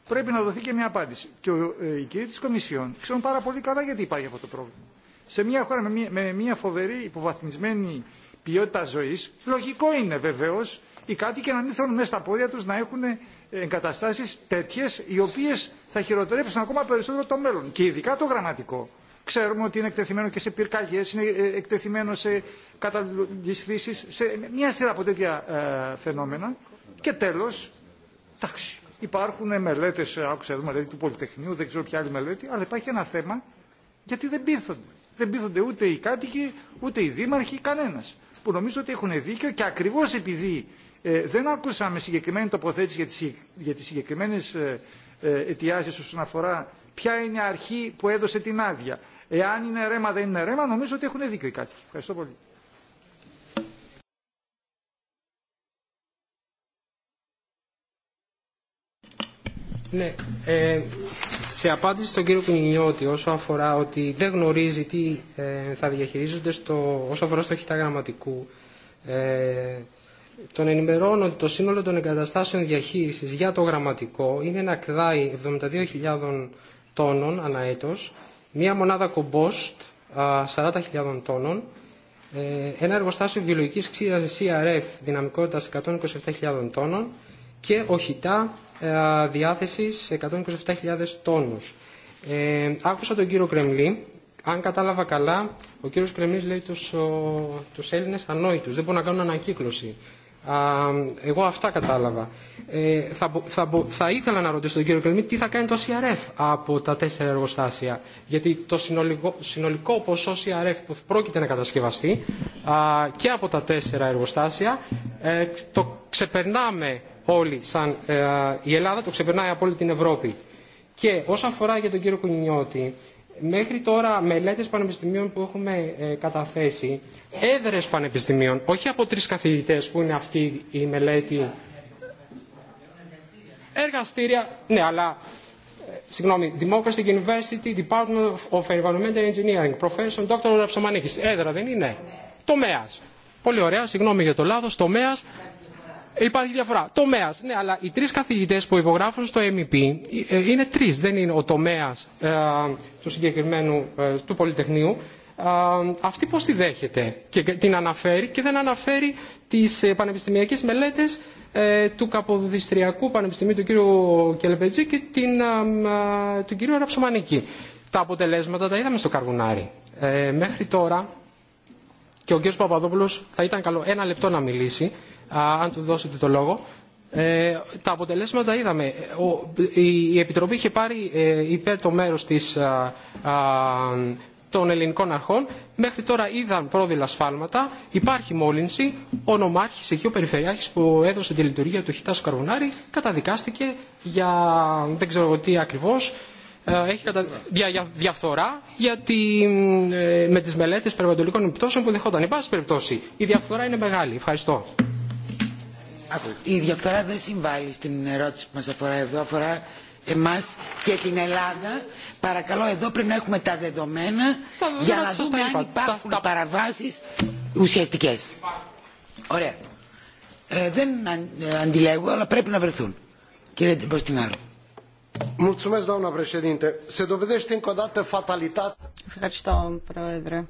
πρέπει να δοθεί και μια απάντηση. Και ε, οι κυρίε τη Κομισιόν ξέρουν πάρα πολύ καλά γιατί υπάρχει αυτό το πρόβλημα. Σε μια χώρα με μια, με μια φοβερή υποβαθμισμένη ποιότητα ζωή, λογικό είναι βεβαίω οι κάτοικοι να μην θέλουν μέσα στα πόδια τους να έχουν ε, εγκαταστάσεις τέτοιες οι οποίες θα χειροτερέψουν ακόμα περισσότερο το μέλλον και ειδικά το γραμματικό. Ξέρουμε ότι είναι εκτεθειμένο και σε πυρκαγιές, είναι ε, εκτεθειμένο σε καταβληστήσεις, σε μια σειρά από τέτοια ε, φαινόμενα. Και τέλος, εντάξει, υπάρχουν μελέτε άκουσα εδώ μελέτη του Πολυτεχνείου, δεν ξέρω ποια άλλη μελέτη, αλλά υπάρχει ένα θέμα γιατί δεν πείθονται. Δεν πείθονται ούτε οι κάτοικοι, ούτε οι δήμαρχοι, κανένα, Που νομίζω ότι έχουν δίκιο και ακριβώ επειδή ε, δεν άκουσαμε συγκεκριμένη τοποθέτηση για τις συγκεκριμένες ε, ε, αιτιάσεις όσον αφορά ποια είναι η αρχή που έδωσε την άδεια. Εάν είναι ρέμα δεν είναι ρέμα, νομίζω ότι έχουν δίκιο κάτι. Ευχαριστώ πολύ. Ναι, σε απάντηση στον κύριο Κουνινιώτη όσο αφορά ότι δεν γνωρίζει τι θα διαχειρίζονται στο, όσο αφορά στο χιτά τον ενημερώνω ότι το σύνολο των εγκαταστάσεων διαχείρισης για το γραμματικό είναι ένα κδάι 72.000 τόνων ανά μία μονάδα κομπόστ 40.000 τόνων, ε, ένα εργοστάσιο βιολογικής ξύρας CRF δυναμικότητας 127.000 τόνων και οχητά ε, διάθεσης 127.000 τόνους. Ε, άκουσα τον κύριο Κρεμλή. Αν κατάλαβα καλά, ο κύριος Κρεμλής λέει τους, τους Έλληνες ανόητους. Δεν μπορούν να κάνουν ανακύκλωση εγώ αυτά κατάλαβα. Ε, θα, θα, θα ήθελα να ρωτήσω τον κύριο Κελμή τι θα κάνει το CRF από τα τέσσερα εργοστάσια. Γιατί το συνολικό, συνολικό ποσό CRF που πρόκειται να κατασκευαστεί α, και από τα τέσσερα εργοστάσια ε, το ξεπερνάμε όλοι σαν ε, η Ελλάδα, το ξεπερνάει από όλη την Ευρώπη. Και όσον αφορά για τον κύριο Κουνινιώτη, μέχρι τώρα μελέτες πανεπιστημίων που έχουμε ε, καταθέσει, έδρες πανεπιστημίων, όχι από τρεις καθηγητές που είναι αυτή η μελέτη, εργαστήρια, ναι, αλλά ε, συγγνώμη, Democracy University, Department of Environmental Engineering, Professor Dr. Ραψομανίκης. Έδρα δεν είναι. Τομέας. Πολύ ωραία, συγγνώμη για το λάθος, τομέας Υπάρχει διαφορά. Τομέα. Ναι, αλλά οι τρει καθηγητέ που υπογράφουν στο MEP ε, ε, είναι τρει. Δεν είναι ο τομέα ε, του συγκεκριμένου του Πολυτεχνείου. αυτή πώ τη δέχεται και την αναφέρει και δεν αναφέρει τι πανεπιστημιακέ μελέτε του Καποδιστριακού Πανεπιστημίου του κ. Κελεπετζή και την, του κ. Ραψομανίκη. Τα αποτελέσματα τα είδαμε στο Καργουνάρι. Μέχρι τώρα, και ο κ. Παπαδόπουλο θα ήταν καλό ένα λεπτό να μιλήσει, αν του δώσετε το λόγο. Ε, τα αποτελέσματα είδαμε. Ο, η, η Επιτροπή είχε πάρει ε, υπέρ το μέρος της, α, α, των ελληνικών αρχών. Μέχρι τώρα είδαν πρόδειλα σφάλματα. Υπάρχει μόλυνση. Ο νομάρχης εκεί, ο περιφερειάρχης που έδωσε τη λειτουργία του Χιτάσου Καρβουνάρη καταδικάστηκε για δεν ξέρω τι ακριβώς. Ε, έχει κατα... διαφθορά γιατί ε, με τις μελέτες περιβαλλοντικών επιπτώσεων που δεχόταν. Εν πάση περιπτώσει, η διαφθορά είναι μεγάλη. Ευχαριστώ η διαφθορά δεν συμβάλλει στην ερώτηση που μας αφορά εδώ, αφορά εμάς και την Ελλάδα. Παρακαλώ, εδώ πρέπει να έχουμε τα δεδομένα για να δούμε αν υπάρχουν παραβάσεις ουσιαστικές. Ωραία. Ε, δεν ε, αντιλέγω, αλλά πρέπει να βρεθούν. Κύριε φαταλιτά. Ευχαριστώ, Πρόεδρε.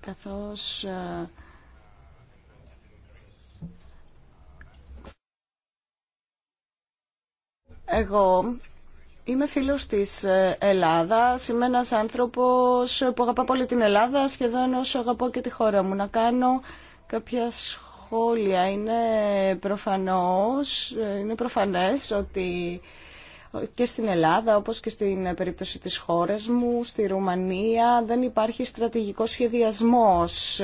Καθώς ε, Εγώ είμαι φίλος της ε, Ελλάδας, είμαι ένας άνθρωπος που αγαπά πολύ την Ελλάδα, σχεδόν όσο αγαπώ και τη χώρα μου. Να κάνω κάποια σχόλια. Είναι προφανώς, ε, είναι προφανές ότι ε, και στην Ελλάδα, όπως και στην περίπτωση της χώρας μου, στη Ρουμανία, δεν υπάρχει στρατηγικός σχεδιασμός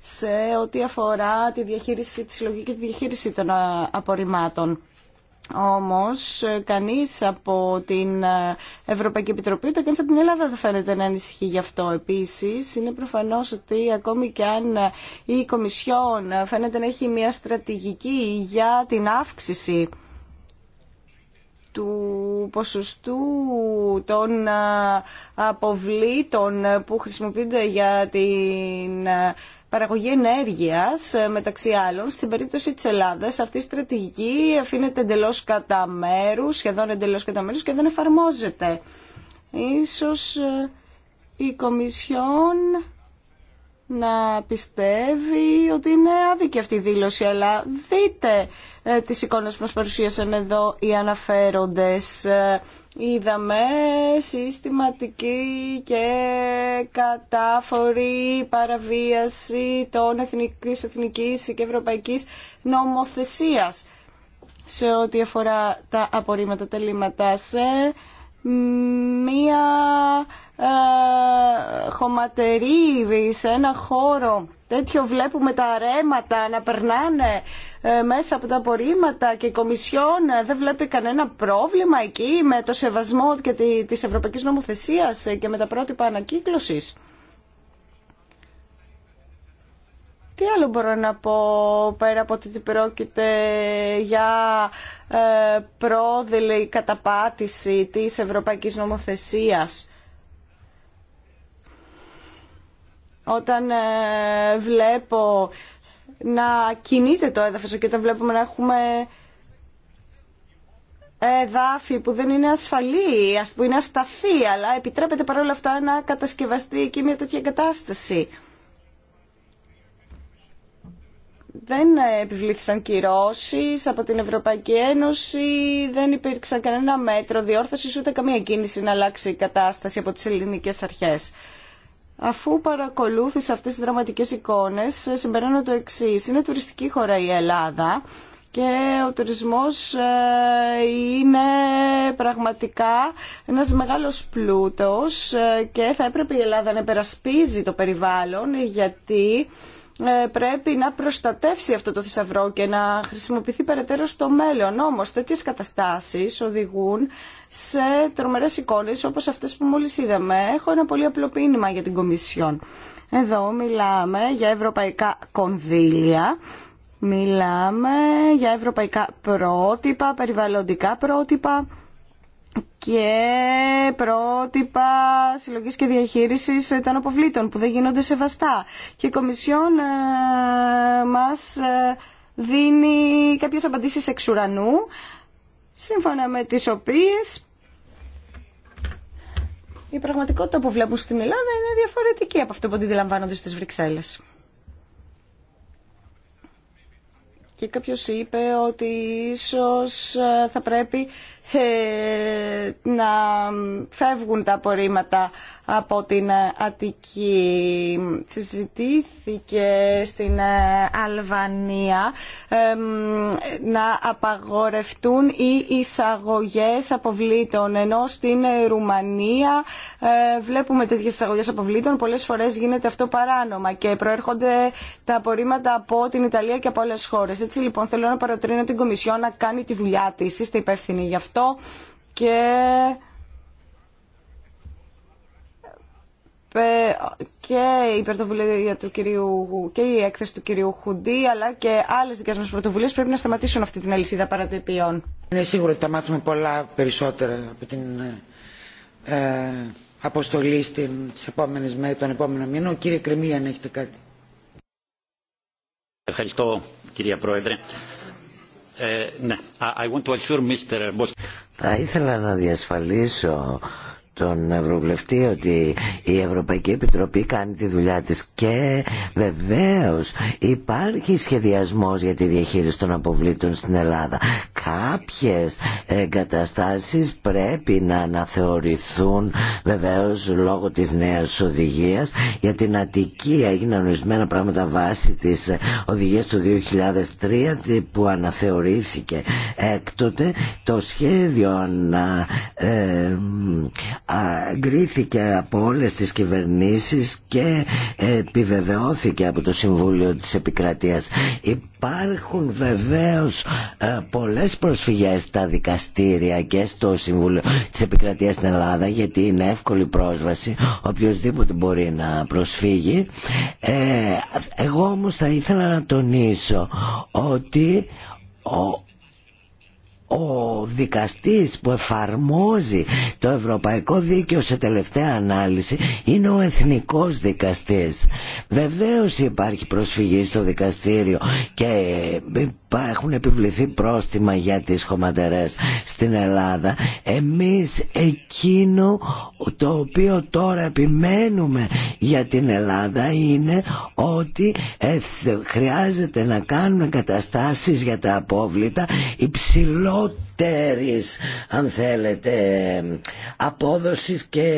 σε ό,τι αφορά τη διαχείριση, τη συλλογική διαχείριση των απορριμμάτων. Όμως κανείς από την Ευρωπαϊκή Επιτροπή, ούτε κανείς από την Ελλάδα δεν φαίνεται να ανησυχεί γι' αυτό. Επίσης, είναι προφανώς ότι ακόμη και αν η Κομισιόν φαίνεται να έχει μια στρατηγική για την αύξηση του ποσοστού των αποβλήτων που χρησιμοποιούνται για την παραγωγή ενέργειας, ε, μεταξύ άλλων. Στην περίπτωση της Ελλάδας αυτή η στρατηγική αφήνεται εντελώς κατά μέρου, σχεδόν εντελώ κατά μέρου και δεν εφαρμόζεται. Ίσως ε, η Κομισιόν να πιστεύει ότι είναι άδικη αυτή η δήλωση, αλλά δείτε ε, τις εικόνες που μας παρουσίασαν εδώ οι αναφέροντες είδαμε συστηματική και κατάφορη παραβίαση των εθνικής, εθνικής και ευρωπαϊκής νομοθεσίας σε ό,τι αφορά τα απορρίμματα τελήματα σε μία ε, χωματερή, σε ένα χώρο τέτοιο βλέπουμε τα αρέματα να περνάνε ε, μέσα από τα απορρίμματα και η Κομισιόν ε, δεν βλέπει κανένα πρόβλημα εκεί με το σεβασμό και τη, της Ευρωπαϊκής Νομοθεσίας ε, και με τα πρότυπα ανακύκλωσης. Τι άλλο μπορώ να πω πέρα από ότι πρόκειται για ε, πρόδειλη καταπάτηση της Ευρωπαϊκής Νομοθεσίας. Όταν ε, βλέπω να κινείται το έδαφος και όταν βλέπουμε να έχουμε εδάφη που δεν είναι ασφαλή, που είναι ασταθή, αλλά επιτρέπεται παρόλα αυτά να κατασκευαστεί και μια τέτοια κατάσταση. Δεν ε, επιβλήθησαν κυρώσεις από την Ευρωπαϊκή Ένωση, δεν υπήρξαν κανένα μέτρο διόρθωσης, ούτε καμία κίνηση να αλλάξει η κατάσταση από τις ελληνικές αρχές. Αφού παρακολούθησα αυτές τις δραματικές εικόνες, συμπεραίνω το εξή. Είναι τουριστική χώρα η Ελλάδα και ο τουρισμός ε, είναι πραγματικά ένας μεγάλος πλούτος ε, και θα έπρεπε η Ελλάδα να υπερασπίζει το περιβάλλον γιατί ε, πρέπει να προστατεύσει αυτό το θησαυρό και να χρησιμοποιηθεί περαιτέρω στο μέλλον. Όμως τέτοιες καταστάσεις οδηγούν σε τρομερές εικόνες όπως αυτές που μόλις είδαμε. Έχω ένα πολύ απλό για την Κομισιόν. Εδώ μιλάμε για ευρωπαϊκά κονδύλια Μιλάμε για ευρωπαϊκά πρότυπα, περιβαλλοντικά πρότυπα και πρότυπα συλλογής και διαχείρισης των αποβλήτων που δεν γίνονται σεβαστά. Και η Κομισιόν ε, μας ε, δίνει κάποιες απαντήσεις εξ ουρανού, σύμφωνα με τις οποίες η πραγματικότητα που βλέπουν στην Ελλάδα είναι διαφορετική από αυτό που αντιλαμβάνονται στις Βρυξέλλες. Και κάποιος είπε ότι ίσως ε, θα πρέπει ε, να φεύγουν τα απορρίμματα από την Αττική. Συζητήθηκε στην ε, Αλβανία να απαγορευτούν οι εισαγωγές αποβλήτων, ενώ στην ε, Ρουμανία βλέπουμε τέτοιες εισαγωγές αποβλήτων, πολλές φορές γίνεται αυτό παράνομα και προέρχονται τα απορρίμματα από την Ιταλία και από άλλες χώρες. Έτσι λοιπόν θέλω να παροτρύνω την Κομισιό να κάνει τη δουλειά της, είστε υπεύθυνοι γι' αυτό και και η πρωτοβουλία του κυρίου και η έκθεση του κυρίου Χουντή αλλά και άλλες δικές μας πρωτοβουλίες πρέπει να σταματήσουν αυτή την αλυσίδα παρατυπιών. Είναι σίγουρο ότι θα μάθουμε πολλά περισσότερα από την ε, αποστολή στην, τις επόμενες μέρες, τον επόμενο μήνα. κύριε Κρεμίλια, αν έχετε κάτι. Ευχαριστώ κυρία Πρόεδρε. Ε, ναι. Θα ήθελα να διασφαλίσω τον Ευρωβουλευτή ότι η Ευρωπαϊκή Επιτροπή κάνει τη δουλειά της και βεβαίως υπάρχει σχεδιασμός για τη διαχείριση των αποβλήτων στην Ελλάδα. Κάποιες εγκαταστάσεις πρέπει να αναθεωρηθούν βεβαίως λόγω της νέας οδηγίας. Για την Αττική έγιναν ορισμένα πράγματα βάση της οδηγίας του 2003 που αναθεωρήθηκε έκτοτε το σχέδιο να, ε, εγκρίθηκε από όλες τις κυβερνήσεις και επιβεβαιώθηκε από το Συμβούλιο της Επικρατείας. Υπάρχουν βεβαίως ε, πολλές προσφυγές στα δικαστήρια και στο Συμβούλιο της Επικρατείας στην Ελλάδα γιατί είναι εύκολη πρόσβαση, οποιοδήποτε μπορεί να προσφύγει. Ε, εγώ όμως θα ήθελα να τονίσω ότι ο, ο δικαστής που εφαρμόζει το ευρωπαϊκό δίκαιο σε τελευταία ανάλυση είναι ο εθνικός δικαστής. Βεβαίως υπάρχει προσφυγή στο δικαστήριο και έχουν επιβληθεί πρόστιμα για τις χωματερές στην Ελλάδα εμείς εκείνο το οποίο τώρα επιμένουμε για την Ελλάδα είναι ότι ε, χρειάζεται να κάνουμε καταστάσεις για τα απόβλητα υψηλότερης αν θέλετε απόδοσης και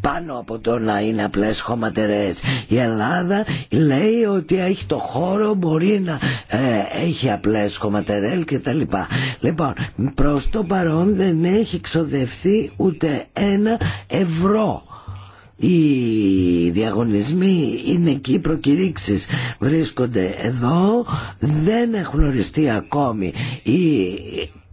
πάνω από το να είναι απλές χωματερές. Η Ελλάδα λέει ότι έχει το χώρο, μπορεί να ε, έχει απλές χωματερές κτλ. Λοιπόν, προς το παρόν δεν έχει ξοδευτεί ούτε ένα ευρώ. Οι διαγωνισμοί, είναι εκεί, οι προκηρύξεις βρίσκονται εδώ, δεν έχουν οριστεί ακόμη οι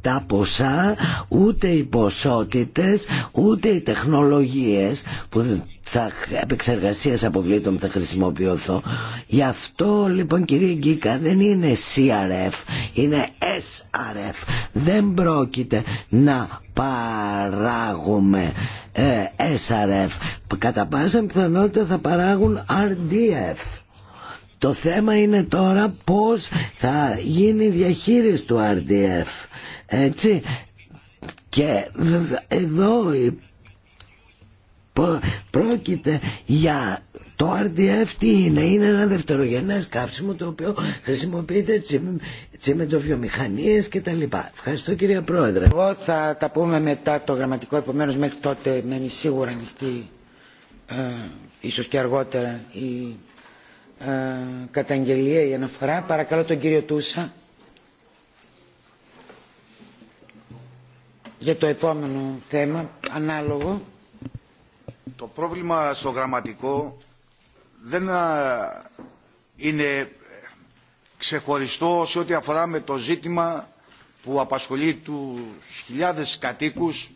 τα ποσά, ούτε οι ποσότητες, ούτε οι τεχνολογίες που θα επεξεργασίας αποβλήτων θα χρησιμοποιηθώ. Γι' αυτό λοιπόν κύριε Γκίκα δεν είναι CRF, είναι SRF. Δεν πρόκειται να παράγουμε ε, SRF. Κατά πάσα πιθανότητα θα παράγουν RDF. Το θέμα είναι τώρα πώς θα γίνει η διαχείριση του RDF. Έτσι. Και εδώ πρόκειται για το RDF τι είναι, είναι ένα δευτερογενές καύσιμο το οποίο χρησιμοποιείται τσιμεντοβιομηχανίες και τα λοιπά. Ευχαριστώ κυρία Πρόεδρε. Εγώ θα τα πούμε μετά το γραμματικό, επομένως μέχρι τότε μένει σίγουρα ανοιχτή, ε, ίσως και αργότερα η ε, καταγγελία ή αναφορά. Παρακαλώ τον κύριο Τούσα για το επόμενο θέμα, ανάλογο. Το πρόβλημα στο γραμματικό δεν είναι ε, ξεχωριστό σε ό,τι αφορά με το ζήτημα που απασχολεί τους χιλιάδες κατοίκους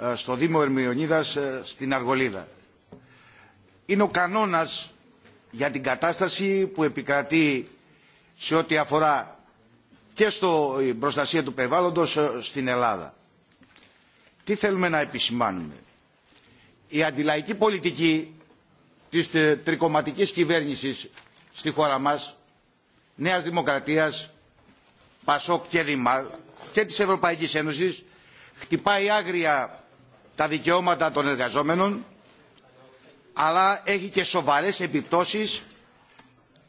ε, στο Δήμο Ερμιονίδας στην Αργολίδα. Είναι ο κανόνας για την κατάσταση που επικρατεί σε ό,τι αφορά και στην προστασία του περιβάλλοντος ε, στην Ελλάδα. Τι θέλουμε να επισημάνουμε. Η αντιλαϊκή πολιτική της ε, τρικοματικής κυβέρνησης στη χώρα μας, Νέας Δημοκρατίας, Πασόκ και ρημα και της Ευρωπαϊκής Ένωσης χτυπάει άγρια τα δικαιώματα των εργαζόμενων αλλά έχει και σοβαρές επιπτώσεις,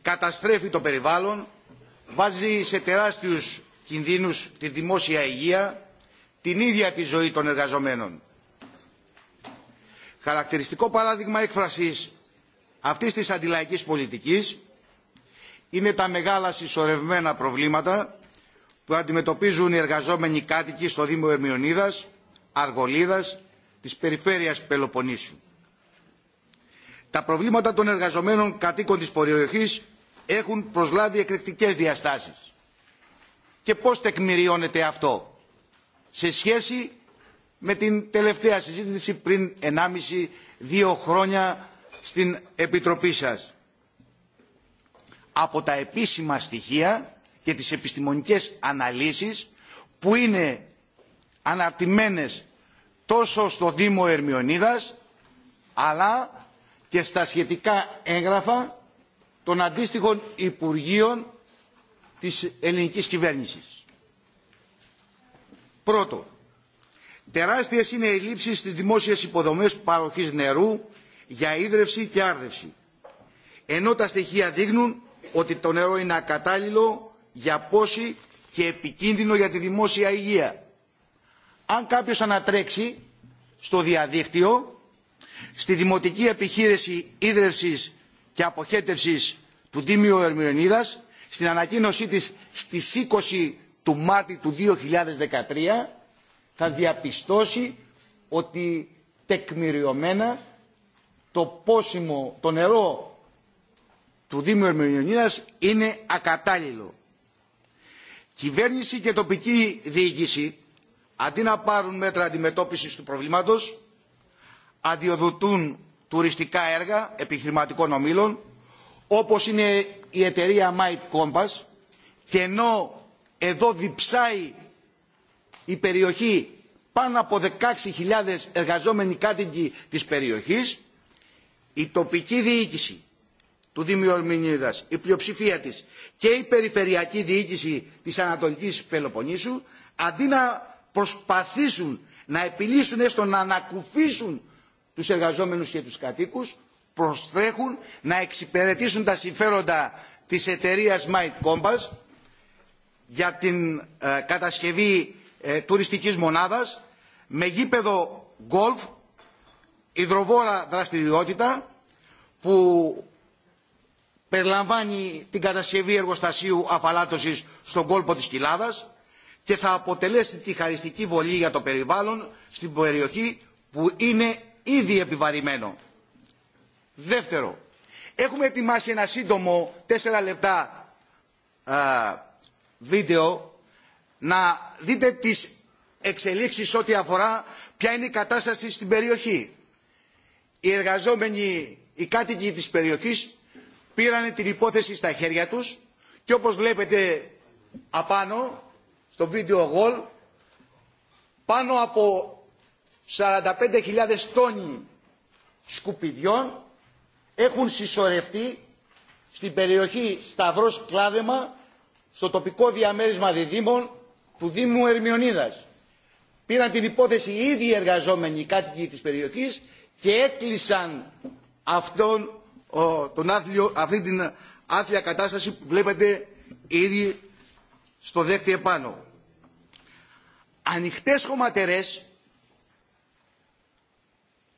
καταστρέφει το περιβάλλον, βάζει σε τεράστιους κινδύνους τη δημόσια υγεία, την ίδια τη ζωή των εργαζομένων. Χαρακτηριστικό παράδειγμα έκφρασης αυτής της αντιλαϊκής πολιτικής είναι τα μεγάλα συσσωρευμένα προβλήματα που αντιμετωπίζουν οι εργαζόμενοι κάτοικοι στο Δήμο Ερμιονίδας, Αργολίδας, της περιφέρειας Πελοποννήσου τα προβλήματα των εργαζομένων κατοίκων της περιοχής έχουν προσλάβει εκρηκτικές διαστάσεις. Και πώς τεκμηριώνεται αυτό σε σχέση με την τελευταία συζήτηση πριν 1,5-2 χρόνια στην Επιτροπή σας. Από τα επίσημα στοιχεία και τις επιστημονικές αναλύσεις που είναι αναρτημένες τόσο στο Δήμο Ερμιονίδας αλλά και στα σχετικά έγγραφα των αντίστοιχων Υπουργείων της ελληνικής κυβέρνησης. Πρώτο, τεράστιες είναι οι λήψεις στις δημόσιες υποδομές παροχής νερού για ίδρυυση και άρδευση. Ενώ τα στοιχεία δείχνουν ότι το νερό είναι ακατάλληλο για πόση και επικίνδυνο για τη δημόσια υγεία. Αν κάποιος ανατρέξει στο διαδίκτυο στη δημοτική επιχείρηση ίδρυυσης και αποχέτευσης του Τίμιου Ερμιονίδας στην ανακοίνωσή της στις 20 του Μάρτη του 2013 θα διαπιστώσει ότι τεκμηριωμένα το πόσιμο, το νερό του Δήμου Ερμιονίδας είναι ακατάλληλο. Κυβέρνηση και τοπική διοίκηση αντί να πάρουν μέτρα αντιμετώπισης του προβλήματος αδειοδοτούν τουριστικά έργα επιχειρηματικών ομήλων, όπως είναι η εταιρεία Might Compass, και ενώ εδώ διψάει η περιοχή πάνω από 16.000 εργαζόμενοι κάτοικοι της περιοχής, η τοπική διοίκηση του Δήμου Ορμηνίδας, η πλειοψηφία της και η περιφερειακή διοίκηση της Ανατολικής Πελοποννήσου, αντί να προσπαθήσουν να επιλύσουν έστω να ανακουφίσουν τους εργαζόμενους και τους κατοίκους προστρέχουν να εξυπηρετήσουν τα συμφέροντα της εταιρείας Mind Compass για την ε, κατασκευή τουριστική ε, τουριστικής μονάδας με γήπεδο γκολφ, υδροβόρα δραστηριότητα που περιλαμβάνει την κατασκευή εργοστασίου αφαλάτωσης στον κόλπο της Κοιλάδας και θα αποτελέσει τη χαριστική βολή για το περιβάλλον στην περιοχή που είναι ήδη επιβαρημένο. Δεύτερο, έχουμε ετοιμάσει ένα σύντομο τέσσερα λεπτά ε, βίντεο να δείτε τις εξελίξεις ό,τι αφορά ποια είναι η κατάσταση στην περιοχή. Οι εργαζόμενοι, οι κάτοικοι της περιοχής πήραν την υπόθεση στα χέρια τους και όπως βλέπετε απάνω στο βίντεο γολ πάνω από 45.000 τόνοι σκουπιδιών έχουν συσσωρευτεί στην περιοχή Σταυρός Κλάδεμα στο τοπικό διαμέρισμα διδήμων του Δήμου Ερμιονίδας. Πήραν την υπόθεση ήδη οι εργαζόμενοι κάτοικοι της περιοχής και έκλεισαν αυτόν, τον άθλιο, αυτή την άθλια κατάσταση που βλέπετε ήδη στο δεύτερο επάνω. Ανοιχτές χωματερές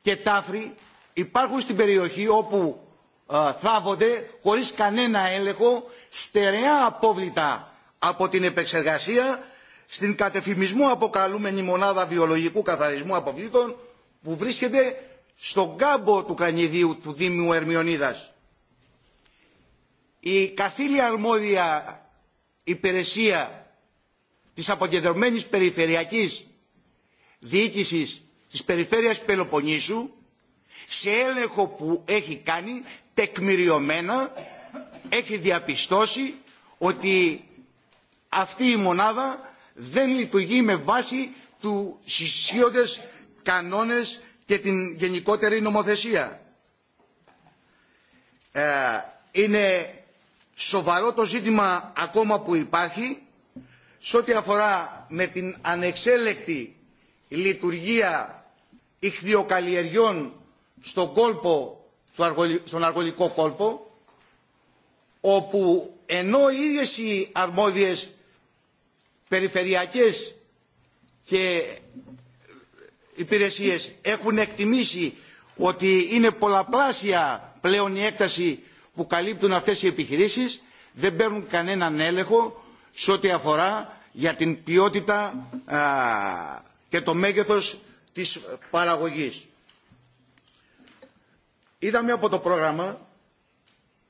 και τάφροι υπάρχουν στην περιοχή όπου θα ε, θάβονται χωρίς κανένα έλεγχο στερεά απόβλητα από την επεξεργασία στην κατεφημισμό αποκαλούμενη μονάδα βιολογικού καθαρισμού αποβλήτων που βρίσκεται στον κάμπο του κρανιδίου του Δήμιου Ερμιονίδας. Η καθήλια αρμόδια υπηρεσία της αποκεντρωμένης περιφερειακής διοίκησης της περιφέρειας Πελοποννήσου σε έλεγχο που έχει κάνει τεκμηριωμένα έχει διαπιστώσει ότι αυτή η μονάδα δεν λειτουργεί με βάση του ισχύοντες κανόνες και την γενικότερη νομοθεσία. Ε, είναι σοβαρό το ζήτημα ακόμα που υπάρχει σε ό,τι αφορά με την ανεξέλεκτη λειτουργία ιχθυοκαλλιεργιών στον κόλπο, στον αργολικό κόλπο, όπου ενώ οι ίδιες οι αρμόδιες περιφερειακές και υπηρεσίες έχουν εκτιμήσει ότι είναι πολλαπλάσια πλέον η έκταση που καλύπτουν αυτές οι επιχειρήσεις, δεν παίρνουν κανέναν έλεγχο σε ό,τι αφορά για την ποιότητα και το μέγεθος της παραγωγής. Είδαμε από το πρόγραμμα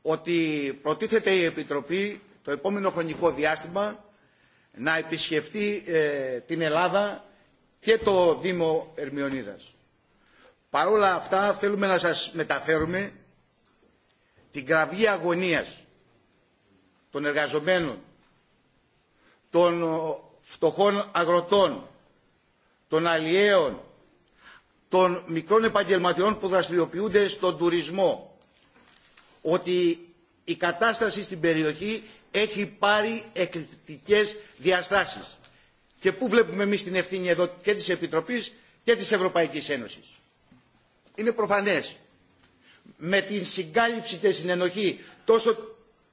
ότι προτίθεται η Επιτροπή το επόμενο χρονικό διάστημα να επισκεφτεί ε, την Ελλάδα και το Δήμο Ερμιονίδας. Παρ' όλα αυτά θέλουμε να σας μεταφέρουμε την κραυγή αγωνίας των εργαζομένων, των φτωχών αγροτών, των αλλιέων, των μικρών επαγγελματιών που δραστηριοποιούνται στον τουρισμό ότι η κατάσταση στην περιοχή έχει πάρει εκρηκτικές διαστάσεις. Και πού βλέπουμε εμείς την ευθύνη εδώ και της Επιτροπής και της Ευρωπαϊκής Ένωσης. Είναι προφανές. Με την συγκάλυψη και συνενοχή τόσο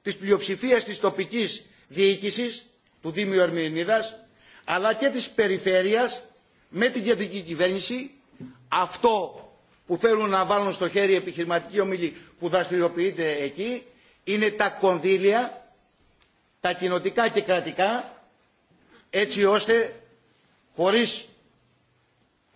της πλειοψηφίας της τοπικής διοίκησης του Δήμιου Ερμηνίδας αλλά και της περιφέρειας με την κεντρική κυβέρνηση αυτό που θέλουν να βάλουν στο χέρι επιχειρηματική ομιλή που δραστηριοποιείται εκεί είναι τα κονδύλια, τα κοινοτικά και κρατικά, έτσι ώστε χωρίς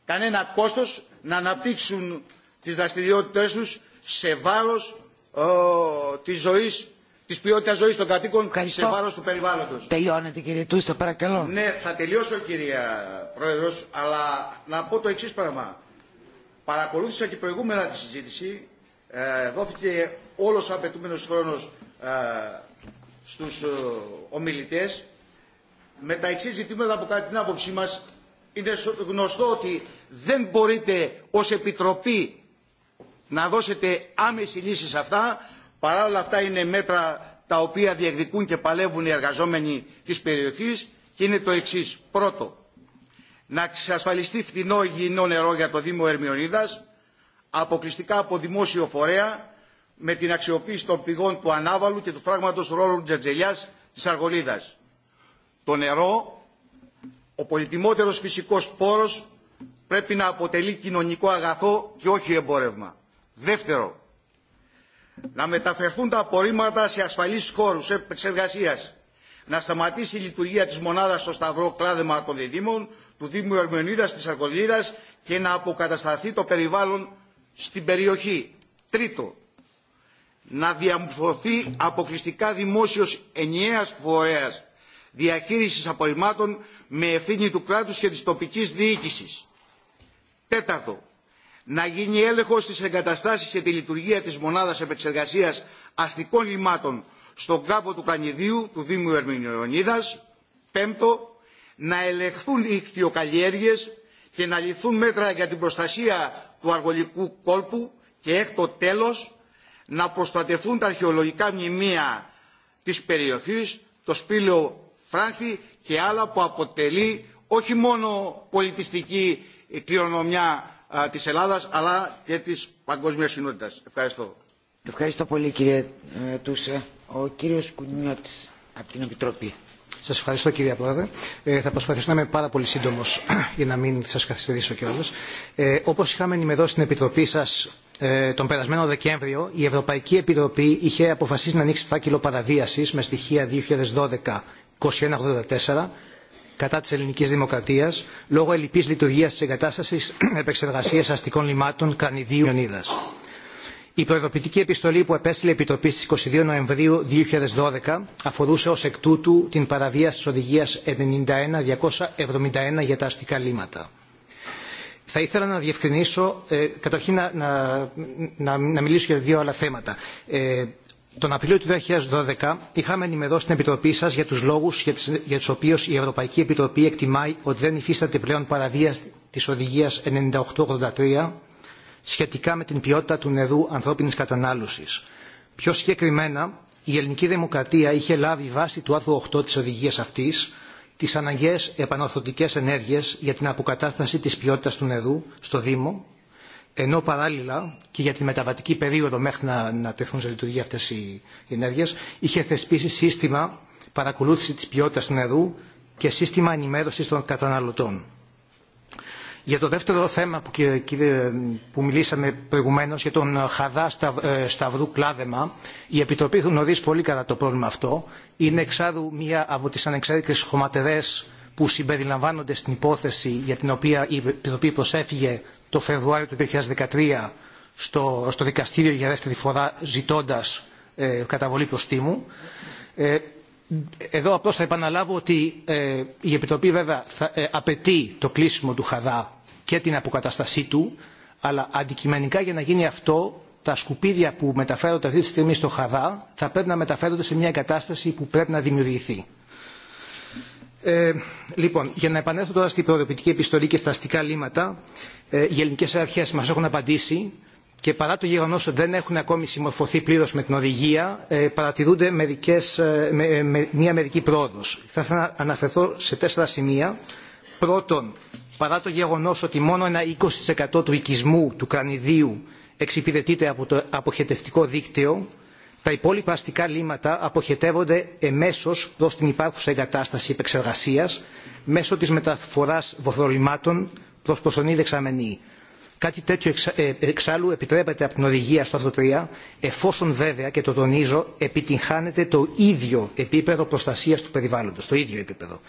κανένα κόστος να αναπτύξουν τις δραστηριότητες τους σε βάρος τη ε, της ζωής τη ποιότητα ζωή των κατοίκων Ευχαριστώ. σε βάρο του περιβάλλοντο. Τελειώνετε κύριε Τούστα, παρακαλώ. Ναι, θα τελειώσω κυρία Πρόεδρο, αλλά να πω το εξή πράγμα. Παρακολούθησα και προηγούμενα τη συζήτηση. Ε, δόθηκε όλο ο απαιτούμενο χρόνο ε, στου ε, ομιλητέ. Με τα εξή ζητήματα που κατά την άποψή μα είναι γνωστό ότι δεν μπορείτε ως Επιτροπή να δώσετε άμεση λύση σε αυτά Παρά όλα αυτά είναι μέτρα τα οποία διεκδικούν και παλεύουν οι εργαζόμενοι της περιοχής και είναι το εξής. Πρώτο, να εξασφαλιστεί φθηνό υγιεινό νερό για το Δήμο Ερμιονίδας, αποκλειστικά από δημόσιο φορέα, με την αξιοποίηση των πηγών του Ανάβαλου και του φράγματος ρόλου Τζατζελιάς της Αργολίδας. Το νερό, ο πολυτιμότερος φυσικός πόρος, πρέπει να αποτελεί κοινωνικό αγαθό και όχι εμπόρευμα. Δεύτερο, να μεταφερθούν τα απορρίμματα σε ασφαλείς χώρους εξεργασίας, να σταματήσει η λειτουργία της μονάδας στο Σταυρό Κλάδεμα των Διδήμων, του Δήμου Ερμενίδας της Αργολίδας και να αποκατασταθεί το περιβάλλον στην περιοχή. Τρίτο, να διαμορφωθεί αποκλειστικά δημόσιος ενιαίας φορέας διαχείρισης απορριμμάτων με ευθύνη του κράτους και της τοπικής διοίκησης. Τέταρτο, να γίνει έλεγχος της εγκαταστάσει και τη λειτουργία της μονάδας επεξεργασία αστικών λιμάτων στον κάπο του Κανιδίου του Δήμου Ερμηνεωνίδα. Πέμπτο, να ελεγχθούν οι χτιοκαλλιέργειε και να ληφθούν μέτρα για την προστασία του αργολικού κόλπου και έκτο τέλος να προστατευτούν τα αρχαιολογικά μνημεία της περιοχής, το σπήλαιο Φράνθη και άλλα που αποτελεί όχι μόνο πολιτιστική κληρονομιά της Ελλάδας αλλά και της παγκόσμιας κοινότητας. Ευχαριστώ. Ευχαριστώ πολύ κύριε ε, Τούσα. Ο κύριος Κουνιώτης από την Επιτροπή. Σα ευχαριστώ κύριε Πρόεδρε. Ε, θα προσπαθήσω να είμαι πάρα πολύ σύντομο για να μην σα καθυστερήσω κιόλα. Ε, Όπω είχαμε ενημερώσει στην Επιτροπή σα ε, τον περασμένο Δεκέμβριο, η Ευρωπαϊκή Επιτροπή είχε αποφασίσει να ανοίξει φάκελο παραβίαση με στοιχεία 2012-2184 κατά της Ελληνική δημοκρατίας λόγω ελλειπής λειτουργίας της εγκατάστασης επεξεργασίας αστικών λιμάτων λιμάτων Ιωνίδας. Η προειδοποιητική επιστολή που επέστειλε η Επιτροπή στις 22 Νοεμβρίου 2012 αφορούσε ως εκ τούτου την παραβίαση της οδηγίας 91-271 για τα αστικά λίματα. Θα ήθελα να διευκρινίσω, ε, καταρχήν να, να, μιλήσω για δύο άλλα θέματα. Ε, τον Απρίλιο του 2012 είχαμε ενημερώσει την Επιτροπή σα για του λόγου για του οποίου η Ευρωπαϊκή Επιτροπή εκτιμάει ότι δεν υφίσταται πλέον παραβίαση τη Οδηγία 9883 σχετικά με την ποιότητα του νερού ανθρώπινη κατανάλωση. Πιο συγκεκριμένα, η ελληνική δημοκρατία είχε λάβει βάση του άρθρου 8 τη οδηγία αυτή τι αναγκαίε επανορθωτικέ ενέργειε για την αποκατάσταση τη ποιότητα του νερού στο Δήμο ενώ παράλληλα και για τη μεταβατική περίοδο μέχρι να, να τεθούν σε λειτουργία αυτέ οι ενέργειε, είχε θεσπίσει σύστημα παρακολούθηση τη ποιότητα του νερού και σύστημα ενημέρωση των καταναλωτών. Για το δεύτερο θέμα που, κύριε, που μιλήσαμε προηγουμένως για τον Χαδά ε, Σταυρού Κλάδεμα, η Επιτροπή γνωρίζει πολύ καλά το πρόβλημα αυτό. Είναι εξάρου μία από τις ανεξάρτητες χωματερές που συμπεριλαμβάνονται στην υπόθεση για την οποία η Επιτροπή προσέφυγε το Φεβρουάριο του 2013 στο, στο δικαστήριο για δεύτερη φορά ζητώντας ε, καταβολή προστίμου. Ε, εδώ απλώς θα επαναλάβω ότι ε, η Επιτροπή βέβαια θα, ε, απαιτεί το κλείσιμο του Χαδά και την αποκαταστασή του, αλλά αντικειμενικά για να γίνει αυτό τα σκουπίδια που μεταφέρονται αυτή τη στιγμή στο Χαδά θα πρέπει να μεταφέρονται σε μια κατάσταση που πρέπει να δημιουργηθεί. Ε, λοιπόν, για να επανέλθω τώρα στην προοδοποιητική επιστολή και στα αστικά λήματα, ε, οι ελληνικέ αρχέ μα έχουν απαντήσει και παρά το γεγονό ότι δεν έχουν ακόμη συμμορφωθεί πλήρω με την οδηγία, ε, παρατηρούνται ε, ε, μία μερική πρόοδο. Θα ήθελα να αναφερθώ σε τέσσερα σημεία. Πρώτον, παρά το γεγονό ότι μόνο ένα 20% του οικισμού του κρανιδίου εξυπηρετείται από το αποχετευτικό δίκτυο, τα υπόλοιπα αστικά λύματα αποχετεύονται εμέσως προς την υπάρχουσα εγκατάσταση επεξεργασίας μέσω της μεταφοράς βοθρολυμάτων προς προσωνή δεξαμενή. Κάτι τέτοιο ε, εξάλλου επιτρέπεται από την οδηγία στο άρθρο 3, εφόσον βέβαια, και το τονίζω, επιτυγχάνεται το ίδιο επίπεδο προστασίας του περιβάλλοντος, το ίδιο επίπεδο.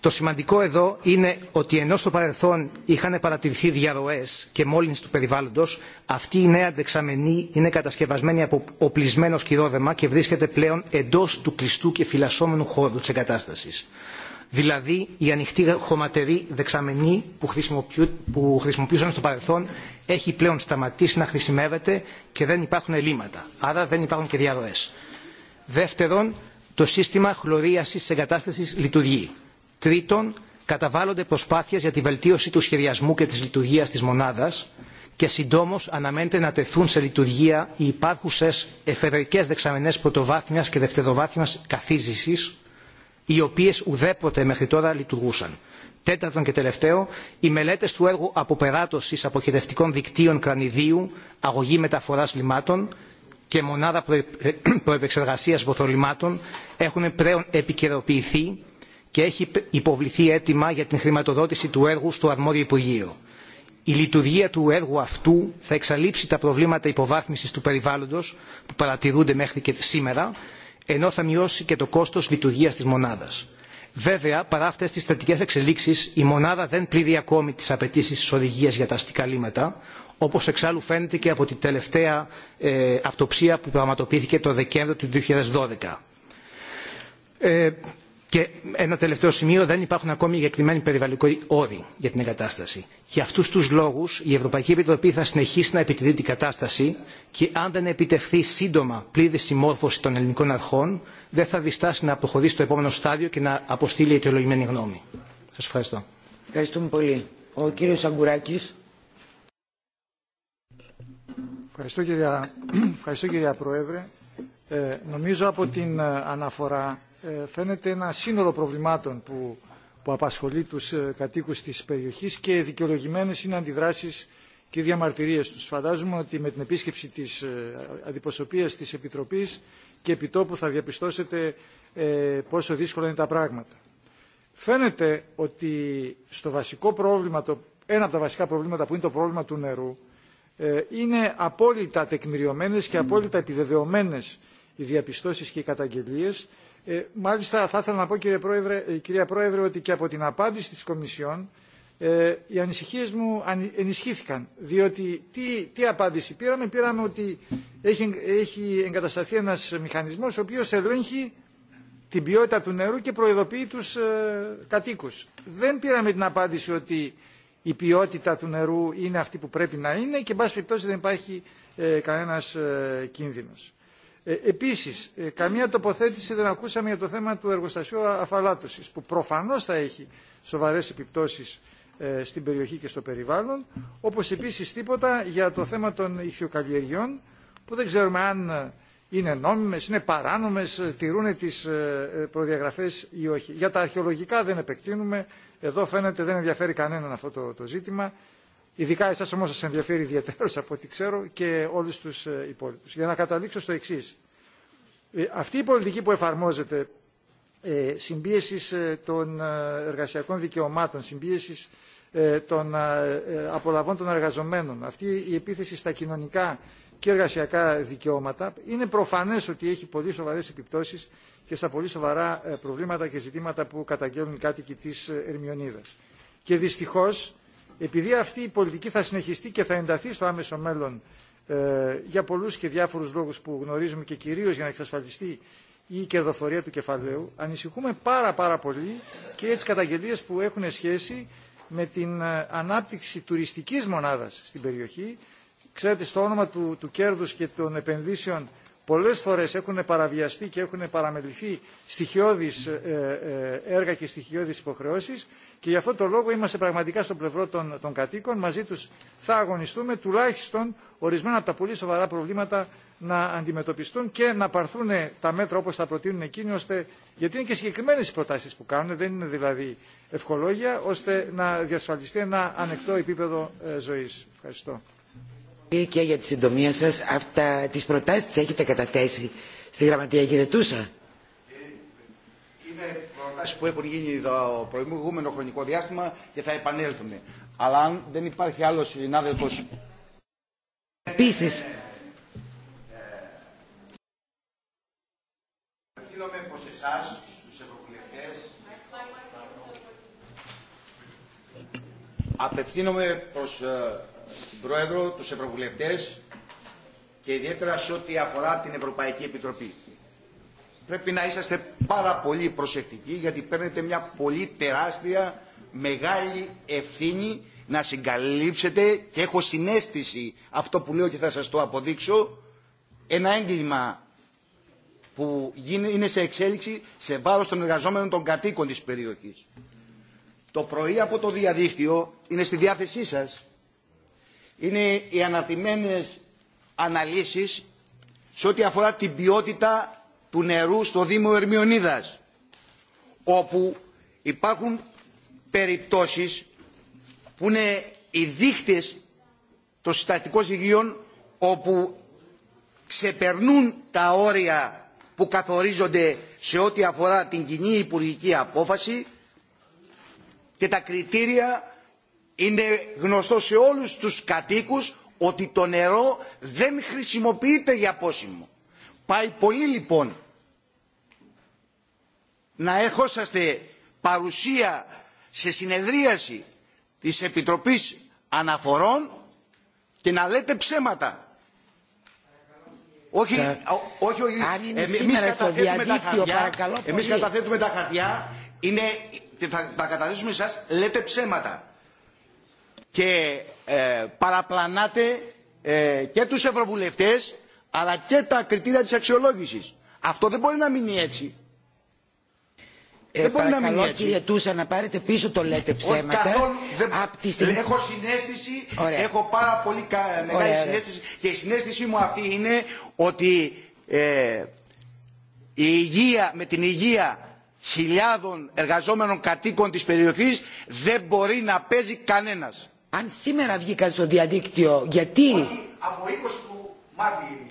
Το σημαντικό εδώ είναι ότι ενώ στο παρελθόν είχαν παρατηρηθεί διαρροές και μόλυνση του περιβάλλοντος, αυτή η νέα δεξαμενή είναι κατασκευασμένη από οπλισμένο σκυρόδεμα και βρίσκεται πλέον εντός του κλειστού και φυλασσόμενου χώρου της εγκατάστασης. Δηλαδή η ανοιχτή χωματερή δεξαμενή που χρησιμοποιούσαν στο παρελθόν έχει πλέον σταματήσει να χρησιμεύεται και δεν υπάρχουν ελλείμματα. Άρα δεν υπάρχουν και διαρροές. Δεύτερον, το σύστημα χλωρίαση τη εγκατάσταση λειτουργεί Τρίτον, καταβάλλονται προσπάθειες για τη βελτίωση του σχεδιασμού και της λειτουργίας της μονάδας και συντόμως αναμένεται να τεθούν σε λειτουργία οι υπάρχουσες εφεδρικές δεξαμενές πρωτοβάθμιας και δευτεροβάθμιας καθίζησης, οι οποίες ουδέποτε μέχρι τώρα λειτουργούσαν. Τέταρτον και τελευταίο, οι μελέτες του έργου αποπεράτωσης αποχαιρευτικών δικτύων κρανιδίου, αγωγή μεταφοράς λιμάτων και μονάδα προεπεξεργασίας βοθρολιμάτων έχουν πλέον επικαιροποιηθεί και έχει υποβληθεί αίτημα για την χρηματοδότηση του έργου στο αρμόδιο Υπουργείο. Η λειτουργία του έργου αυτού θα εξαλείψει τα προβλήματα υποβάθμισης του περιβάλλοντος που παρατηρούνται μέχρι και σήμερα, ενώ θα μειώσει και το κόστος λειτουργίας της μονάδας. Βέβαια, παρά αυτέ τι θετικέ εξελίξει, η μονάδα δεν πληρεί ακόμη τι απαιτήσει τη οδηγία για τα αστικά λίματα, όπω εξάλλου φαίνεται και από την τελευταία ε, αυτοψία που πραγματοποιήθηκε το Δεκέμβριο του 2012. Και ένα τελευταίο σημείο, δεν υπάρχουν ακόμη εγκεκριμένοι περιβαλλοντικοί όροι για την εγκατάσταση. Για αυτού του λόγου, η Ευρωπαϊκή Επιτροπή θα συνεχίσει να επιτηρεί την κατάσταση και αν δεν επιτευχθεί σύντομα πλήρη συμμόρφωση των ελληνικών αρχών, δεν θα διστάσει να αποχωρήσει στο επόμενο στάδιο και να αποστείλει αιτιολογημένη γνώμη. Σα ευχαριστώ. Ευχαριστούμε πολύ. Ο κύριο Αγκουράκη. Ευχαριστώ, κυρία... Πρόεδρε. Ε, νομίζω από την ε, αναφορά ε, φαίνεται ένα σύνολο προβλημάτων που, που απασχολεί τους ε, κατοίκους της περιοχής και δικαιολογημένες είναι αντιδράσεις και διαμαρτυρίες τους. Φαντάζομαι ότι με την επίσκεψη της ε, αντιπροσωπείας της Επιτροπής και επιτόπου θα διαπιστώσετε πόσο δύσκολα είναι τα πράγματα. Φαίνεται ότι στο βασικό πρόβλημα, το, ένα από τα βασικά προβλήματα που είναι το πρόβλημα του νερού, είναι απόλυτα τεκμηριωμένες και απόλυτα επιβεβαιωμένες οι διαπιστώσεις και οι καταγγελίες ε, μάλιστα θα ήθελα να πω κύριε ε, κυρία Πρόεδρε ότι και από την απάντηση της Κομισιόν ε, οι ανησυχίες μου ενισχύθηκαν διότι τι, τι απάντηση πήραμε πήραμε ότι έχει, έχει εγκατασταθεί ένας μηχανισμός ο οποίος ελέγχει την ποιότητα του νερού και προειδοποιεί τους κατοίκους. Δεν πήραμε την απάντηση ότι η ποιότητα του νερού είναι αυτή που πρέπει να είναι και εν πάση περιπτώσει δεν υπάρχει κανένας κίνδυνος. Ε, επίσης, ε, καμία τοποθέτηση δεν ακούσαμε για το θέμα του εργοστασίου αφαλάτωση, που προφανώς θα έχει σοβαρέ επιπτώσεις ε, στην περιοχή και στο περιβάλλον, όπως επίσης τίποτα για το θέμα των ηχθιοκαλλιεργειών, που δεν ξέρουμε αν είναι νόμιμες, είναι παράνομες, τηρούν τις προδιαγραφές ή όχι. Για τα αρχαιολογικά δεν επεκτείνουμε, εδώ φαίνεται δεν ενδιαφέρει κανέναν αυτό το ζήτημα Ειδικά εσά όμω σα ενδιαφέρει ιδιαίτερως από ό,τι ξέρω και όλου του ε, υπόλοιπου. Για να καταλήξω στο εξή. Ε, αυτή η πολιτική που εφαρμόζεται ε, συμπίεση των εργασιακών δικαιωμάτων, συμπίεση των απολαβών των εργαζομένων, αυτή η επίθεση στα κοινωνικά και εργασιακά δικαιώματα, είναι προφανέ ότι έχει πολύ σοβαρέ επιπτώσει και στα πολύ σοβαρά προβλήματα και ζητήματα που καταγγέλνουν οι κάτοικοι τη Ερμιονίδα. Και δυστυχώς επειδή αυτή η πολιτική θα συνεχιστεί και θα ενταθεί στο άμεσο μέλλον ε, για πολλούς και διάφορους λόγους που γνωρίζουμε και κυρίως για να εξασφαλιστεί η κερδοφορία του κεφαλαίου, ανησυχούμε πάρα πάρα πολύ και για τις καταγγελίες που έχουν σχέση με την ε, ανάπτυξη τουριστικής μονάδας στην περιοχή. Ξέρετε, στο όνομα του, του κέρδους και των επενδύσεων πολλές φορές έχουν παραβιαστεί και έχουν παραμεληθεί στοιχειώδεις ε, έργα και στοιχειώδεις υποχρεώσεις και γι' αυτό το λόγο είμαστε πραγματικά στο πλευρό των, των κατοίκων. Μαζί του θα αγωνιστούμε τουλάχιστον ορισμένα από τα πολύ σοβαρά προβλήματα να αντιμετωπιστούν και να παρθούν τα μέτρα όπω θα προτείνουν εκείνοι, ώστε, γιατί είναι και συγκεκριμένε οι προτάσει που κάνουν, δεν είναι δηλαδή ευχολόγια, ώστε να διασφαλιστεί ένα ανεκτό επίπεδο ε, ζωή. Ευχαριστώ. Και για έχετε καταθέσει στη Γραμματεία ε, Είναι προτάσει που έχουν γίνει το προηγούμενο χρονικό διάστημα και θα επανέλθουν. Αλλά αν δεν υπάρχει άλλο συνάδελφο. Επίση. Απευθύνομαι προ εσά, στου ευρωβουλευτέ. Απευθύνομαι προ τον Πρόεδρο, του ευρωβουλευτέ και ιδιαίτερα σε ό,τι αφορά την Ευρωπαϊκή Επιτροπή πρέπει να είσαστε πάρα πολύ προσεκτικοί γιατί παίρνετε μια πολύ τεράστια μεγάλη ευθύνη να συγκαλύψετε και έχω συνέστηση αυτό που λέω και θα σας το αποδείξω ένα έγκλημα που είναι σε εξέλιξη σε βάρος των εργαζόμενων των κατοίκων της περιοχής. Το πρωί από το διαδίκτυο είναι στη διάθεσή σας. Είναι οι αναρτημένες αναλύσεις σε ό,τι αφορά την ποιότητα του νερού στο Δήμο Ερμιονίδας όπου υπάρχουν περιπτώσεις που είναι οι δείχτες των συστατικών στοιχείων όπου ξεπερνούν τα όρια που καθορίζονται σε ό,τι αφορά την κοινή υπουργική απόφαση και τα κριτήρια είναι γνωστό σε όλους τους κατοίκους ότι το νερό δεν χρησιμοποιείται για πόσιμο. Πάει πολύ λοιπόν να έχωσαστε παρουσία σε συνεδρίαση της Επιτροπής Αναφορών και να λέτε ψέματα. Όχι, ε, όχι, όχι. Ε, εμείς, καταθέτουμε τα, χαρτιά, εμείς καταθέτουμε τα χαρτιά, είναι, θα τα καταθέσουμε εσάς, λέτε ψέματα. Και ε, παραπλανάτε και τους ευρωβουλευτές αλλά και τα κριτήρια της αξιολόγησης. Αυτό δεν μπορεί να μείνει έτσι. Ε, δεν μπορεί να μείνει έτσι. κύριε Τούσα να πάρετε πίσω το λέτε ψέματα. Καθόλου, Έχω συνέστηση, Ωραία. έχω πάρα πολύ μεγάλη Ωραία. συνέστηση και η συνέστησή μου αυτή είναι ότι ε, η υγεία, με την υγεία χιλιάδων εργαζόμενων κατοίκων της περιοχής δεν μπορεί να παίζει κανένας. Αν σήμερα βγήκα στο διαδίκτυο, γιατί... Όχι, από 20 του Μάρτη.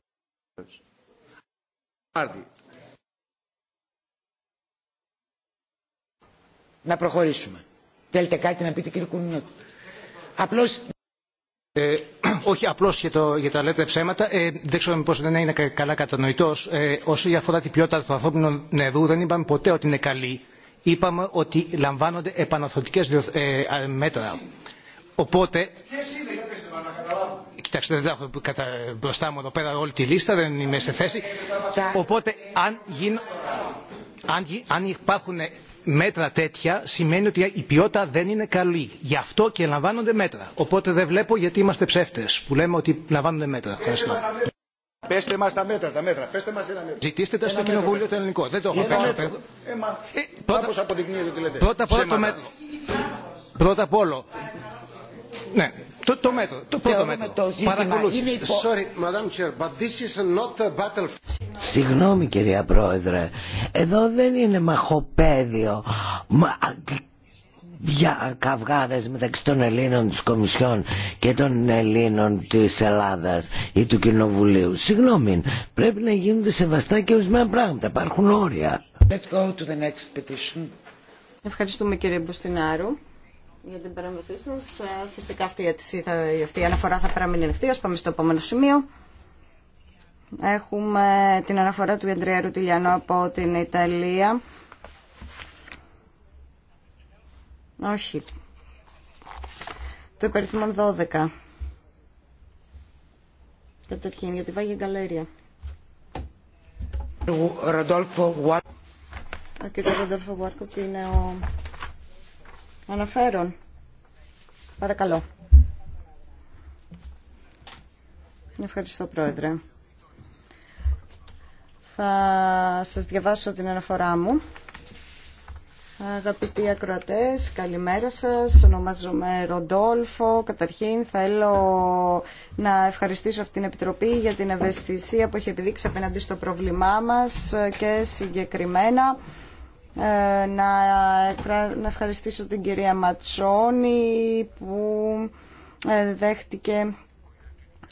Να προχωρήσουμε. Θέλετε κάτι να πείτε κύριε Κουνινιώτη. Απλώς... Ε, όχι απλώ για, για, τα λέτε ψέματα. Ε, δεν ξέρω πώ δεν είναι καλά κατανοητό. Ε, όσο αφορά την ποιότητα του ανθρώπινου νερού, δεν είπαμε ποτέ ότι είναι καλή. Είπαμε ότι λαμβάνονται ε, μέτρα. Οπότε. Κοιτάξτε, δεν τα έχω κατα... μπροστά μου εδώ πέρα όλη τη λίστα, δεν είμαι σε θέση. Οπότε, αν, αν, αν υπάρχουν μέτρα τέτοια, σημαίνει ότι η ποιότητα δεν είναι καλή. Γι' αυτό και λαμβάνονται μέτρα. Οπότε δεν βλέπω γιατί είμαστε ψεύτες που λέμε ότι λαμβάνονται μέτρα. Ευχαριστώ. Πέστε μας τα μέτρα, τα μέτρα. Πέστε μας ένα Ζητήστε το στο κοινοβούλιο το ελληνικό. Δεν το έχω πέσει. Ε, ε πρώτα, απ' όλα το μέτρο. Πρώτα απ' όλο. Ναι. Το, το μέτρο, το πρώτο μέτρο. Το είναι υπο... Sorry, Madam Chair, but this is not a Συγγνώμη κυρία Πρόεδρε, εδώ δεν είναι μαχοπέδιο Μα... για καυγάδες μεταξύ των Ελλήνων της Κομισιόν και των Ελλήνων της Ελλάδας ή του Κοινοβουλίου. Συγγνώμη, πρέπει να γίνονται σεβαστά και ορισμένα πράγματα, υπάρχουν όρια. Let's go to the next petition. Ευχαριστούμε κύριε Μποστινάρου για την παρέμβασή σα. Ε, φυσικά αυτή, αυτή η αναφορά θα παραμείνει ανοιχτή. Α πάμε στο επόμενο σημείο. Έχουμε την αναφορά του Ιαντρέα Ρουτιλιανού από την Ιταλία. Όχι. Το υπερθυμό 12. Καταρχήν για τη Βάγια Γκαλέρια. Ο κ. Ραντόλφο είναι ο Αναφέρον. Παρακαλώ. Ευχαριστώ, Πρόεδρε. Θα σας διαβάσω την αναφορά μου. Αγαπητοί ακροατές, καλημέρα σας. Ονομάζομαι Ροντόλφο. Καταρχήν θέλω να ευχαριστήσω αυτήν την Επιτροπή για την ευαισθησία που έχει επιδείξει απέναντι στο πρόβλημά μας και συγκεκριμένα ε, να ευχαριστήσω την κυρία Ματσόνη που ε, δέχτηκε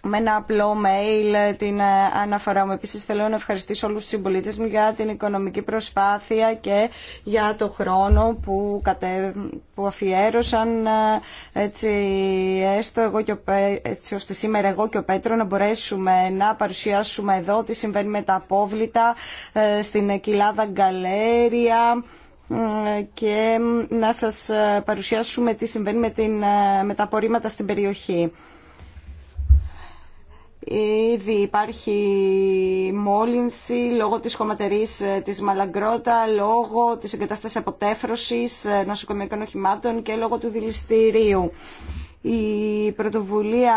με ένα απλό mail την ε, αναφορά μου. Επίσης θέλω να ευχαριστήσω όλους τους συμπολίτε μου για την οικονομική προσπάθεια και για το χρόνο που, κατε... που αφιέρωσαν ε, έτσι έστω εγώ και ο... έτσι ώστε σήμερα εγώ και ο Πέτρο να μπορέσουμε να παρουσιάσουμε εδώ τι συμβαίνει με τα απόβλητα ε, στην κοιλάδα γκαλέρια και να σας παρουσιάσουμε τι συμβαίνει με, την, με τα απορρίμματα στην περιοχή. Ήδη υπάρχει μόλυνση λόγω της χωματερής ε, της Μαλαγκρότα, λόγω της εγκατάστασης αποτέφρωσης ε, νοσοκομιακών οχημάτων και λόγω του δηληστηρίου. Η πρωτοβουλία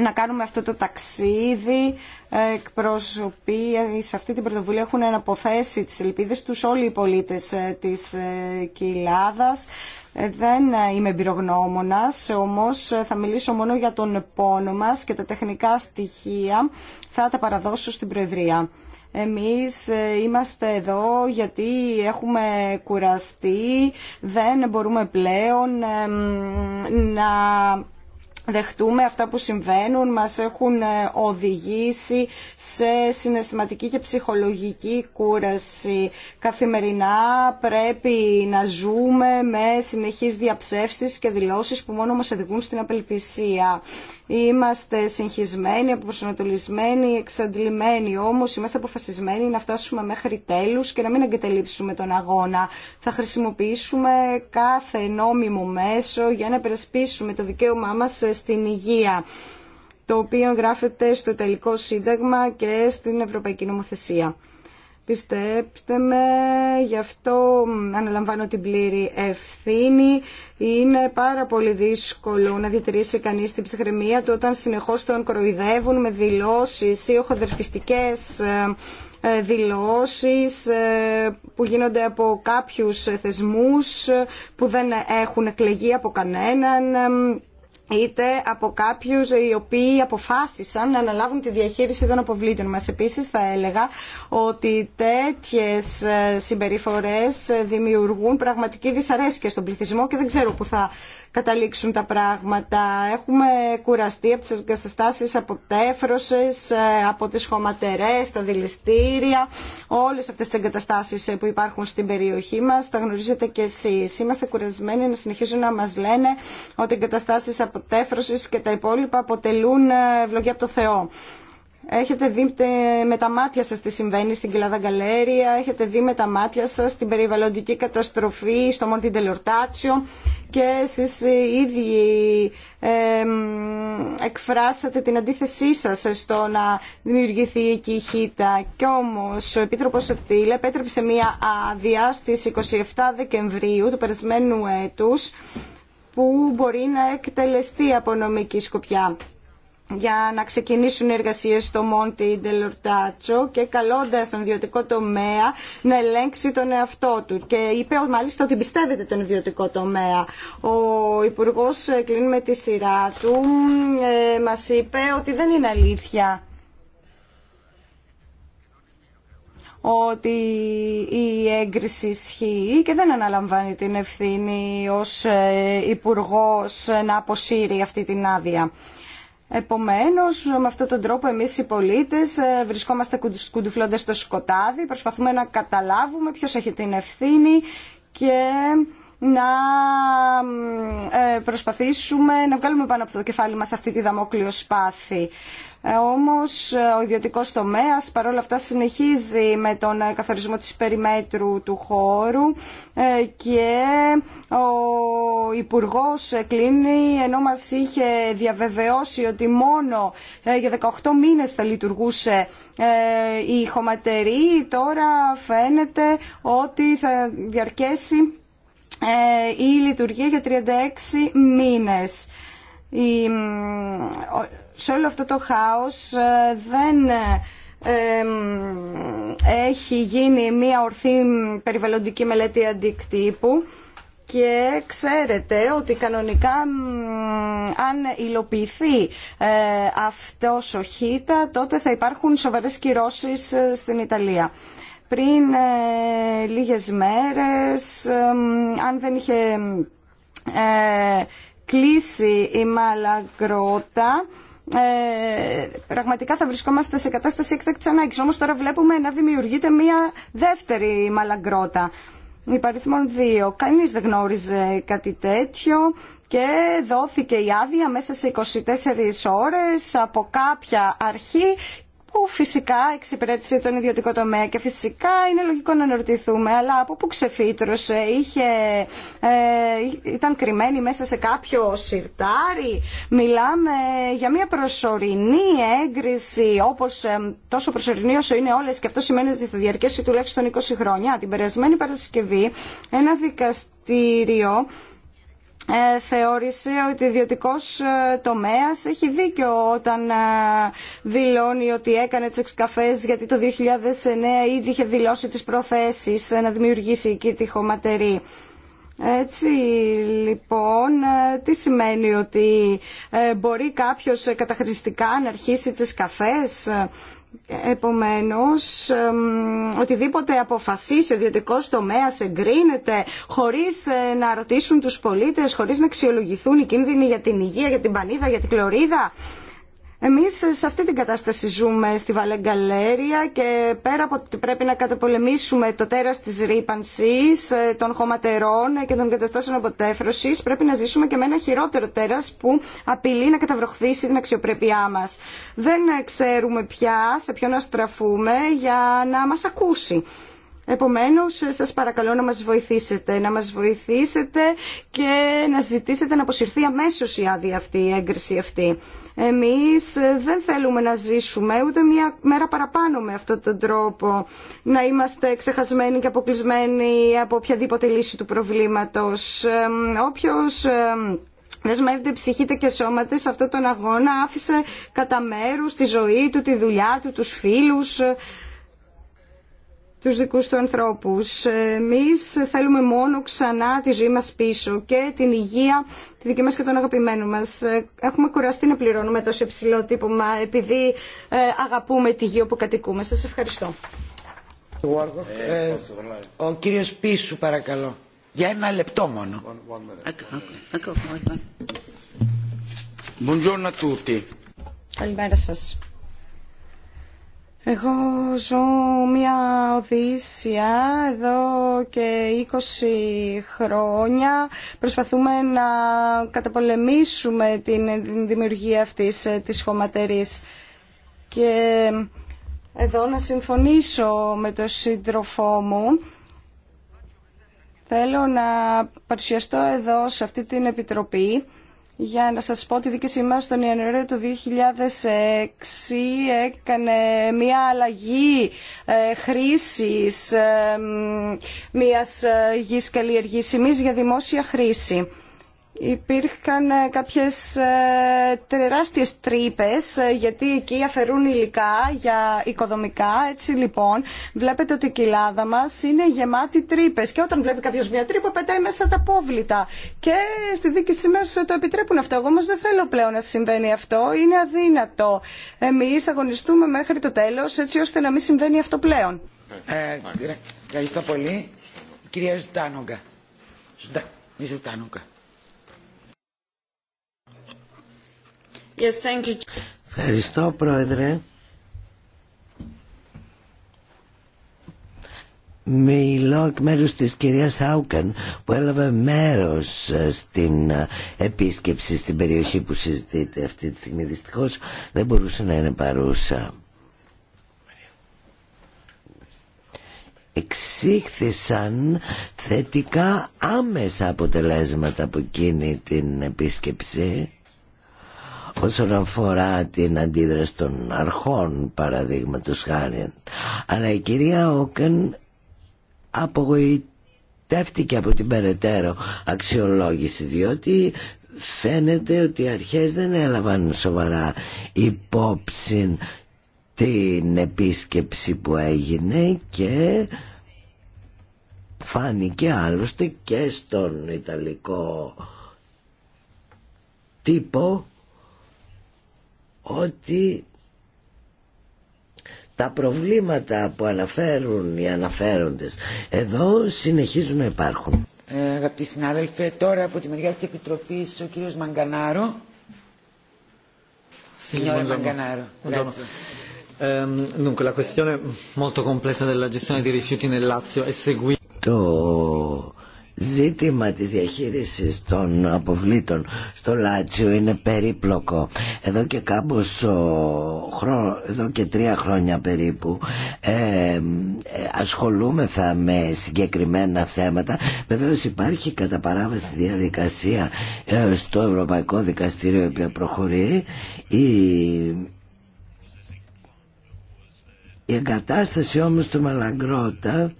να κάνουμε αυτό το ταξίδι ε, εκπροσωπεί σε αυτή την πρωτοβουλία έχουν αναποθέσει τις ελπίδες τους όλοι οι πολίτες της Κοιλάδας ε, δεν είμαι εμπειρογνώμονας, όμως θα μιλήσω μόνο για τον πόνο μας και τα τεχνικά στοιχεία θα τα παραδώσω στην Προεδρία. Εμείς ε, είμαστε εδώ γιατί έχουμε κουραστεί, δεν μπορούμε πλέον να δεχτούμε αυτά που συμβαίνουν, μας έχουν ε, οδηγήσει σε συναισθηματική και ψυχολογική κούραση. Καθημερινά πρέπει να ζούμε με συνεχείς διαψεύσεις και δηλώσεις που μόνο μας οδηγούν στην απελπισία. Είμαστε συγχυσμένοι, αποπροσανατολισμένοι, εξαντλημένοι. Όμω είμαστε αποφασισμένοι να φτάσουμε μέχρι τέλους και να μην εγκαταλείψουμε τον αγώνα. Θα χρησιμοποιήσουμε κάθε νόμιμο μέσο για να περασπίσουμε το δικαίωμά μα στην υγεία το οποίο γράφεται στο Τελικό Σύνταγμα και στην Ευρωπαϊκή Νομοθεσία. Πιστέψτε με, γι' αυτό αναλαμβάνω την πλήρη ευθύνη. Είναι πάρα πολύ δύσκολο να διατηρήσει κανείς την ψυχραιμία του όταν συνεχώς τον κροϊδεύουν με δηλώσεις ή οχοδερφιστικές ε, δηλώσεις ε, που γίνονται από κάποιους θεσμούς που δεν έχουν εκλεγεί από κανέναν ε, είτε από κάποιους οι οποίοι αποφάσισαν να αναλάβουν τη διαχείριση των αποβλήτων μας. Επίσης θα έλεγα ότι τέτοιες ε, συμπεριφορές ε, δημιουργούν πραγματική δυσαρέσκεια στον πληθυσμό και δεν ξέρω που θα καταλήξουν τα πράγματα. Έχουμε κουραστεί από τις εγκαταστάσεις αποτέφρωσης, ε, από τις χωματερές, τα δηληστήρια, όλες αυτές τις εγκαταστάσεις που υπάρχουν στην περιοχή μας. Τα γνωρίζετε και εσείς. Είμαστε κουρασμένοι να συνεχίζουν να μας λένε ότι οι εγκαταστάσεις αποτέφρωσης και τα υπόλοιπα αποτελούν ευλογία από το Θεό. Έχετε δει με τα μάτια σας τι συμβαίνει στην Κοιλάδα Γκαλέρια, έχετε δει με τα μάτια σας την περιβαλλοντική καταστροφή στο Μόντι Τελορτάτσιο και εσείς ήδη ε, εκφράσατε την αντίθεσή σας στο να δημιουργηθεί η χήτα. Κι όμως ο Επίτροπος Σεπτήλ επέτρεψε μία άδεια στις 27 Δεκεμβρίου του περασμένου έτους που μπορεί να εκτελεστεί από νομική σκοπιά για να ξεκινήσουν οι εργασίες στο Μόντι Ντελορτάτσο και καλώντας τον ιδιωτικό τομέα να ελέγξει τον εαυτό του. Και είπε μάλιστα ότι πιστεύετε τον ιδιωτικό τομέα. Ο υπουργό ε, κλείνει με τη σειρά του, ε, μας είπε ότι δεν είναι αλήθεια ότι η έγκριση ισχύει και δεν αναλαμβάνει την ευθύνη ως ε, υπουργός να αποσύρει αυτή την άδεια. Επομένως, με αυτόν τον τρόπο εμείς οι πολίτες ε, βρισκόμαστε κουντουφλώντας στο σκοτάδι, προσπαθούμε να καταλάβουμε ποιος έχει την ευθύνη και να ε, προσπαθήσουμε να βγάλουμε πάνω από το κεφάλι μας αυτή τη δαμόκλειο σπάθη. Ε, όμως ε, ο ιδιωτικός τομέας παρόλα αυτά συνεχίζει με τον καθαρισμό της περιμέτρου του χώρου και ο Υπουργός κλείνει ενώ μας είχε διαβεβαιώσει ότι μόνο για 18 μήνες θα λειτουργούσε η χωματερή. Τώρα φαίνεται ότι θα διαρκέσει ε, η λειτουργία για 36 μήνες. Η, σε όλο αυτό το χάος ε, δεν ε, έχει γίνει μια ορθή περιβαλλοντική μελέτη αντικτύπου και ξέρετε ότι κανονικά αν υλοποιηθεί αυτό ο τότε θα υπάρχουν σοβαρές κυρώσεις στην Ιταλία πριν ε, λίγες μέρες, αν δεν είχε ε, κλείσει η Μαλαγκρότα, ε, πραγματικά θα βρισκόμαστε σε κατάσταση έκτακτης ανάγκης. Όμως τώρα βλέπουμε να δημιουργείται μία δεύτερη μαλαγκρότα. Υπαριθμών 2. Κανείς δεν γνώριζε κάτι τέτοιο και δόθηκε η άδεια μέσα σε 24 ώρες από κάποια αρχή που φυσικά εξυπηρέτησε τον ιδιωτικό τομέα και φυσικά είναι λογικό να αναρωτηθούμε, αλλά από πού ξεφύτρωσε, είχε, ε, ήταν κρυμμένη μέσα σε κάποιο σιρτάρι. Μιλάμε για μια προσωρινή έγκριση, όπως ε, τόσο προσωρινή όσο είναι όλες και αυτό σημαίνει ότι θα διαρκέσει τουλάχιστον 20 χρόνια. Την περασμένη Παρασκευή ένα δικαστήριο ε, θεώρησε ότι ο ιδιωτικό ε, τομέας έχει δίκιο όταν ε, δηλώνει ότι έκανε τις εξκαφές γιατί το 2009 ήδη είχε δηλώσει τις προθέσεις να δημιουργήσει εκεί τη χωματερή. Έτσι λοιπόν, τι σημαίνει ότι μπορεί κάποιος καταχρηστικά να αρχίσει τις καφές. Επομένως, οτιδήποτε αποφασίσει ο ιδιωτικό τομέα εγκρίνεται χωρίς ε, να ρωτήσουν τους πολίτες, χωρίς να αξιολογηθούν οι κίνδυνοι για την υγεία, για την πανίδα, για την κλωρίδα. Εμείς σε αυτή την κατάσταση ζούμε στη Βαλεγκαλέρια και πέρα από ότι πρέπει να καταπολεμήσουμε το τέρας της ρήπανση, ε, των χωματερών και των καταστάσεων αποτέφρωσης, πρέπει να ζήσουμε και με ένα χειρότερο τέρας που απειλεί να καταβροχθήσει την αξιοπρέπειά μας. Δεν ξέρουμε πια σε ποιον να στραφούμε για να μας ακούσει. Επομένως, σας παρακαλώ να μας βοηθήσετε, να μας βοηθήσετε και να ζητήσετε να αποσυρθεί αμέσως η άδεια αυτή, η έγκριση αυτή. Εμείς δεν θέλουμε να ζήσουμε ούτε μία μέρα παραπάνω με αυτόν τον τρόπο, να είμαστε ξεχασμένοι και αποκλεισμένοι από οποιαδήποτε λύση του προβλήματος. Όποιος δεσμεύεται ψυχή και σώματε σε αυτόν τον αγώνα, άφησε κατά μέρου τη ζωή του, τη δουλειά του, τους φίλους, τους δικούς του ανθρώπους. Εμείς θέλουμε μόνο ξανά τη ζωή μας πίσω και την υγεία, τη δική μας και των αγαπημένων μας. Έχουμε κουραστεί να πληρώνουμε τόσο υψηλό μα, επειδή ε, αγαπούμε τη γη όπου κατοικούμε. Σας ευχαριστώ. Ε, ο κύριος Πίσου παρακαλώ. Για ένα λεπτό μόνο. Καλημέρα σας. Εγώ ζω μια Οδύσσια εδώ και 20 χρόνια. Προσπαθούμε να καταπολεμήσουμε την δημιουργία αυτής ε, της χωματερής. Και εδώ να συμφωνήσω με τον σύντροφό μου. Θέλω να παρουσιαστώ εδώ σε αυτή την επιτροπή για να σας πω ότι δίκηση μας τον Ιανουαρίο του 2006 έκανε μια αλλαγή ε, χρήσης ε, μιας ε, γης καλλιεργήσιμης για δημόσια χρήση υπήρχαν ε, κάποιες ε, τεράστιες τρύπες ε, γιατί εκεί αφαιρούν υλικά για οικοδομικά. Έτσι λοιπόν βλέπετε ότι η κοιλάδα μας είναι γεμάτη τρύπες και όταν βλέπει κάποιος μια τρύπα πετάει μέσα τα πόβλητα και στη δίκηση μας το επιτρέπουν αυτό. Εγώ όμως δεν θέλω πλέον να συμβαίνει αυτό, είναι αδύνατο. Εμείς αγωνιστούμε μέχρι το τέλος έτσι ώστε να μην συμβαίνει αυτό πλέον. Ε, ευχαριστώ πολύ. Κυρία Ζητάνογκα. Ζητάνογκα. Ευχαριστώ Πρόεδρε. Μιλώ εκ μέρους της κυρίας Άουκεν, που έλαβε μέρος ε, στην ε, επίσκεψη στην περιοχή που συζητείτε αυτή τη στιγμή. Δυστυχώς δεν μπορούσε να είναι παρούσα. εξήχθησαν θετικά άμεσα αποτελέσματα από εκείνη την επίσκεψη όσον αφορά την αντίδραση των αρχών παραδείγματος χάρη. Αλλά η κυρία Όκεν απογοητεύτηκε από την περαιτέρω αξιολόγηση διότι φαίνεται ότι οι αρχές δεν έλαβαν σοβαρά υπόψη την επίσκεψη που έγινε και φάνηκε άλλωστε και στον Ιταλικό τύπο ότι τα προβλήματα που αναφέρουν οι αναφέροντες εδώ συνεχίζουν να υπάρχουν. Ε, αγαπητοί συνάδελφοι, τώρα από τη μεριά της Επιτροπής ο κύριος Μαγκανάρο. Signore Μαγκανάρο, grazie. Ehm, la questione molto complessa della gestione dei rifiuti nel Lazio è seguita. Oh ζήτημα της διαχείρισης των αποβλήτων στο Λάτσιο είναι περίπλοκο. Εδώ και κάμπος εδώ και τρία χρόνια περίπου ε, ε, ασχολούμεθα με συγκεκριμένα θέματα. Βεβαίως υπάρχει κατά παράβαση διαδικασία ε, στο Ευρωπαϊκό Δικαστήριο η οποία προχωρεί. Η, η εγκατάσταση όμως του Μαλαγκρότα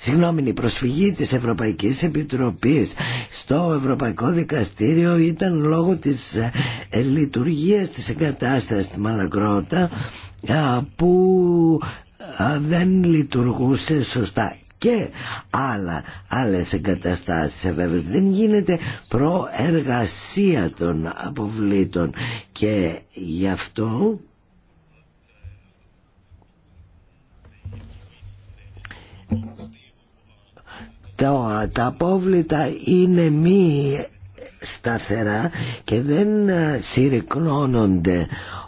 συγγνώμη, η προσφυγή της Ευρωπαϊκής Επιτροπής στο Ευρωπαϊκό Δικαστήριο ήταν λόγω της ε, ε λειτουργίας της εγκατάστασης στη Μαλακρότα που δεν λειτουργούσε σωστά και άλλα, άλλες εγκαταστάσεις ε, βέβαια δεν γίνεται προεργασία των αποβλήτων και γι' αυτό τα, τα απόβλητα είναι μη σταθερά και δεν συρρυκνώνονται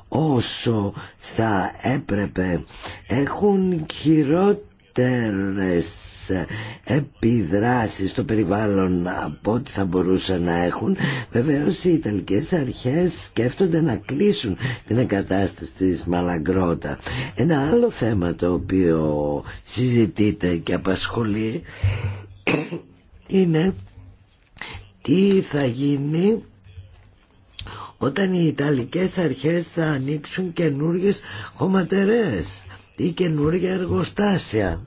όσο θα έπρεπε έχουν χειρότερες επιδράσεις στο περιβάλλον από ό,τι θα μπορούσαν να έχουν βεβαίως οι Ιταλικές αρχές σκέφτονται να κλείσουν την εγκατάσταση της Μαλαγκρότα ένα άλλο θέμα το οποίο συζητείται και απασχολεί είναι τι θα γίνει όταν οι Ιταλικές αρχές θα ανοίξουν καινούργιες χωματερές ή καινούργια εργοστάσια.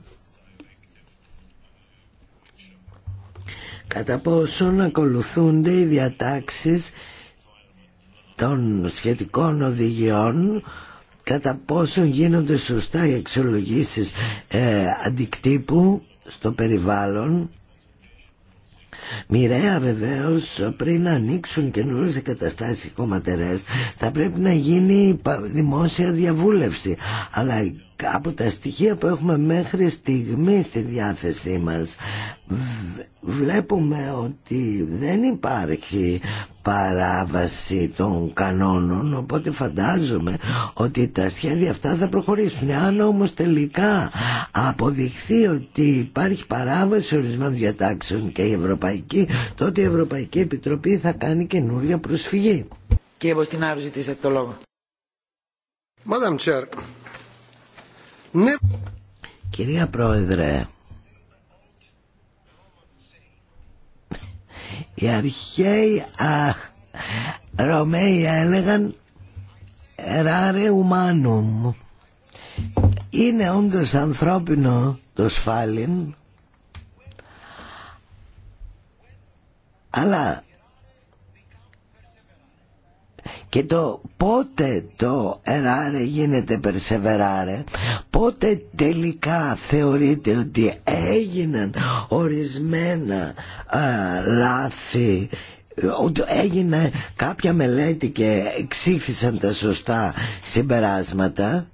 Κατά πόσον ακολουθούνται οι διατάξεις των σχετικών οδηγιών, κατά πόσον γίνονται σωστά οι αξιολογήσεις ε, αντικτύπου στο περιβάλλον Μοιραία βεβαίω πριν να ανοίξουν καινούριε εγκαταστάσει κομματερέ θα πρέπει να γίνει δημόσια διαβούλευση. Αλλά από τα στοιχεία που έχουμε μέχρι στιγμή στη διάθεσή μας βλέπουμε ότι δεν υπάρχει παράβαση των κανόνων οπότε φαντάζομαι ότι τα σχέδια αυτά θα προχωρήσουν αν όμως τελικά αποδειχθεί ότι υπάρχει παράβαση ορισμένων διατάξεων και η Ευρωπαϊκή τότε η Ευρωπαϊκή Επιτροπή θα κάνει καινούργια προσφυγή Κύριε ναι. Κυρία Πρόεδρε, οι αρχαίοι α, Ρωμαίοι έλεγαν «Ράρε ουμάνουμ». Είναι όντως ανθρώπινο το σφάλιν, αλλά και το πότε το εράρε γίνεται περσεβεράρε πότε τελικά θεωρείται ότι έγιναν ορισμένα λάθη ότι έγινε κάποια μελέτη και εξήφισαν τα σωστά συμπεράσματα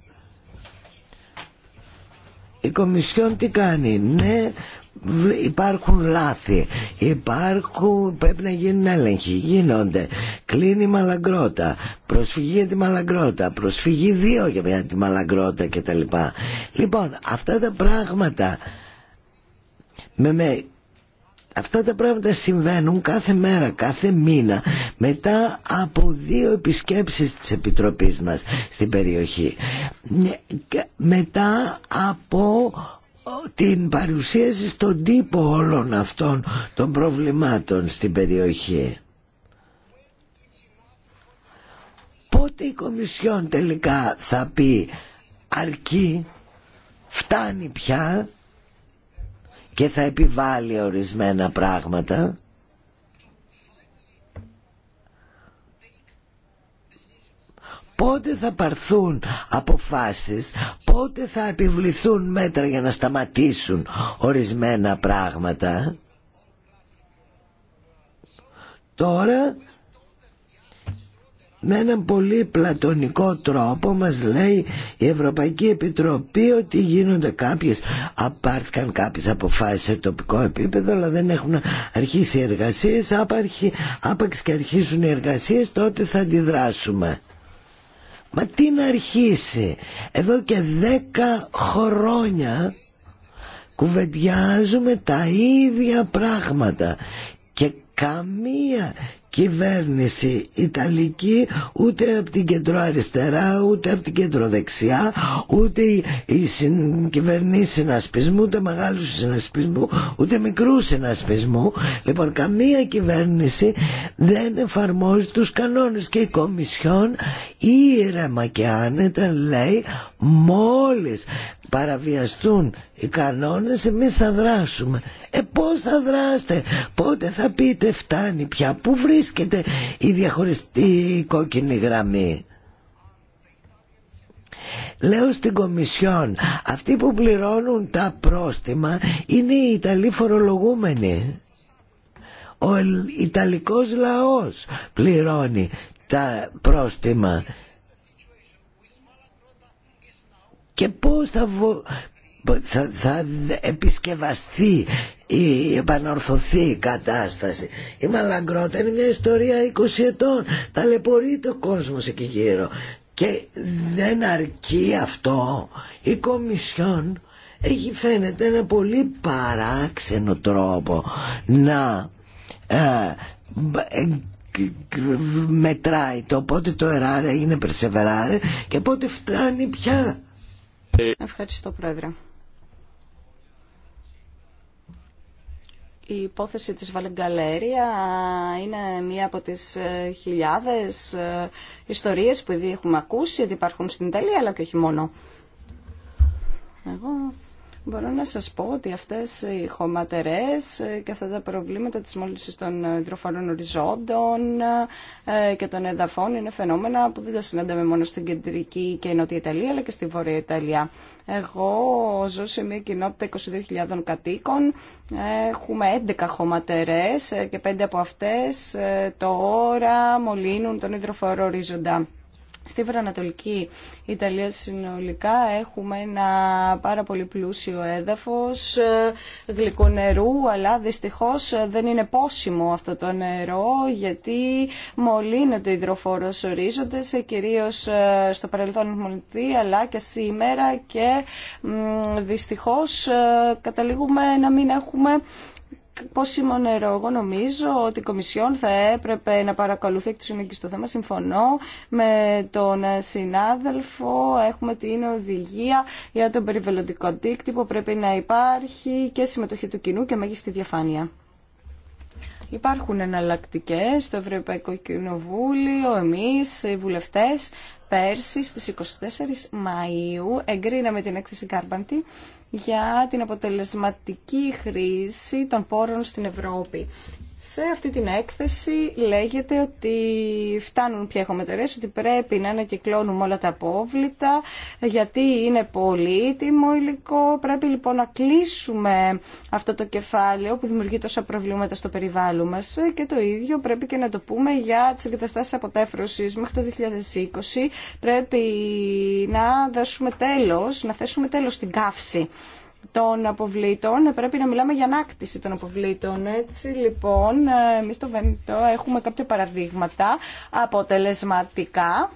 η Κομισιόν τι κάνει ναι υπάρχουν λάθη, υπάρχουν, πρέπει να γίνουν έλεγχοι, γίνονται. Κλείνει η Μαλαγκρότα, προσφυγή για τη Μαλαγκρότα, προσφυγή δύο για τη Μαλαγκρότα κτλ. Λοιπόν, αυτά τα πράγματα με, Αυτά τα πράγματα συμβαίνουν κάθε μέρα, κάθε μήνα μετά από δύο επισκέψεις της Επιτροπής μας στην περιοχή. Μετά από την παρουσίαση στον τύπο όλων αυτών των προβλημάτων στην περιοχή. Πότε η Κομισιόν τελικά θα πει αρκεί, φτάνει πια και θα επιβάλλει ορισμένα πράγματα πότε θα παρθούν αποφάσεις, πότε θα επιβληθούν μέτρα για να σταματήσουν ορισμένα πράγματα. Τώρα με έναν πολύ πλατωνικό τρόπο μας λέει η Ευρωπαϊκή Επιτροπή ότι γίνονται κάποιες απάρθηκαν κάποιες αποφάσεις σε τοπικό επίπεδο αλλά δεν έχουν αρχίσει οι εργασίες άπαξ και αρχίσουν οι εργασίες τότε θα αντιδράσουμε Μα τι να αρχίσει. Εδώ και δέκα χρόνια κουβεντιάζουμε τα ίδια πράγματα και καμία κυβέρνηση Ιταλική ούτε από την κεντροαριστερά ούτε από την κεντροδεξιά ούτε η συν, συνασπισμού ούτε μεγάλου συνασπισμού ούτε μικρού συνασπισμού λοιπόν καμία κυβέρνηση δεν εφαρμόζει τους κανόνες και η Κομισιόν ήρεμα και άνετα λέει μόλις παραβιαστούν οι κανόνες εμείς θα δράσουμε ε πως θα δράσετε πότε θα πείτε φτάνει πια που βρίσκεται η διαχωριστή κόκκινη γραμμή Λέω στην Κομισιόν, αυτοί που πληρώνουν τα πρόστιμα είναι οι Ιταλοί φορολογούμενοι. Ο Ιταλικός λαός πληρώνει τα πρόστιμα και πώς θα, βο... επισκευαστεί ή επανορθωθεί η κατάσταση. Η Μαλαγκρότα είναι μια ιστορία 20 ετών. Ταλαιπωρείται ο κόσμος εκεί γύρω. Και δεν αρκεί αυτό. Η Κομισιόν έχει φαίνεται ένα πολύ παράξενο τρόπο να ε, μετράει το πότε το εράρε είναι περσεβεράρε και πότε φτάνει πια Ευχαριστώ, Πρόεδρε. Η υπόθεση της Βαλεγκαλέρια είναι μία από τις ε, χιλιάδες ε, ιστορίες που ήδη έχουμε ακούσει ότι υπάρχουν στην Ιταλία, αλλά και όχι μόνο. Εγώ Μπορώ να σας πω ότι αυτές οι χωματερές και αυτά τα προβλήματα της μόλυνσης των υδροφόρων οριζόντων ε, και των εδαφών είναι φαινόμενα που δεν τα συναντάμε μόνο στην κεντρική και νότια Ιταλία αλλά και στη βόρεια Ιταλία. Εγώ ζω σε μια κοινότητα 22.000 κατοίκων, έχουμε 11 χωματερές ε, και 5 από αυτές ε, τώρα μολύνουν τον υδροφόρο οριζόντα. Στη βρανατολική Ιταλία συνολικά έχουμε ένα πάρα πολύ πλούσιο έδαφος ε, γλυκού νερού, αλλά δυστυχώς ε, δεν είναι πόσιμο αυτό το νερό γιατί μολύνεται υδροφόρος ορίζοντες, ε, κυρίως στο παρελθόν μολυνθεί, αλλά και σήμερα και δυστυχώς καταλήγουμε να μην έχουμε πόσιμο νερό. Εγώ νομίζω ότι η Κομισιόν θα έπρεπε να παρακολουθεί εκ του θέμα. Συμφωνώ με τον συνάδελφο. Έχουμε την οδηγία για τον περιβαλλοντικό αντίκτυπο. Πρέπει να υπάρχει και συμμετοχή του κοινού και μέγιστη διαφάνεια. Υπάρχουν εναλλακτικέ στο Ευρωπαϊκό Κοινοβούλιο, εμείς οι βουλευτές, πέρσι στι 24 Μαου, εγκρίναμε την έκθεση Κάρπαντη για την αποτελεσματική χρήση των πόρων στην Ευρώπη. Σε αυτή την έκθεση λέγεται ότι φτάνουν πια εχομετερές, ότι πρέπει να ανακυκλώνουμε όλα τα απόβλητα, γιατί είναι πολύτιμο υλικό. Πρέπει λοιπόν να κλείσουμε αυτό το κεφάλαιο που δημιουργεί τόσα προβλήματα στο περιβάλλον μας και το ίδιο πρέπει και να το πούμε για τις εγκαταστάσεις αποτέφρωσης. Μέχρι το 2020 πρέπει να δώσουμε τέλος, να θέσουμε τέλος στην καύση των αποβλήτων, πρέπει να μιλάμε για ανάκτηση των αποβλήτων. Έτσι λοιπόν, εμείς στο Βένιτο έχουμε κάποια παραδείγματα αποτελεσματικά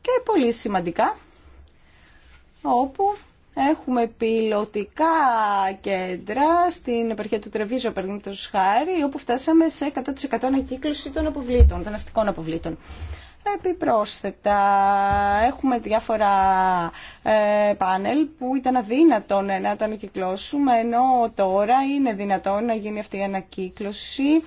και πολύ σημαντικά, όπου Έχουμε πιλωτικά κέντρα στην επαρχία του Τρεβίζο, παραδείγματο χάρη, όπου φτάσαμε σε 100% ανακύκλωση των αποβλήτων, των αστικών αποβλήτων. Επιπρόσθετα, έχουμε διάφορα ε, πάνελ που ήταν αδύνατον να τα ανακυκλώσουμε, ενώ τώρα είναι δυνατόν να γίνει αυτή η ανακύκλωση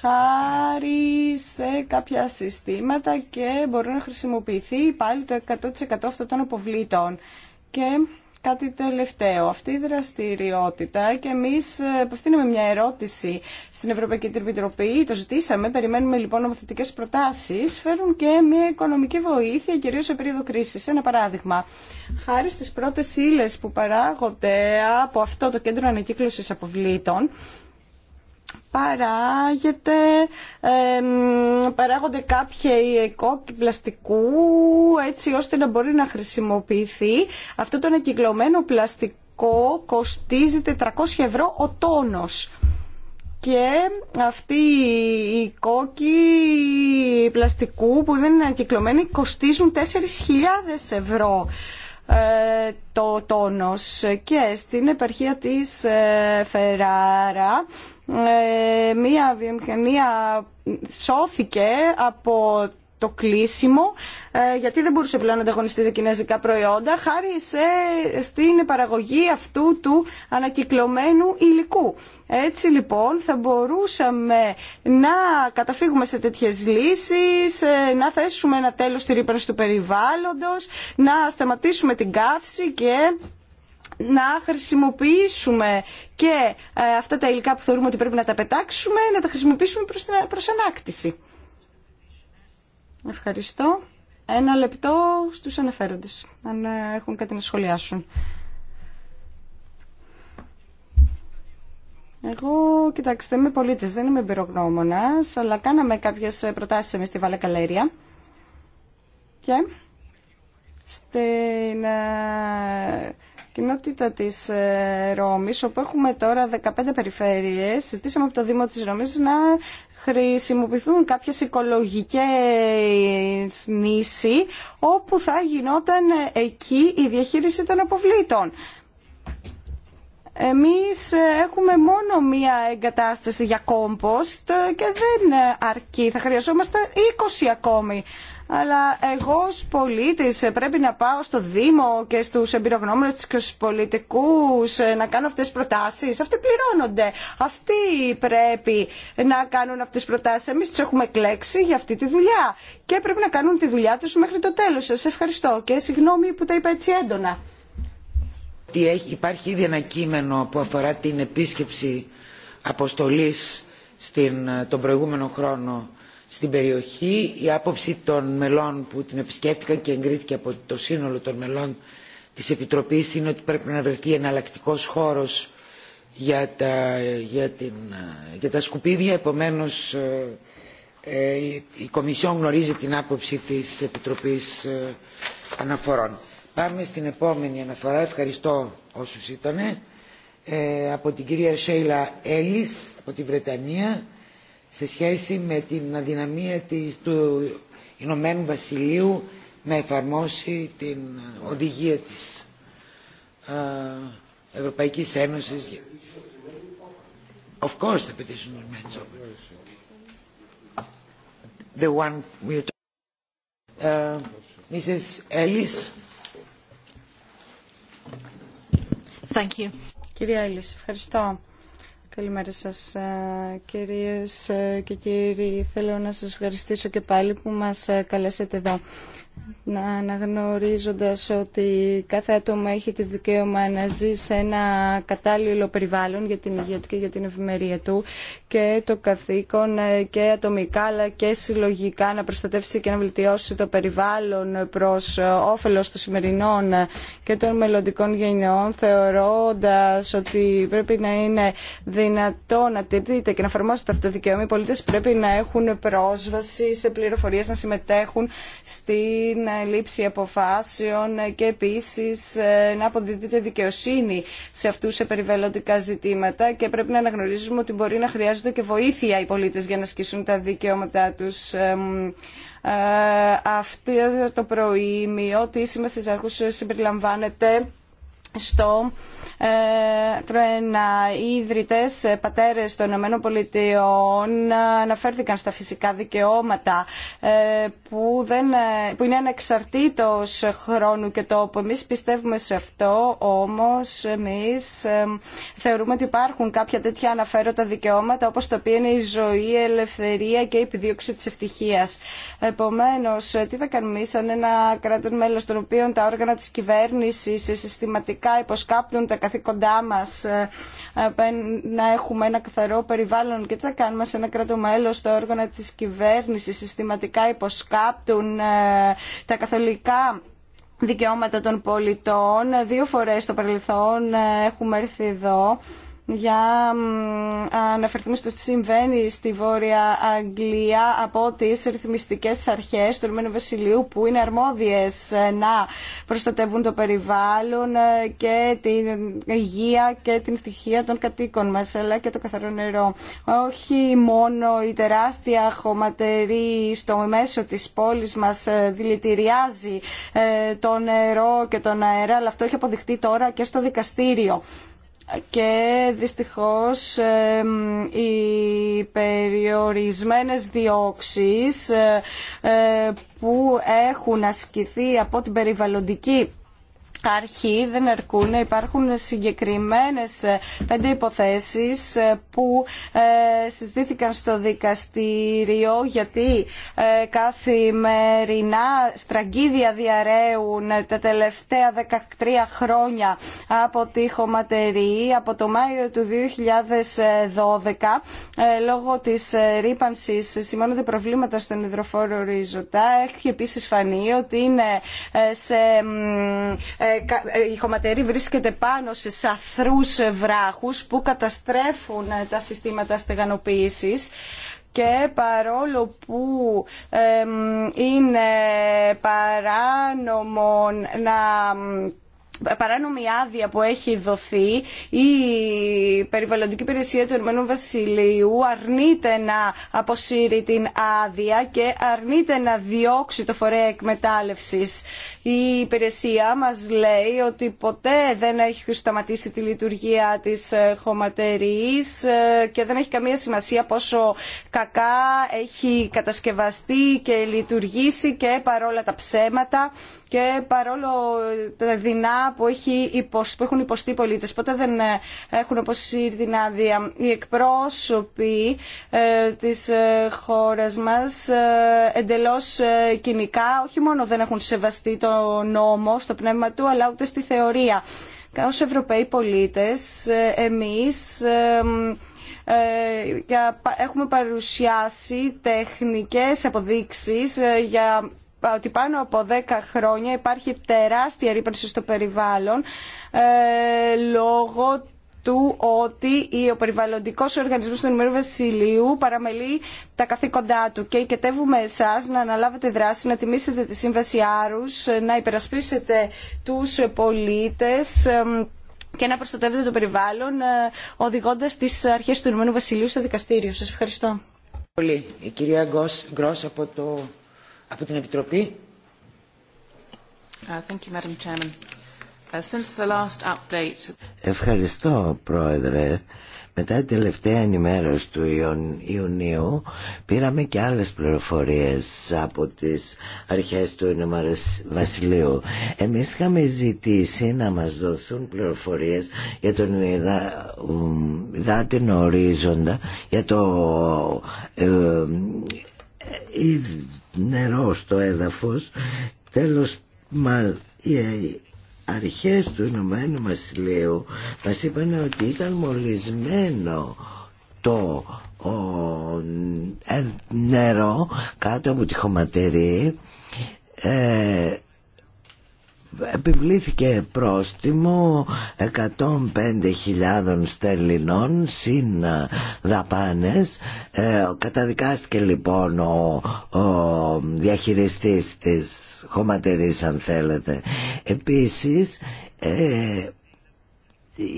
χάρη σε κάποια συστήματα και μπορεί να χρησιμοποιηθεί πάλι το 100% αυτών των αποβλήτων. Και κάτι τελευταίο. Αυτή η δραστηριότητα και εμείς ε, απευθύνουμε μια ερώτηση στην Ευρωπαϊκή Επιτροπή, το ζητήσαμε, περιμένουμε λοιπόν νομοθετικές προτάσεις, φέρουν και μια οικονομική βοήθεια, κυρίως σε περίοδο κρίσης. Ένα παράδειγμα, χάρη στις πρώτες ύλε που παράγονται από αυτό το κέντρο ανακύκλωσης αποβλήτων, παράγεται, παράγονται κάποια κόκκι πλαστικού έτσι ώστε να μπορεί να χρησιμοποιηθεί. Αυτό το ανακυκλωμένο πλαστικό κοστίζει 400 ευρώ ο τόνος. Και αυτή οι κόκκι πλαστικού που δεν είναι ανακυκλωμένοι κοστίζουν 4.000 ευρώ. Ε, το τόνος και στην επαρχία της ε, Φεράρα ε, μία βιομηχανία σώθηκε από το κλείσιμο, ε, γιατί δεν μπορούσε πλέον να ανταγωνιστεί τα κινέζικα προϊόντα, χάρη σε, στην παραγωγή αυτού του ανακυκλωμένου υλικού. Έτσι λοιπόν θα μπορούσαμε να καταφύγουμε σε τέτοιες λύσεις, ε, να θέσουμε ένα τέλος στη ρήπανση του περιβάλλοντος, να σταματήσουμε την καύση και να χρησιμοποιήσουμε και ε, αυτά τα υλικά που θεωρούμε ότι πρέπει να τα πετάξουμε, να τα χρησιμοποιήσουμε προς, την, προς ανάκτηση. Ευχαριστώ. Ένα λεπτό στους αναφέροντες, αν ε, έχουν κάτι να σχολιάσουν. Εγώ, κοιτάξτε, είμαι πολίτη, δεν είμαι εμπειρογνώμονα, αλλά κάναμε κάποιε προτάσει εμεί στη Βαλακαλέρια. Και στην ε, κοινότητα τη ε, Ρώμη, όπου έχουμε τώρα 15 περιφέρειες, ζητήσαμε από το Δήμο τη Ρώμη να χρησιμοποιηθούν κάποιες οικολογικές νήσοι όπου θα γινόταν εκεί η διαχείριση των αποβλήτων. Εμείς έχουμε μόνο μία εγκατάσταση για κόμποστ και δεν αρκεί. Θα χρειαζόμαστε 20 ακόμη αλλά εγώ ως πολίτης πρέπει να πάω στο Δήμο και στους εμπειρογνώμενους και στου πολιτικού να κάνω αυτές τις προτάσεις. Αυτοί πληρώνονται. Αυτοί πρέπει να κάνουν αυτές τις προτάσεις. Εμείς τους έχουμε κλέξει για αυτή τη δουλειά και πρέπει να κάνουν τη δουλειά τους μέχρι το τέλος. Σα ευχαριστώ και συγγνώμη που τα είπα έτσι έντονα. Υπάρχει ήδη ένα κείμενο που αφορά την επίσκεψη αποστολής στην, τον προηγούμενο χρόνο στην περιοχή. Η άποψη των μελών που την επισκέφτηκαν και εγκρίθηκε από το σύνολο των μελών της Επιτροπής είναι ότι πρέπει να βρεθεί εναλλακτικός χώρος για τα, για τα σκουπίδια. Επομένως, ε, ε, η Κομισιόν γνωρίζει την άποψη της Επιτροπής ε, Αναφορών. Πάμε στην επόμενη αναφορά. Ευχαριστώ όσους ήταν. από την κυρία Σέιλα Έλλης από τη Βρετανία σε σχέση με την αδυναμία της, του Ηνωμένου Βασιλείου να εφαρμόσει την οδηγία της ε, Ευρωπαϊκής Ένωσης. Of course the petition was mentioned. The one we are uh, Mrs. Ellis. Thank you. Κυρία Ellis, ευχαριστώ. Καλημέρα σας ε, κυρίες ε, και κύριοι. Θέλω να σας ευχαριστήσω και πάλι που μας ε, καλέσετε εδώ να αναγνωρίζοντας ότι κάθε άτομο έχει τη δικαίωμα να ζει σε ένα κατάλληλο περιβάλλον για την υγεία του και για την ευημερία του και το καθήκον ε, και ατομικά αλλά και συλλογικά να προστατεύσει και να βελτιώσει το περιβάλλον προς ε, όφελος των σημερινών και των μελλοντικών γενιών θεωρώντας ότι πρέπει να είναι δυνατό να τηρείται και να εφαρμόσετε αυτό το δικαίωμα οι πολίτες πρέπει να έχουν πρόσβαση σε πληροφορίες να συμμετέχουν στη την λήψη αποφάσεων και επίσης ε, να αποδίδεται δικαιοσύνη σε αυτούς σε περιβαλλοντικά ζητήματα και πρέπει να αναγνωρίζουμε ότι μπορεί να χρειάζονται και βοήθεια οι πολίτες για να ασκήσουν τα δικαιώματά τους. Ε, αυτό το προήμιο τη σήμερα τη συμπεριλαμβάνεται στο ε, τρένα οι ίδρυτες ε, πατέρες των Ηνωμένων Πολιτειών ε, αναφέρθηκαν στα φυσικά δικαιώματα που, δεν, που είναι ανεξαρτήτως χρόνου και τόπου. Εμείς πιστεύουμε σε αυτό, όμως εμείς θεωρούμε ότι υπάρχουν κάποια τέτοια αναφέροντα δικαιώματα όπως το οποίο είναι η ζωή, η ελευθερία και η επιδίωξη της ευτυχίας. Επομένως, τι θα κάνουμε σαν ένα κράτο μέλος των οποίων τα όργανα της κυβέρνησης συστηματικά ουσιαστικά υποσκάπτουν τα καθήκοντά μας ε, ε, να έχουμε ένα καθαρό περιβάλλον και τι θα κάνουμε σε ένα κράτο μέλο, τα όργανα της κυβέρνησης συστηματικά υποσκάπτουν ε, τα καθολικά δικαιώματα των πολιτών. Δύο φορές στο παρελθόν έχουμε έρθει εδώ για αναφερθούμε στο τι συμβαίνει στη Βόρεια Αγγλία από τις ρυθμιστικές αρχές του Ηνωμένου Βασιλείου που είναι αρμόδιες ε, να προστατεύουν το περιβάλλον ε, και την υγεία και την ευτυχία των κατοίκων μας αλλά και το καθαρό νερό. Όχι μόνο η τεράστια χωματερή στο μέσο της πόλης μας ε, δηλητηριάζει το νερό και τον αέρα αλλά αυτό έχει αποδειχτεί τώρα και στο δικαστήριο και δυστυχώς οι περιορισμένες διώξεις ε, ε, που έχουν ασκηθεί από την περιβαλλοντική αρχή δεν αρκούν. Υπάρχουν συγκεκριμένες ε, πέντε υποθέσεις ε, που ε, συζητήθηκαν στο δικαστήριο γιατί καθημερινά στραγγίδια διαραίουν τα τελευταία 13 χρόνια από τη χωματερή από το Μάιο του 2012 λόγω της ρήπανσης σημαίνονται προβλήματα στον υδροφόρο ορίζοντα. Έχει επίσης φανεί ότι είναι σε ε, ε, η χωματερή βρίσκεται πάνω σε σαθρούς βράχους που καταστρέφουν ε, τα συστήματα στεγανοποίησης και παρόλο που είναι παράνομο να παράνομη άδεια που έχει δοθεί η περιβαλλοντική υπηρεσία του Ερμένου Βασιλείου αρνείται να αποσύρει την άδεια και αρνείται να διώξει το φορέα εκμετάλλευσης. Η υπηρεσία μας λέει ότι ποτέ δεν έχει σταματήσει τη λειτουργία της ε, χωματερής ε, και δεν έχει καμία σημασία πόσο κακά έχει κατασκευαστεί και λειτουργήσει και παρόλα τα ψέματα και παρόλο τα δεινά που, έχουν υποστεί οι πολίτες, ποτέ δεν ε, έχουν αποσύρει την άδεια. Οι εκπρόσωποι ε, της ε, χώρας μας εντελώς κοινικά όχι μόνο δεν έχουν σεβαστεί το νόμο στο πνεύμα του, αλλά ούτε στη θεωρία. Ως Ευρωπαίοι πολίτες, εμείς έχουμε παρουσιάσει τεχνικές αποδείξεις για ότι πάνω από 10 χρόνια υπάρχει τεράστια ρήπανση στο περιβάλλον ε, λόγω του ότι ο περιβαλλοντικό οργανισμό του Ηνωμένου Βασιλείου παραμελεί τα καθήκοντά του. Και οικετεύουμε εσά να αναλάβετε δράση, να τιμήσετε τη σύμβαση Άρου, να υπερασπίσετε του πολίτε και να προστατεύετε το περιβάλλον, ε, οδηγώντα τι αρχέ του Ηνωμένου Βασιλείου στο δικαστήριο. Σα ευχαριστώ. Πολύ. Η κυρία Γκρός από το από την Επιτροπή. Ευχαριστώ, Πρόεδρε. Μετά την τελευταία ενημέρωση του Ιουνίου πήραμε και άλλες πληροφορίες από τις αρχές του Ηνωμένου Βασιλείου. Εμείς είχαμε ζητήσει να μας δοθούν πληροφορίες για τον υδάτινο ορίζοντα, για το... Ε, ε νερό στο έδαφος τέλος μα, οι αρχές του Ηνωμένου Βασιλείου μα είπαν ότι ήταν μολυσμένο το ε, νερό κάτω από τη χωματερή ε, επιβλήθηκε πρόστιμο 105.000 στερλινών συν ε, δαπάνες ε, καταδικάστηκε λοιπόν ο, ο διαχειριστής της χωματερής αν θέλετε επίσης ε,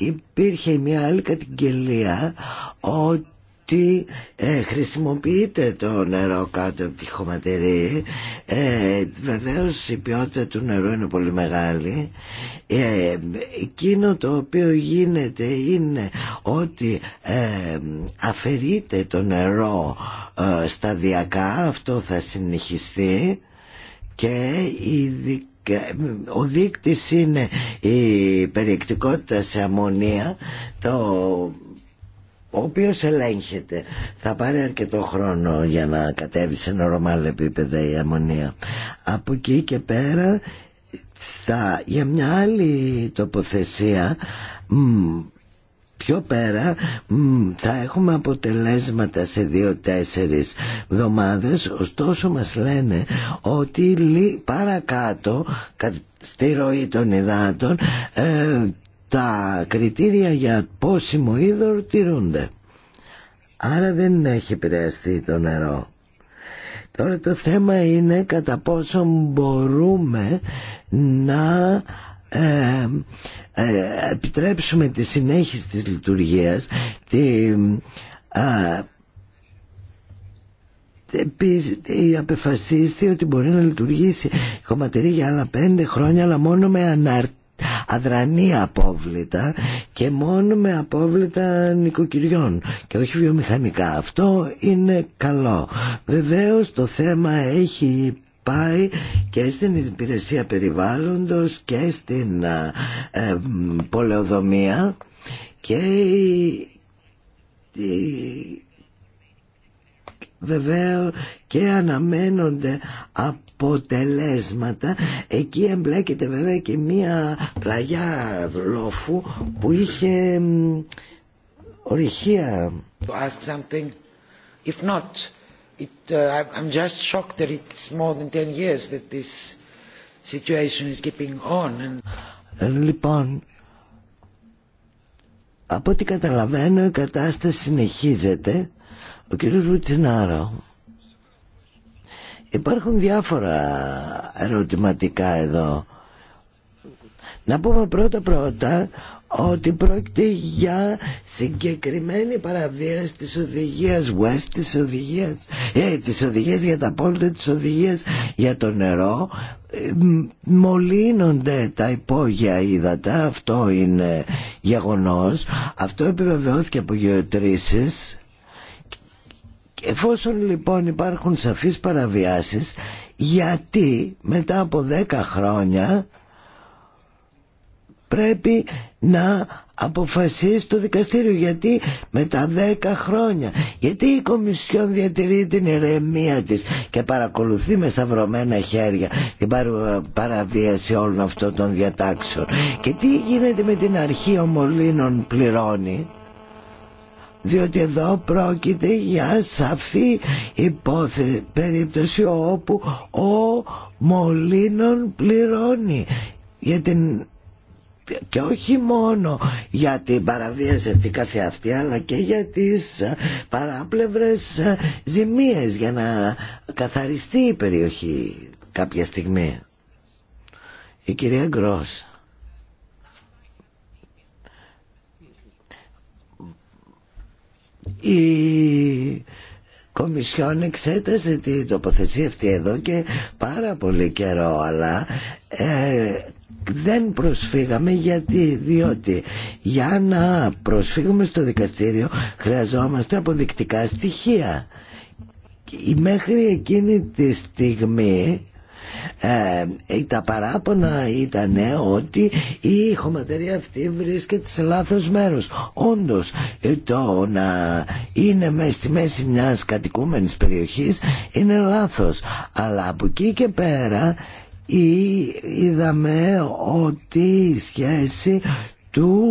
υπήρχε μια άλλη κατηγγελία ότι ότι ε, χρησιμοποιείται το νερό κάτω από τη χωματερή ε, βεβαίως η ποιότητα του νερού είναι πολύ μεγάλη ε, εκείνο το οποίο γίνεται είναι ότι ε, αφαιρείται το νερό ε, σταδιακά αυτό θα συνεχιστεί και ο δείκτης είναι η περιεκτικότητα σε αμμονία το ο οποίο ελέγχεται. Θα πάρει αρκετό χρόνο για να κατέβει σε νορμάλ επίπεδα η αμμονία. Από εκεί και πέρα θα, για μια άλλη τοποθεσία πιο πέρα θα έχουμε αποτελέσματα σε δύο-τέσσερις εβδομάδες ωστόσο μας λένε ότι παρακάτω στη ροή των υδάτων ε, τα κριτήρια για πόσιμο είδωρ τηρούνται. Άρα δεν έχει επηρεαστεί το νερό. Τώρα το θέμα είναι κατά πόσο μπορούμε να ε, ε, επιτρέψουμε τη συνέχιση της λειτουργίας, τη, ε, η απεφασίστη ότι μπορεί να λειτουργήσει η κομματερή για άλλα πέντε χρόνια αλλά μόνο με αναρτή αδρανή απόβλητα και μόνο με απόβλητα νοικοκυριών και όχι βιομηχανικά. Αυτό είναι καλό. Βεβαίως το θέμα έχει πάει και στην υπηρεσία περιβάλλοντος και στην ε, πολεοδομία και βεβαίως και αναμένονται από αποτελέσματα. Εκεί εμπλέκεται βέβαια και μία πλαγιά λόφου που είχε ορυχία. To ask something, if not, it, uh, I'm just shocked that it's more than 10 years that this situation is keeping on. And... Ε, λοιπόν, από ό,τι καταλαβαίνω η κατάσταση συνεχίζεται. Ο κύριος Βουτσινάρο. Υπάρχουν διάφορα ερωτηματικά εδώ. Να πούμε πρώτα πρώτα ότι πρόκειται για συγκεκριμένη παραβίαση της οδηγίας West, της οδηγίας, ε, της οδηγίας για τα πόλτα, της οδηγίας για το νερό. Μολύνονται τα υπόγεια ύδατα, αυτό είναι γεγονός. Αυτό επιβεβαιώθηκε από γεωτρήσεις Εφόσον λοιπόν υπάρχουν σαφείς παραβιάσεις, γιατί μετά από δέκα χρόνια πρέπει να αποφασίσει το δικαστήριο γιατί μετά δέκα χρόνια γιατί η Κομισιόν διατηρεί την ηρεμία της και παρακολουθεί με σταυρωμένα χέρια την παραβίαση όλων αυτών των διατάξεων και τι γίνεται με την αρχή Μολύνων πληρώνει διότι εδώ πρόκειται για σαφή υπόθεση, περίπτωση όπου ο Μολύνων πληρώνει για και όχι μόνο για την παραβίαση αυτή καθεαυτή αλλά και για τις παράπλευρες ζημίες για να καθαριστεί η περιοχή κάποια στιγμή. Η κυρία Γκρόσα. Η Κομισιόν εξέτασε την τοποθεσία αυτή εδώ και πάρα πολύ καιρό αλλά ε, δεν προσφύγαμε γιατί διότι για να προσφύγουμε στο δικαστήριο χρειαζόμαστε αποδεικτικά στοιχεία. Μέχρι εκείνη τη στιγμή ε, ε, τα παράπονα ήταν ότι η χωματερία αυτή βρίσκεται σε λάθος μέρος. Όντως ε, το να είναι μέσα στη μέση μιας κατοικούμενης περιοχής είναι λάθος. Αλλά από εκεί και πέρα ή είδαμε ότι η σχέση του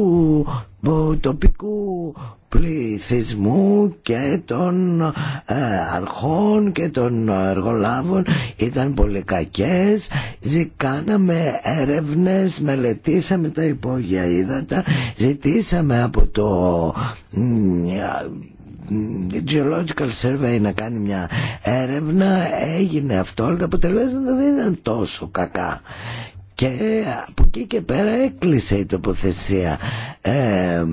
ε, τοπικού πληθυσμού και των ε, αρχών και των εργολάβων ήταν πολύ κακές ζηκάναμε έρευνες μελετήσαμε τα υπόγεια ύδατα ζητήσαμε από το ε, Geological Survey να κάνει μια έρευνα έγινε αυτό αλλά τα αποτελέσματα δεν ήταν τόσο κακά και από εκεί και πέρα έκλεισε η τοποθεσία ε,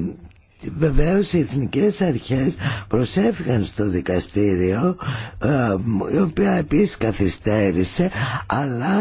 Βεβαίω οι εθνικέ αρχές προσέφηκαν στο δικαστήριο ε, η οποία επίση καθυστέρησε αλλά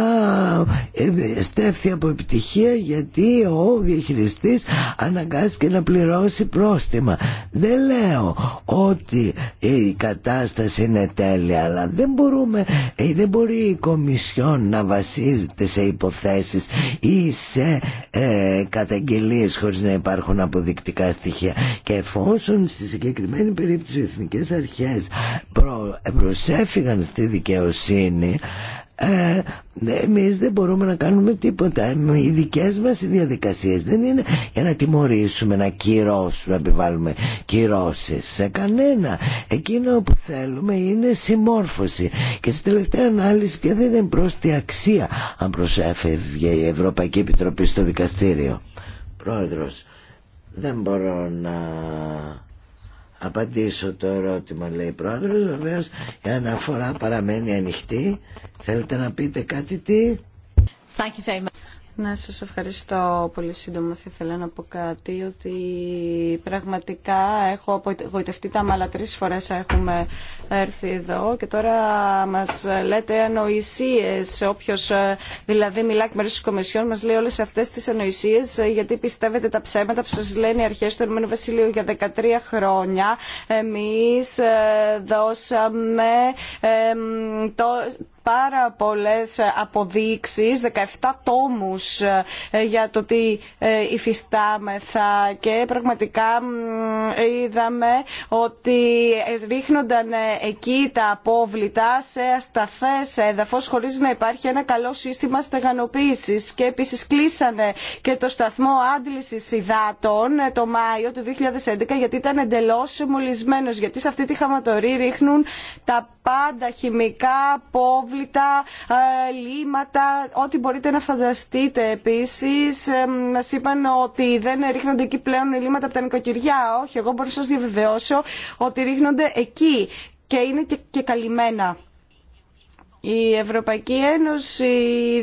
ε, στέφθη από επιτυχία γιατί ο διαχειριστή αναγκάστηκε να πληρώσει πρόστιμα δεν λέω ότι η κατάσταση είναι τέλεια αλλά δεν μπορούμε ε, δεν μπορεί η Κομισιόν να βασίζεται σε υποθέσεις ή σε ε, καταγγελίες χωρίς να υπάρχουν αποδεικτικά στοιχεία και εφόσον στη συγκεκριμένη περίπτωση οι εθνικές αρχές προ, προσέφυγαν στη δικαιοσύνη ε, εμείς δεν μπορούμε να κάνουμε τίποτα οι δικές μας οι διαδικασίες δεν είναι για να τιμωρήσουμε να κυρώσουμε, να επιβάλλουμε κυρώσεις σε κανένα εκείνο που θέλουμε είναι συμμόρφωση και στη τελευταία ανάλυση ποια δεν είναι προς τη αξία αν προσέφευγε η Ευρωπαϊκή Επιτροπή στο δικαστήριο Πρόεδρος δεν μπορώ να απαντήσω το ερώτημα, λέει η πρόεδρος. Βεβαίως η αναφορά παραμένει ανοιχτή. Θέλετε να πείτε κάτι τι. Thank you very much. Να σας ευχαριστώ πολύ σύντομα. Θα ήθελα να πω κάτι ότι πραγματικά έχω απογοητευτεί τα μάλα τρεις φορές έχουμε έρθει εδώ και τώρα μας λέτε ανοησίες. Όποιος ε, δηλαδή μιλάει εκ μέρους της Κομισιόν μας λέει όλες αυτές τις ανοησίες ε, γιατί πιστεύετε τα ψέματα που σας λένε οι αρχές του ΕΒ για 13 χρόνια. Εμείς ε, δώσαμε το, πάρα πολλές αποδείξεις, 17 τόμους ε, για το τι ε, υφιστάμεθα και πραγματικά είδαμε ότι ρίχνονταν ε, εκεί τα απόβλητα σε ασταθές έδαφος χωρίς να υπάρχει ένα καλό σύστημα στεγανοποίησης και επίσης κλείσανε και το σταθμό άντλησης υδάτων το Μάιο του 2011 γιατί ήταν εντελώς μολυσμένος γιατί σε αυτή τη χαματορή ρίχνουν τα πάντα χημικά απόβλητα ε, λίματα, ό,τι μπορείτε να φανταστείτε. Επίσης, Μα είπαν ότι δεν ρίχνονται εκεί πλέον λίματα από τα νοικοκυριά. Όχι, εγώ μπορώ να σα διαβεβαιώσω ότι ρίχνονται εκεί και είναι και, και καλυμμένα. Η Ευρωπαϊκή Ένωση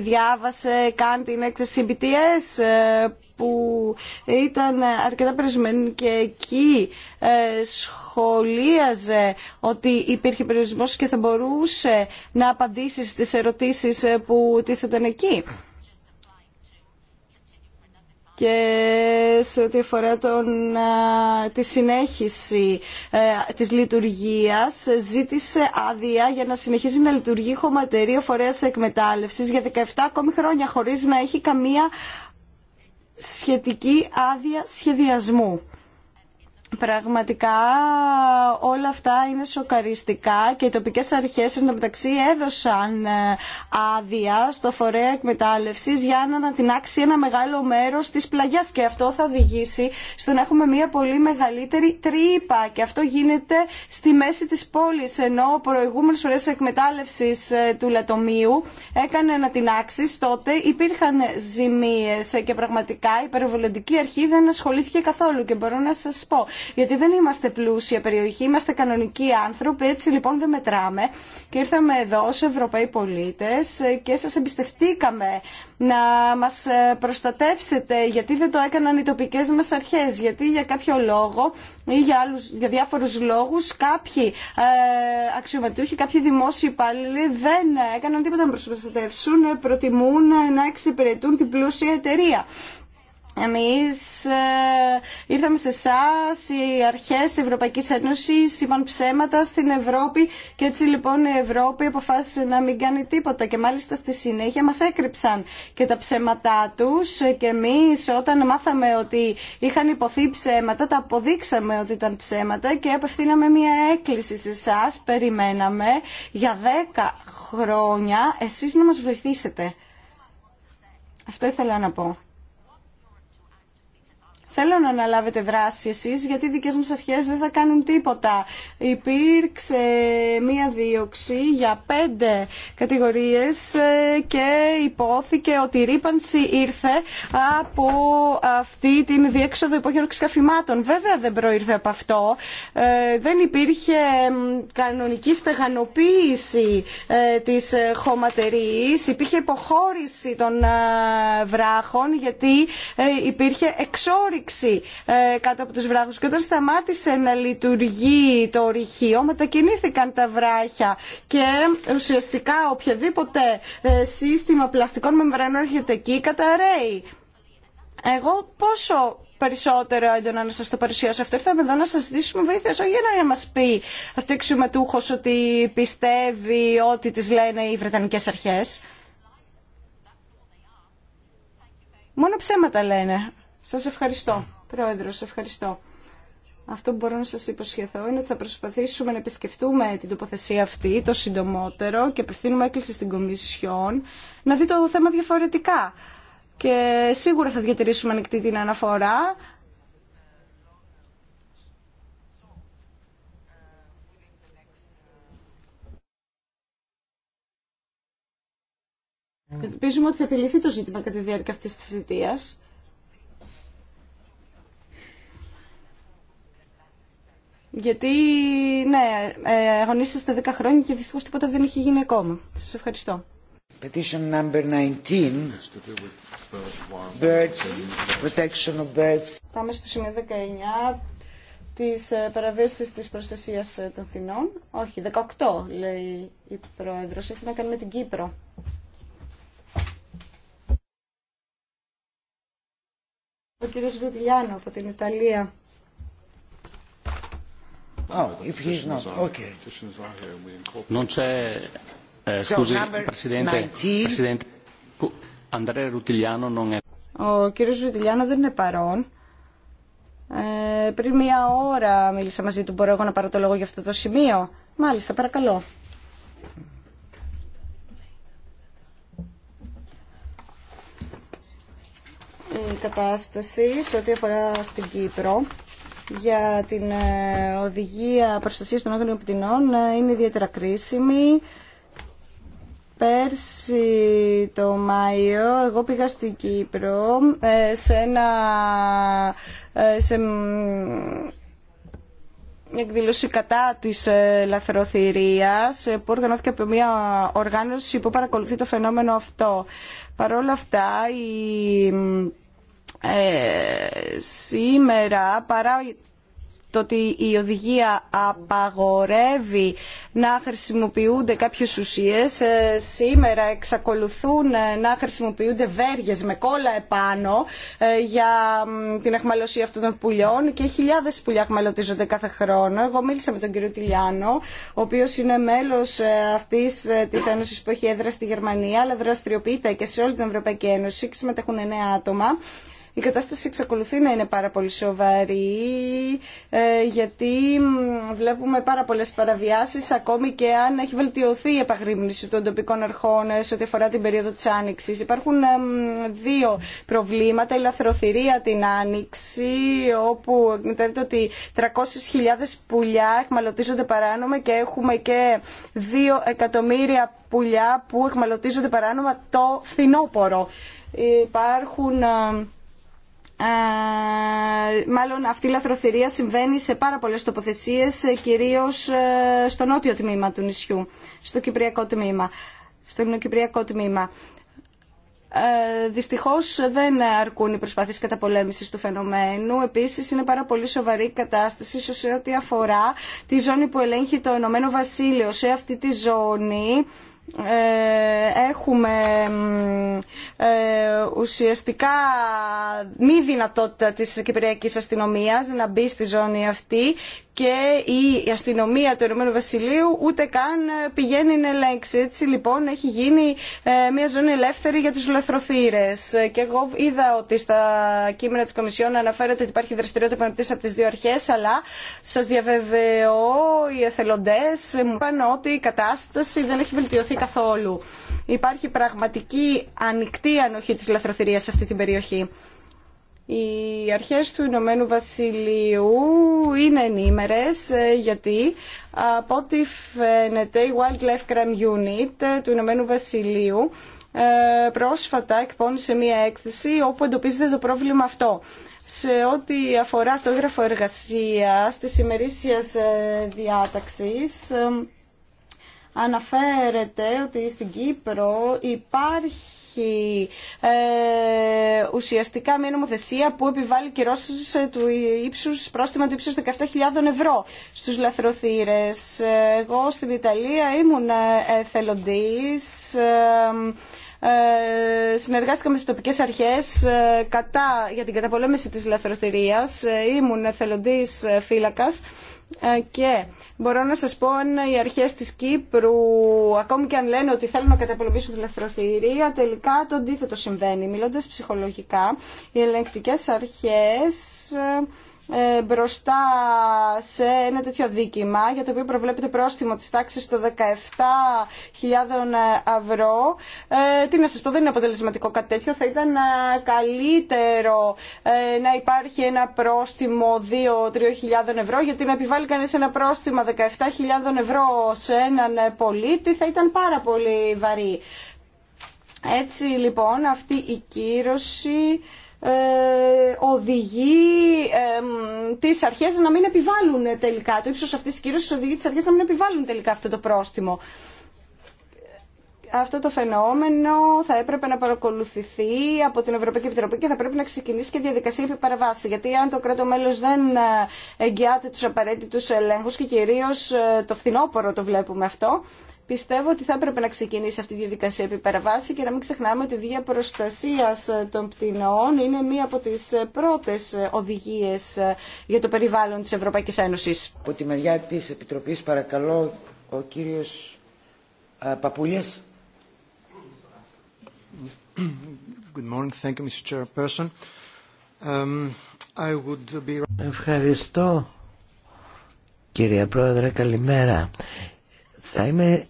διάβασε καν την έκθεση BTS ε, που ήταν αρκετά περιορισμένη και εκεί ε, σχολίαζε ότι υπήρχε περιορισμό και θα μπορούσε να απαντήσει στις ερωτήσεις ε, που τίθεταν εκεί. Και σε ό,τι αφορά τον, τη συνέχιση ε, της λειτουργίας, ζήτησε άδεια για να συνεχίσει να λειτουργεί χωματερίο φορέας εκμετάλλευσης για 17 ακόμη χρόνια, χωρίς να έχει καμία σχετική άδεια σχεδιασμού. Πραγματικά όλα αυτά είναι σοκαριστικά και οι τοπικές αρχές εν τω μεταξύ έδωσαν ε, άδεια στο φορέα εκμετάλλευσης για να ανατινάξει ένα μεγάλο μέρος της πλαγιάς και αυτό θα οδηγήσει στο να έχουμε μια πολύ μεγαλύτερη τρύπα και αυτό γίνεται στη μέση της πόλης ενώ ο προηγούμενος φορέας εκμετάλλευσης ε, του Λατομείου έκανε ανατινάξεις τότε υπήρχαν ζημίες και πραγματικά η περιβολοντική αρχή δεν ασχολήθηκε καθόλου και μπορώ να σας πω γιατί δεν είμαστε πλούσια περιοχή, είμαστε κανονικοί άνθρωποι, έτσι λοιπόν δεν μετράμε. Και ήρθαμε εδώ ως Ευρωπαίοι πολίτες και σας εμπιστευτήκαμε να μας ε, προστατεύσετε, γιατί δεν το έκαναν οι τοπικές μας αρχές, γιατί για κάποιο λόγο ή για, άλλους, για διάφορους λόγους κάποιοι ε, αξιωματούχοι, κάποιοι δημόσιοι υπάλληλοι δεν έκαναν τίποτα να προστατεύσουν, ε, προτιμούν να εξυπηρετούν την πλούσια εταιρεία εμείς ε, ήρθαμε σε εσά, οι αρχές της Ευρωπαϊκής Ένωσης είπαν ψέματα στην Ευρώπη και έτσι λοιπόν η Ευρώπη αποφάσισε να μην κάνει τίποτα και μάλιστα στη συνέχεια μας έκρυψαν και τα ψέματά τους και εμείς όταν μάθαμε ότι είχαν υποθεί ψέματα τα αποδείξαμε ότι ήταν ψέματα και απευθύναμε μια έκκληση σε εσά, περιμέναμε για 10 χρόνια εσείς να μας βοηθήσετε. Αυτό ήθελα να πω. Θέλω να αναλάβετε δράση εσείς, γιατί οι δικές μας αρχέ δεν θα κάνουν τίποτα. Υπήρξε μία δίωξη για πέντε κατηγορίες ε, και υπόθηκε ότι η ρήπανση ήρθε από αυτή την διέξοδο υπόγειων ξεκαφημάτων. Βέβαια δεν προήρθε από αυτό. Ε, δεν υπήρχε κανονική στεγανοποίηση ε, της χωματερή. Υπήρχε υποχώρηση των βράχων, γιατί υπήρχε εξόρυξη ε, κάτω από τους βράχους και όταν σταμάτησε να λειτουργεί το ορυχείο μετακινήθηκαν τα βράχια και ουσιαστικά οποιαδήποτε ε, σύστημα πλαστικών μεμβρανών έρχεται εκεί καταραίει. Εγώ πόσο περισσότερο έντονα να σα το παρουσιάσω αυτό. Ήρθαμε εδώ να σα ζητήσουμε βοήθεια, όχι για να μα πει αυτή η ότι πιστεύει ότι τις λένε οι Βρετανικέ αρχέ. Μόνο ψέματα λένε. Σας ευχαριστώ, σε ευχαριστώ. Αυτό που μπορώ να σας υποσχεθώ είναι ότι θα προσπαθήσουμε να επισκεφτούμε την τοποθεσία αυτή το συντομότερο και απευθύνουμε έκκληση στην Κομισιόν να δει το θέμα διαφορετικά. Και σίγουρα θα διατηρήσουμε ανοιχτή την αναφορά. Ελπίζουμε ότι θα επιληθεί το ζήτημα κατά τη διάρκεια αυτής της συζητίας. Γιατί, ναι, ε, αγωνίσαστε 10 χρόνια και δυστυχώς τίποτα δεν έχει γίνει ακόμα. Σας ευχαριστώ. Petition number 19. Birds, protection of birds. Πάμε στο σημείο 19 της ε, παραβίασης της προστασίας ε, των θυνών. Όχι, 18 λέει η Πρόεδρος. Έχει να κάνει με την Κύπρο. Ο κύριος Βουτιλιάνο από την Ιταλία. Ο κύριος Ζουτιλιάνο δεν είναι παρόν. Ε, πριν μία ώρα μίλησα μαζί του, μπορώ εγώ να πάρω το λόγο για αυτό το σημείο. Μάλιστα, παρακαλώ. Η κατάσταση σε ό,τι αφορά στην Κύπρο για την ε, οδηγία προστασίας των άγριων πτηνών ε, είναι ιδιαίτερα κρίσιμη. Πέρσι το Μάιο εγώ πήγα στην Κύπρο ε, σε ένα σε εκδήλωση κατά της λαθροθυρίας που οργανώθηκε από μια οργάνωση που παρακολουθεί το φαινόμενο αυτό. Παρ' όλα αυτά η ε, σήμερα παρά το ότι η οδηγία απαγορεύει να χρησιμοποιούνται κάποιες ουσίες, ε, σήμερα εξακολουθούν ε, να χρησιμοποιούνται βέργες με κόλλα επάνω ε, για την αχμαλωσία αυτών των πουλιών και χιλιάδες πουλιά αχμαλωτίζονται κάθε χρόνο. Εγώ μίλησα με τον κύριο Τηλιάνο, ο οποίος είναι μέλος αυτής της Ένωσης που έχει έδρα στη Γερμανία, αλλά δραστηριοποιείται και σε όλη την Ευρωπαϊκή Ένωση συμμετέχουν εννέα άτομα η κατάσταση εξακολουθεί να είναι πάρα πολύ σοβαρή ε, γιατί βλέπουμε πάρα πολλές παραβιάσεις ακόμη και αν έχει βελτιωθεί η επαγρύμνηση των τοπικών αρχών ε, σε ό,τι αφορά την περίοδο της Άνοιξης. Υπάρχουν ε, δύο προβλήματα. Η λαθροθυρία την Άνοιξη όπου μεταφέρεται ότι 300.000 πουλιά εκμαλωτίζονται παράνομα και έχουμε και 2 εκατομμύρια πουλιά που εκμαλωτίζονται παράνομα το φθινόπωρο. Υπάρχουν μάλλον αυτή η λαθροθυρία συμβαίνει σε πάρα πολλές τοποθεσίες, ε, κυρίως ε, στο νότιο τμήμα του νησιού, στο κυπριακό τμήμα, στο ελληνοκυπριακό τμήμα. Ε, δυστυχώς δεν αρκούν οι προσπάθειες καταπολέμησης του φαινομένου. Επίσης είναι πάρα πολύ σοβαρή η κατάσταση σε ό,τι αφορά τη ζώνη που ελέγχει το Ενωμένο Βασίλειο. Σε αυτή τη ζώνη ε, έχουμε ε, ουσιαστικά μη δυνατότητα της κυπριακής αστυνομίας να μπει στη ζώνη αυτή και η αστυνομία του Ηνωμένου Βασιλείου ούτε καν ε, πηγαίνει να ελέγξει. Έτσι λοιπόν έχει γίνει ε, μια ζώνη ελεύθερη για τους λαθροθύρες. Ε, και εγώ είδα ότι στα κείμενα της Κομισιόν αναφέρεται ότι υπάρχει δραστηριότητα επαναπτύσσεται από τις δύο αρχές, αλλά σας διαβεβαιώ οι εθελοντές μου είπαν ότι η κατάσταση δεν έχει βελτιωθεί καθόλου. Υπάρχει πραγματική ανοιχτή ανοχή της λαθροθυρίας σε αυτή την περιοχή. Οι αρχές του Ηνωμένου Βασιλείου είναι ενήμερες ε, γιατί από ό,τι φαίνεται η Wildlife Crime Unit ε, του Ηνωμένου Βασιλείου ε, πρόσφατα εκπώνησε μία έκθεση όπου εντοπίζεται το πρόβλημα αυτό. Σε ό,τι αφορά στο έγγραφο εργασίας της ημερήσιας διάταξης αναφέρεται ότι στην Κύπρο υπάρχει υπάρχει ε, ουσιαστικά μια νομοθεσία που επιβάλλει κυρώσεις ε, του ύψους, πρόστιμα του ύψους 17.000 ευρώ στους λαθροθύρες. Ε, εγώ στην Ιταλία ήμουν ε, εθελοντής, ε, ε, συνεργάστηκα με τι τοπικέ αρχές ε, κατά, για την καταπολέμηση της ελευθερωτηρίας. Ε, ήμουν εθελοντής φύλακα. και μπορώ να σας πω αν οι αρχές της Κύπρου ακόμη και αν λένε ότι θέλουν να καταπολεμήσουν την ελευθερωτηρία τελικά το αντίθετο συμβαίνει. Μιλώντας ψυχολογικά οι ελεγκτικές αρχές ε, μπροστά σε ένα τέτοιο δίκημα για το οποίο προβλέπεται πρόστιμο της τάξης των 17.000 ευρώ. Ε, τι να σας πω, δεν είναι αποτελεσματικό κάτι τέτοιο. Θα ήταν ε, καλύτερο ε, να υπάρχει ένα πρόστιμο 2-3.000 ευρώ γιατί να επιβάλλει κανείς ένα πρόστιμο 17.000 ευρώ σε έναν ε, πολίτη θα ήταν πάρα πολύ βαρύ. Έτσι λοιπόν αυτή η κύρωση ε, οδηγεί τις αρχές να μην επιβάλλουν τελικά, το ύψος αυτής της κύρωσης οδηγεί τις αρχές να μην επιβάλλουν τελικά αυτό το πρόστιμο αυτό το φαινόμενο θα έπρεπε να παρακολουθηθεί από την Ευρωπαϊκή Επιτροπή και θα πρέπει να ξεκινήσει και διαδικασία επί Γιατί αν το κράτο μέλο δεν ε, εγγυάται του απαραίτητου ελέγχου και κυρίω ε, το φθινόπωρο το βλέπουμε αυτό, Πιστεύω ότι θα έπρεπε να ξεκινήσει αυτή η διαδικασία επί και να μην ξεχνάμε ότι η Δία ε, των Πτηνών είναι μία από τις ε, πρώτες ε, οδηγίες για το περιβάλλον της Ευρωπαϊκής Ένωσης. Από τη μεριά της Επιτροπής παρακαλώ ο κύριος Good morning. Thank you, Mr. Um, I would be... Ευχαριστώ κύριε Πρόεδρε καλημέρα θα είμαι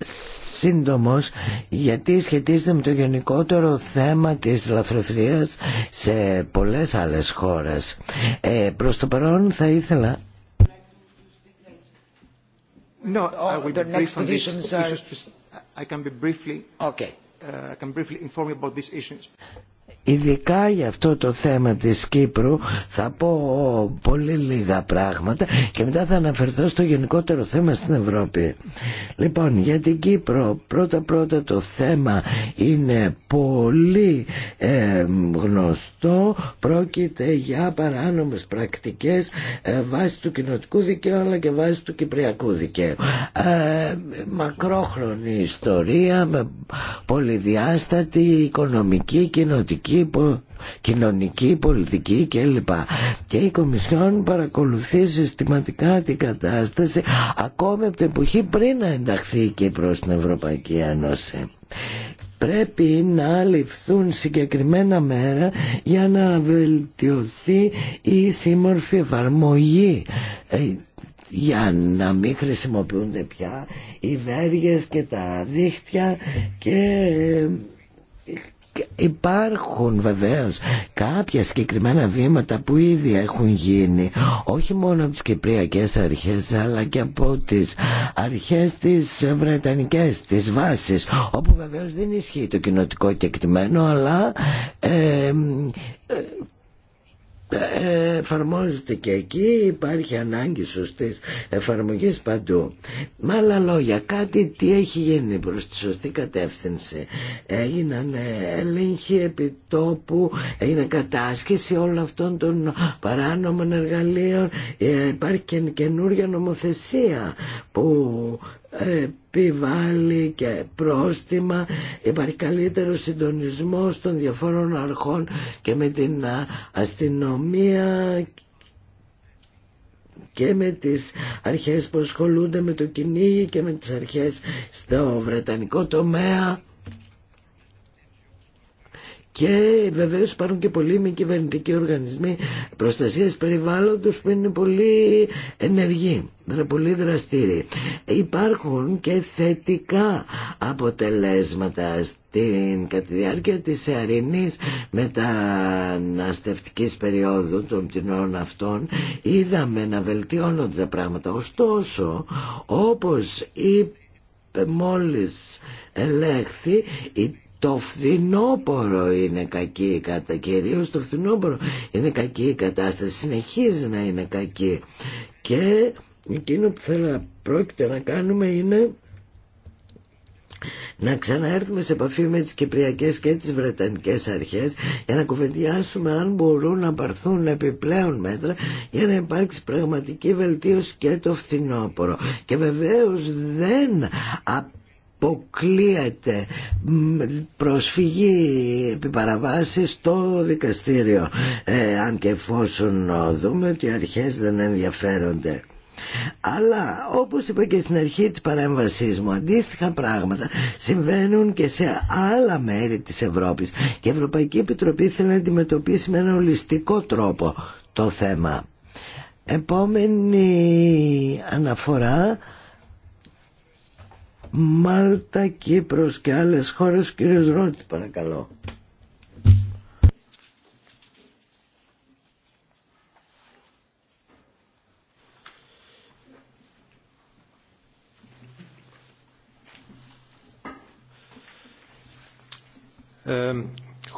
σύντομος γιατί σχετίζεται με το γενικότερο θέμα της λαθροφρίας σε πολλές άλλες χώρες. Ε, προς το παρόν θα ήθελα... No, I will be brief on issue. Are... I can be briefly. Okay. Uh, I can briefly inform you about this issue. Ειδικά για αυτό το θέμα της Κύπρου θα πω πολύ λίγα πράγματα και μετά θα αναφερθώ στο γενικότερο θέμα στην Ευρώπη. Λοιπόν, για την Κύπρο πρώτα-πρώτα το θέμα είναι πολύ γνωστό. Πρόκειται για παράνομες πρακτικές ε, βάσει του κοινοτικού δικαίου αλλά και βάσει του κυπριακού δικαίου. Ε, μακρόχρονη ιστορία με πολυδιάστατη οικονομική, κοινοτική κοινωνική, πολιτική κλπ. Και η Κομισιόν παρακολουθεί συστηματικά την κατάσταση ακόμη από την εποχή πριν να ενταχθεί και προς την Ευρωπαϊκή Ένωση πρέπει να ληφθούν συγκεκριμένα μέρα για να βελτιωθεί η σύμμορφη εφαρμογή ε, για να μην χρησιμοποιούνται πια οι βέργες και τα δίχτυα και ε, Υπάρχουν βεβαίως κάποια συγκεκριμένα βήματα που ήδη έχουν γίνει όχι μόνο από τις κυπριακές αρχές αλλά και από τις αρχές της βρετανικές, της βάσης όπου βεβαίως δεν ισχύει το κοινοτικό κεκτημένο αλλά ε, ε, ε, εφαρμόζεται και εκεί υπάρχει ανάγκη σωστής εφαρμογής παντού με άλλα λόγια κάτι τι έχει γίνει προς τη σωστή κατεύθυνση έγιναν έλεγχοι επιτόπου έγινε κατάσχεση όλων αυτών των παράνομων εργαλείων ε, υπάρχει και καινούργια νομοθεσία που επιβάλλει και πρόστιμα υπάρχει καλύτερο συντονισμό των διαφόρων αρχών και με την αστυνομία και με τις αρχές που ασχολούνται με το κυνήγι και με τις αρχές στο βρετανικό τομέα και βεβαίως υπάρχουν και πολλοί μη κυβερνητικοί οργανισμοί προστασίας περιβάλλοντος που είναι πολύ ενεργοί, πολύ δραστήριοι. Υπάρχουν και θετικά αποτελέσματα στην, κατά τη διάρκεια της αρινής μεταναστευτικής περίοδου των πτυνών αυτών είδαμε να βελτιώνονται τα πράγματα. Ωστόσο, όπως είπε μόλις ελέγχθη, το φθινόπωρο είναι κακή η κατάσταση, το φθινόπωρο είναι κακή η κατάσταση, συνεχίζει να είναι κακή. Και εκείνο που θέλω να πρόκειται να κάνουμε είναι να ξαναέρθουμε σε επαφή με τις Κυπριακές και τις Βρετανικές αρχές για να κουβεντιάσουμε αν μπορούν να πάρθουν επιπλέον μέτρα για να υπάρξει πραγματική βελτίωση και το φθινόπωρο. Και βεβαίως δεν αποκλείεται προσφυγή επί στο δικαστήριο ε, αν και εφόσον δούμε ότι οι αρχές δεν ενδιαφέρονται αλλά όπως είπα και στην αρχή της παρέμβασής μου αντίστοιχα πράγματα συμβαίνουν και σε άλλα μέρη της Ευρώπης και η Ευρωπαϊκή Επιτροπή θέλει να αντιμετωπίσει με ένα ολιστικό τρόπο το θέμα. Επόμενη αναφορά Μάλτα, Κύπρος και άλλες χώρες. Κύριος Ρώτη, παρακαλώ.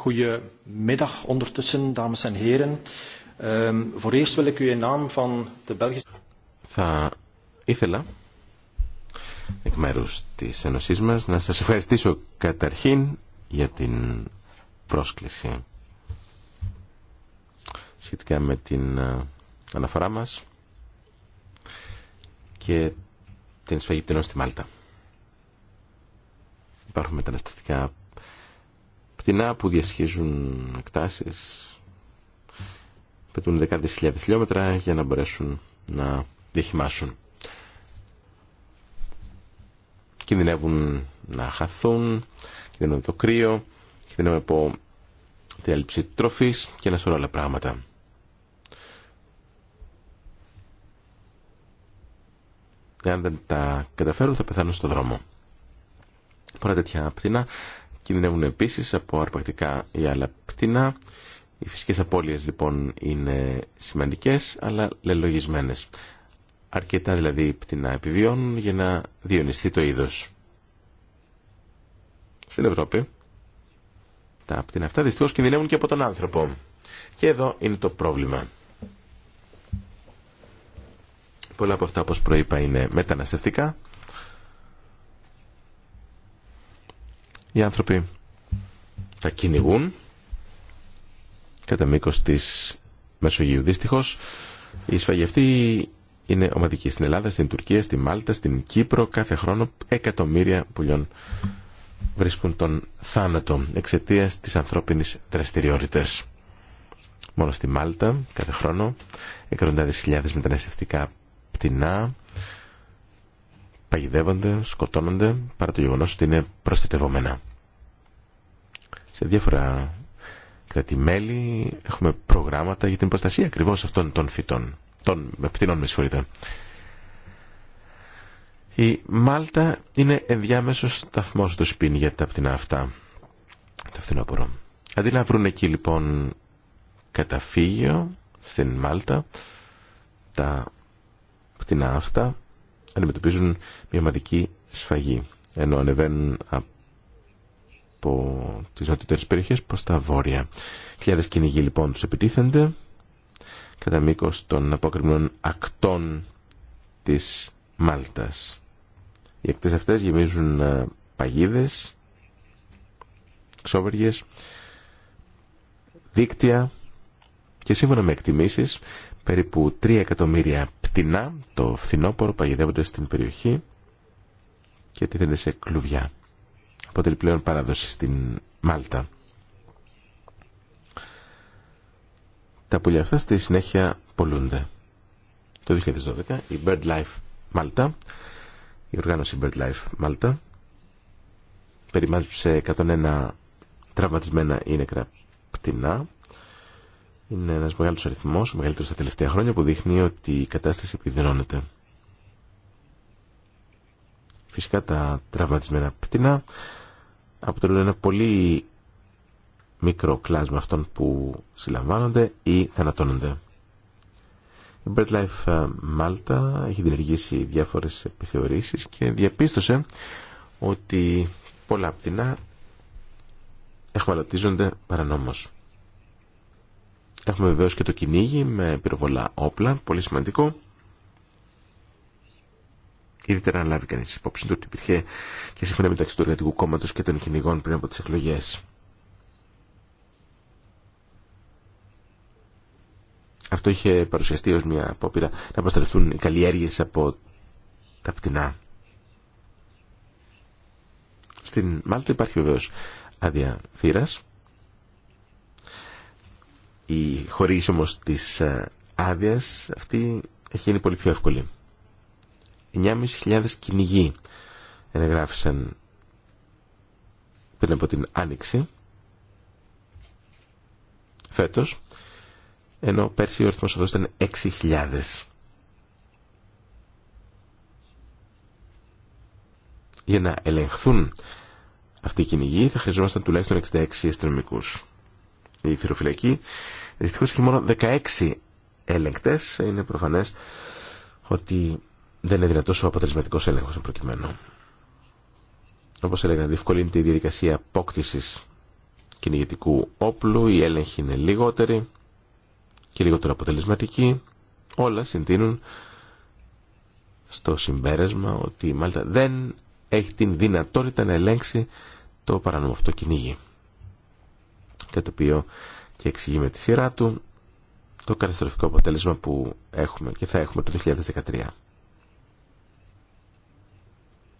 Goedemiddag ondertussen, dames en heren. Voor eerst wil ik u in naam van de Belgische... Θα ήθελα εκ μέρου τη Ένωσή μα να σα ευχαριστήσω καταρχήν για την πρόσκληση σχετικά με την αναφορά μας και την σφαγή πτηνών στη Μάλτα. Υπάρχουν μεταναστευτικά πτηνά που διασχίζουν εκτάσεις, πετούν δεκάδες χιλιάδες χιλιόμετρα για να μπορέσουν να διαχυμάσουν κινδυνεύουν να χαθούν, κινδυνεύουν το κρύο, κινδυνεύουν από τη έλλειψη τροφής και ένα σωρό άλλα πράγματα. Εάν δεν τα καταφέρουν θα πεθάνουν στο δρόμο. Πολλά τέτοια πτηνά κινδυνεύουν επίσης από αρπακτικά ή άλλα πτηνά. Οι φυσικές απώλειες λοιπόν είναι σημαντικές αλλά λελογισμένες. Αρκετά δηλαδή πτηνά επιβιώνουν για να διονυστεί το είδος. Στην Ευρώπη τα πτηνά αυτά δυστυχώς κινδυνεύουν και από τον άνθρωπο. Και εδώ είναι το πρόβλημα. Πολλά από αυτά όπως προείπα είναι μεταναστευτικά. Οι άνθρωποι τα κυνηγούν κατά μήκος της Μεσογείου. Δυστυχώς οι σφαγευτοί είναι ομαδική. Στην Ελλάδα, στην Τουρκία, στη Μάλτα, στην Κύπρο κάθε χρόνο εκατομμύρια πουλιών βρίσκουν τον θάνατο εξαιτία της ανθρώπινης δραστηριότητας. Μόνο στη Μάλτα κάθε χρόνο εκατοντάδες χιλιάδες μεταναστευτικά πτηνά παγιδεύονται, σκοτώνονται παρά το γεγονό ότι είναι προστατευόμενα. Σε διάφορα κρατημέλη έχουμε προγράμματα για την προστασία ακριβώ αυτών των φυτών των πτηνών, με συγχωρείτε. Η Μάλτα είναι ενδιάμεσος σταθμό του σπίν για τα πτηνά αυτά, τα φθινόπωρο. Αντί να βρουν εκεί λοιπόν καταφύγιο στην Μάλτα, τα πτηνά αυτά αντιμετωπίζουν μια ομαδική σφαγή, ενώ ανεβαίνουν από τις νοτιότερες περιοχές προς τα βόρεια. Χιλιάδες κυνηγοί λοιπόν τους επιτίθενται, κατά μήκο των αποκριμνών ακτών της Μάλτας. Οι ακτές αυτές γεμίζουν ε, παγίδες, ξόβεργες, δίκτυα και σύμφωνα με εκτιμήσεις περίπου 3 εκατομμύρια πτηνά το φθινόπωρο παγιδεύονται στην περιοχή και τίθενται σε κλουβιά. Αποτελεί πλέον παράδοση στην Μάλτα. Τα πουλιά αυτά στη συνέχεια πολλούνται. Το 2012 η BirdLife Malta, η οργάνωση BirdLife Malta, περιμάζεψε 101 τραυματισμένα ή νεκρά πτηνά. Είναι ένας μεγάλος αριθμός, ο μεγαλύτερος τα τελευταία χρόνια, που δείχνει ότι η κατάσταση επιδεινώνεται. Φυσικά τα τραυματισμένα πτηνά αποτελούν ένα πολύ μικρό κλάσμα αυτών που συλλαμβάνονται ή θανατώνονται. Η BirdLife Malta ε, έχει δημιουργήσει διάφορες επιθεωρήσεις και διαπίστωσε ότι πολλά πτηνά εχμαλωτίζονται παρανόμως. Έχουμε βεβαίως και το κυνήγι με πυροβολά όπλα, πολύ σημαντικό. Ιδιαίτερα να λάβει κανείς υπόψη του ότι υπήρχε και σύμφωνα μεταξύ του Εργατικού Κόμματος και των κυνηγών πριν από τις εκλογές. Αυτό είχε παρουσιαστεί ως μια απόπειρα να αποστρεφθούν οι καλλιέργειες από τα πτηνά. Στην Μάλτα υπάρχει βεβαίως άδεια θύρας. Η χορήγηση όμως της ε, άδεια αυτή έχει γίνει πολύ πιο εύκολη. 9.500 κυνηγοί ενεγράφησαν πριν από την Άνοιξη φέτος ενώ πέρσι ο αριθμός αυτός ήταν 6.000. Για να ελεγχθούν αυτοί οι κυνηγοί θα χρειαζόμασταν τουλάχιστον 66 αστυνομικού. Η θηροφυλακή δυστυχώ έχει μόνο 16 έλεγκτε. Είναι προφανέ ότι δεν είναι δυνατό ο αποτελεσματικό έλεγχο εν προκειμένου. Όπω έλεγα, διευκολύνεται η διαδικασία απόκτηση κυνηγητικού όπλου, οι έλεγχοι είναι λιγότεροι και λιγότερο αποτελεσματική, όλα συντείνουν στο συμπέρασμα ότι η Μάλτα δεν έχει την δυνατότητα να ελέγξει το παράνομο αυτό κυνήγι. Και το οποίο και εξηγεί με τη σειρά του το καταστροφικό αποτέλεσμα που έχουμε και θα έχουμε το 2013.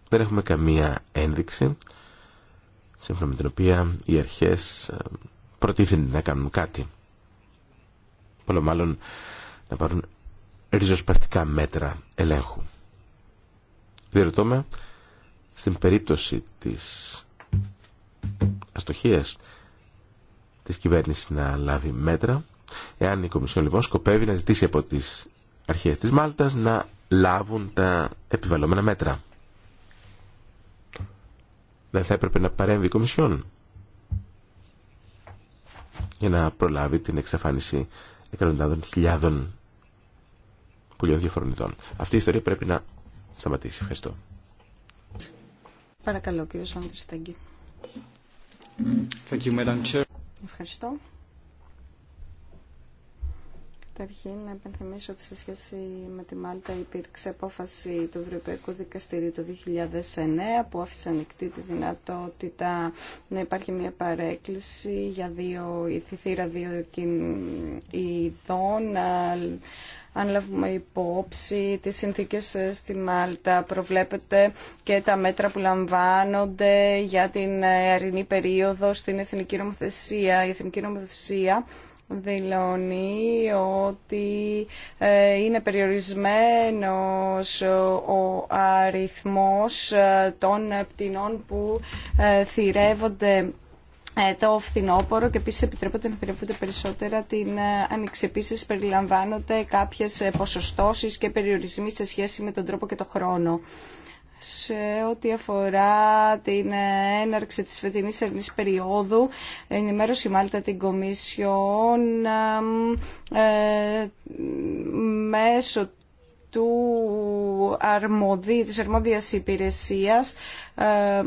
Δεν έχουμε καμία ένδειξη σύμφωνα με την οποία οι αρχές ε, προτίθενται να κάνουν κάτι. Όλο μάλλον να πάρουν ριζοσπαστικά μέτρα ελέγχου. Διερωτώ στην περίπτωση της αστοχίας της κυβέρνησης να λάβει μέτρα, εάν η Κομισιόν λοιπόν σκοπεύει να ζητήσει από τις αρχές της Μάλτας να λάβουν τα επιβαλλόμενα μέτρα. Δεν θα έπρεπε να παρέμβει η Κομισιόν για να προλάβει την εξαφάνιση εκατοντάδων χιλιάδων πουλιών διαφορών Αυτή η ιστορία πρέπει να σταματήσει. Ευχαριστώ. Παρακαλώ, Ευχαριστώ. Καταρχήν, να επενθυμίσω ότι σε σχέση με τη Μάλτα υπήρξε απόφαση του Ευρωπαϊκού Δικαστηρίου το 2009 που άφησε ανοιχτή τη δυνατότητα να υπάρχει μια παρέκκληση για δύο, η θηθήρα δύο ειδών. Αν λάβουμε υπόψη τις συνθήκες ε, στη Μάλτα, προβλέπεται και τα μέτρα που λαμβάνονται για την ε, αρινή περίοδο στην Εθνική Νομοθεσία. Η Εθνική Νομοθεσία δηλώνει ότι ε, είναι περιορισμένος ο αριθμός ε, των πτηνών που ε, θυρεύονται το φθινόπωρο και επίση επιτρέπονται να θυρεύονται περισσότερα την άνοιξη. Επίση, περιλαμβάνονται κάποιε ποσοστώσει και περιορισμοί σε σχέση με τον τρόπο και τον χρόνο σε ό,τι αφορά την ε, έναρξη της φετινής ερνής περίοδου, ενημέρωση μάλιστα την Κομισιόν ε, μέσω του αρμοδί, της αρμόδιας υπηρεσίας ε,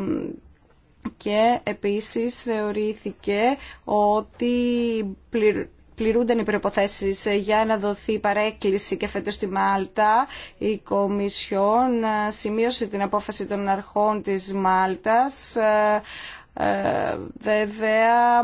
και επίσης θεωρήθηκε ότι πληρούνταν οι προποθέσει για να δοθεί παρέκκληση και φέτο στη Μάλτα. Η Κομισιόν ε, σημείωσε την απόφαση των αρχών της Μάλτας ε, ε, βέβαια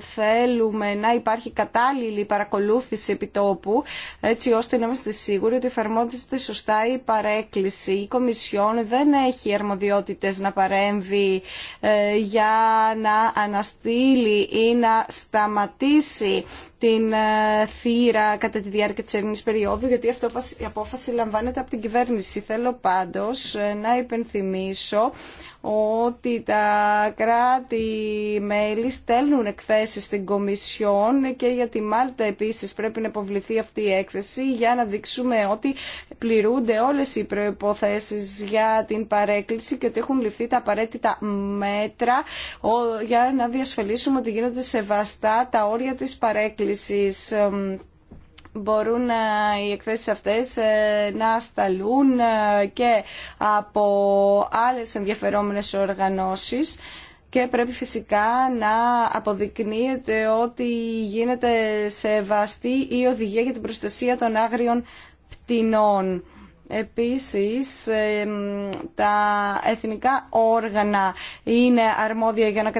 θέλουμε να υπάρχει κατάλληλη παρακολούθηση επιτόπου έτσι ώστε να είμαστε σίγουροι ότι εφαρμόζεται σωστά η παρέκκληση. Η Κομισιόν δεν έχει αρμοδιότητες να παρέμβει ε, για να αναστείλει ή να σταματήσει την ε, θύρα κατά τη διάρκεια της περίοδου, γιατί αυτό η απόφαση λαμβάνεται από την κυβέρνηση. Θέλω πάντως ε, να υπενθυμίσω ότι τα κράτη-μέλη στέλνουν εκθέσεις στην Κομισιόν και για τη Μάλτα επίσης πρέπει να υποβληθεί αυτή η έκθεση για να δείξουμε ότι πληρούνται όλες οι προϋποθέσεις για την παρέκκληση και ότι έχουν ληφθεί τα απαραίτητα μέτρα για να διασφαλίσουμε ότι γίνονται σεβαστά τα όρια της παρέκκλησης Επίσης, μπορούν ε, οι εκθέσεις αυτές ε, να σταλούν ε, και από άλλες ενδιαφερόμενες οργανώσεις και πρέπει φυσικά να αποδεικνύεται ότι γίνεται σεβαστή η οδηγία για την προστασία των άγριων πτηνών. Επίσης, τα εθνικά όργανα είναι αρμόδια για να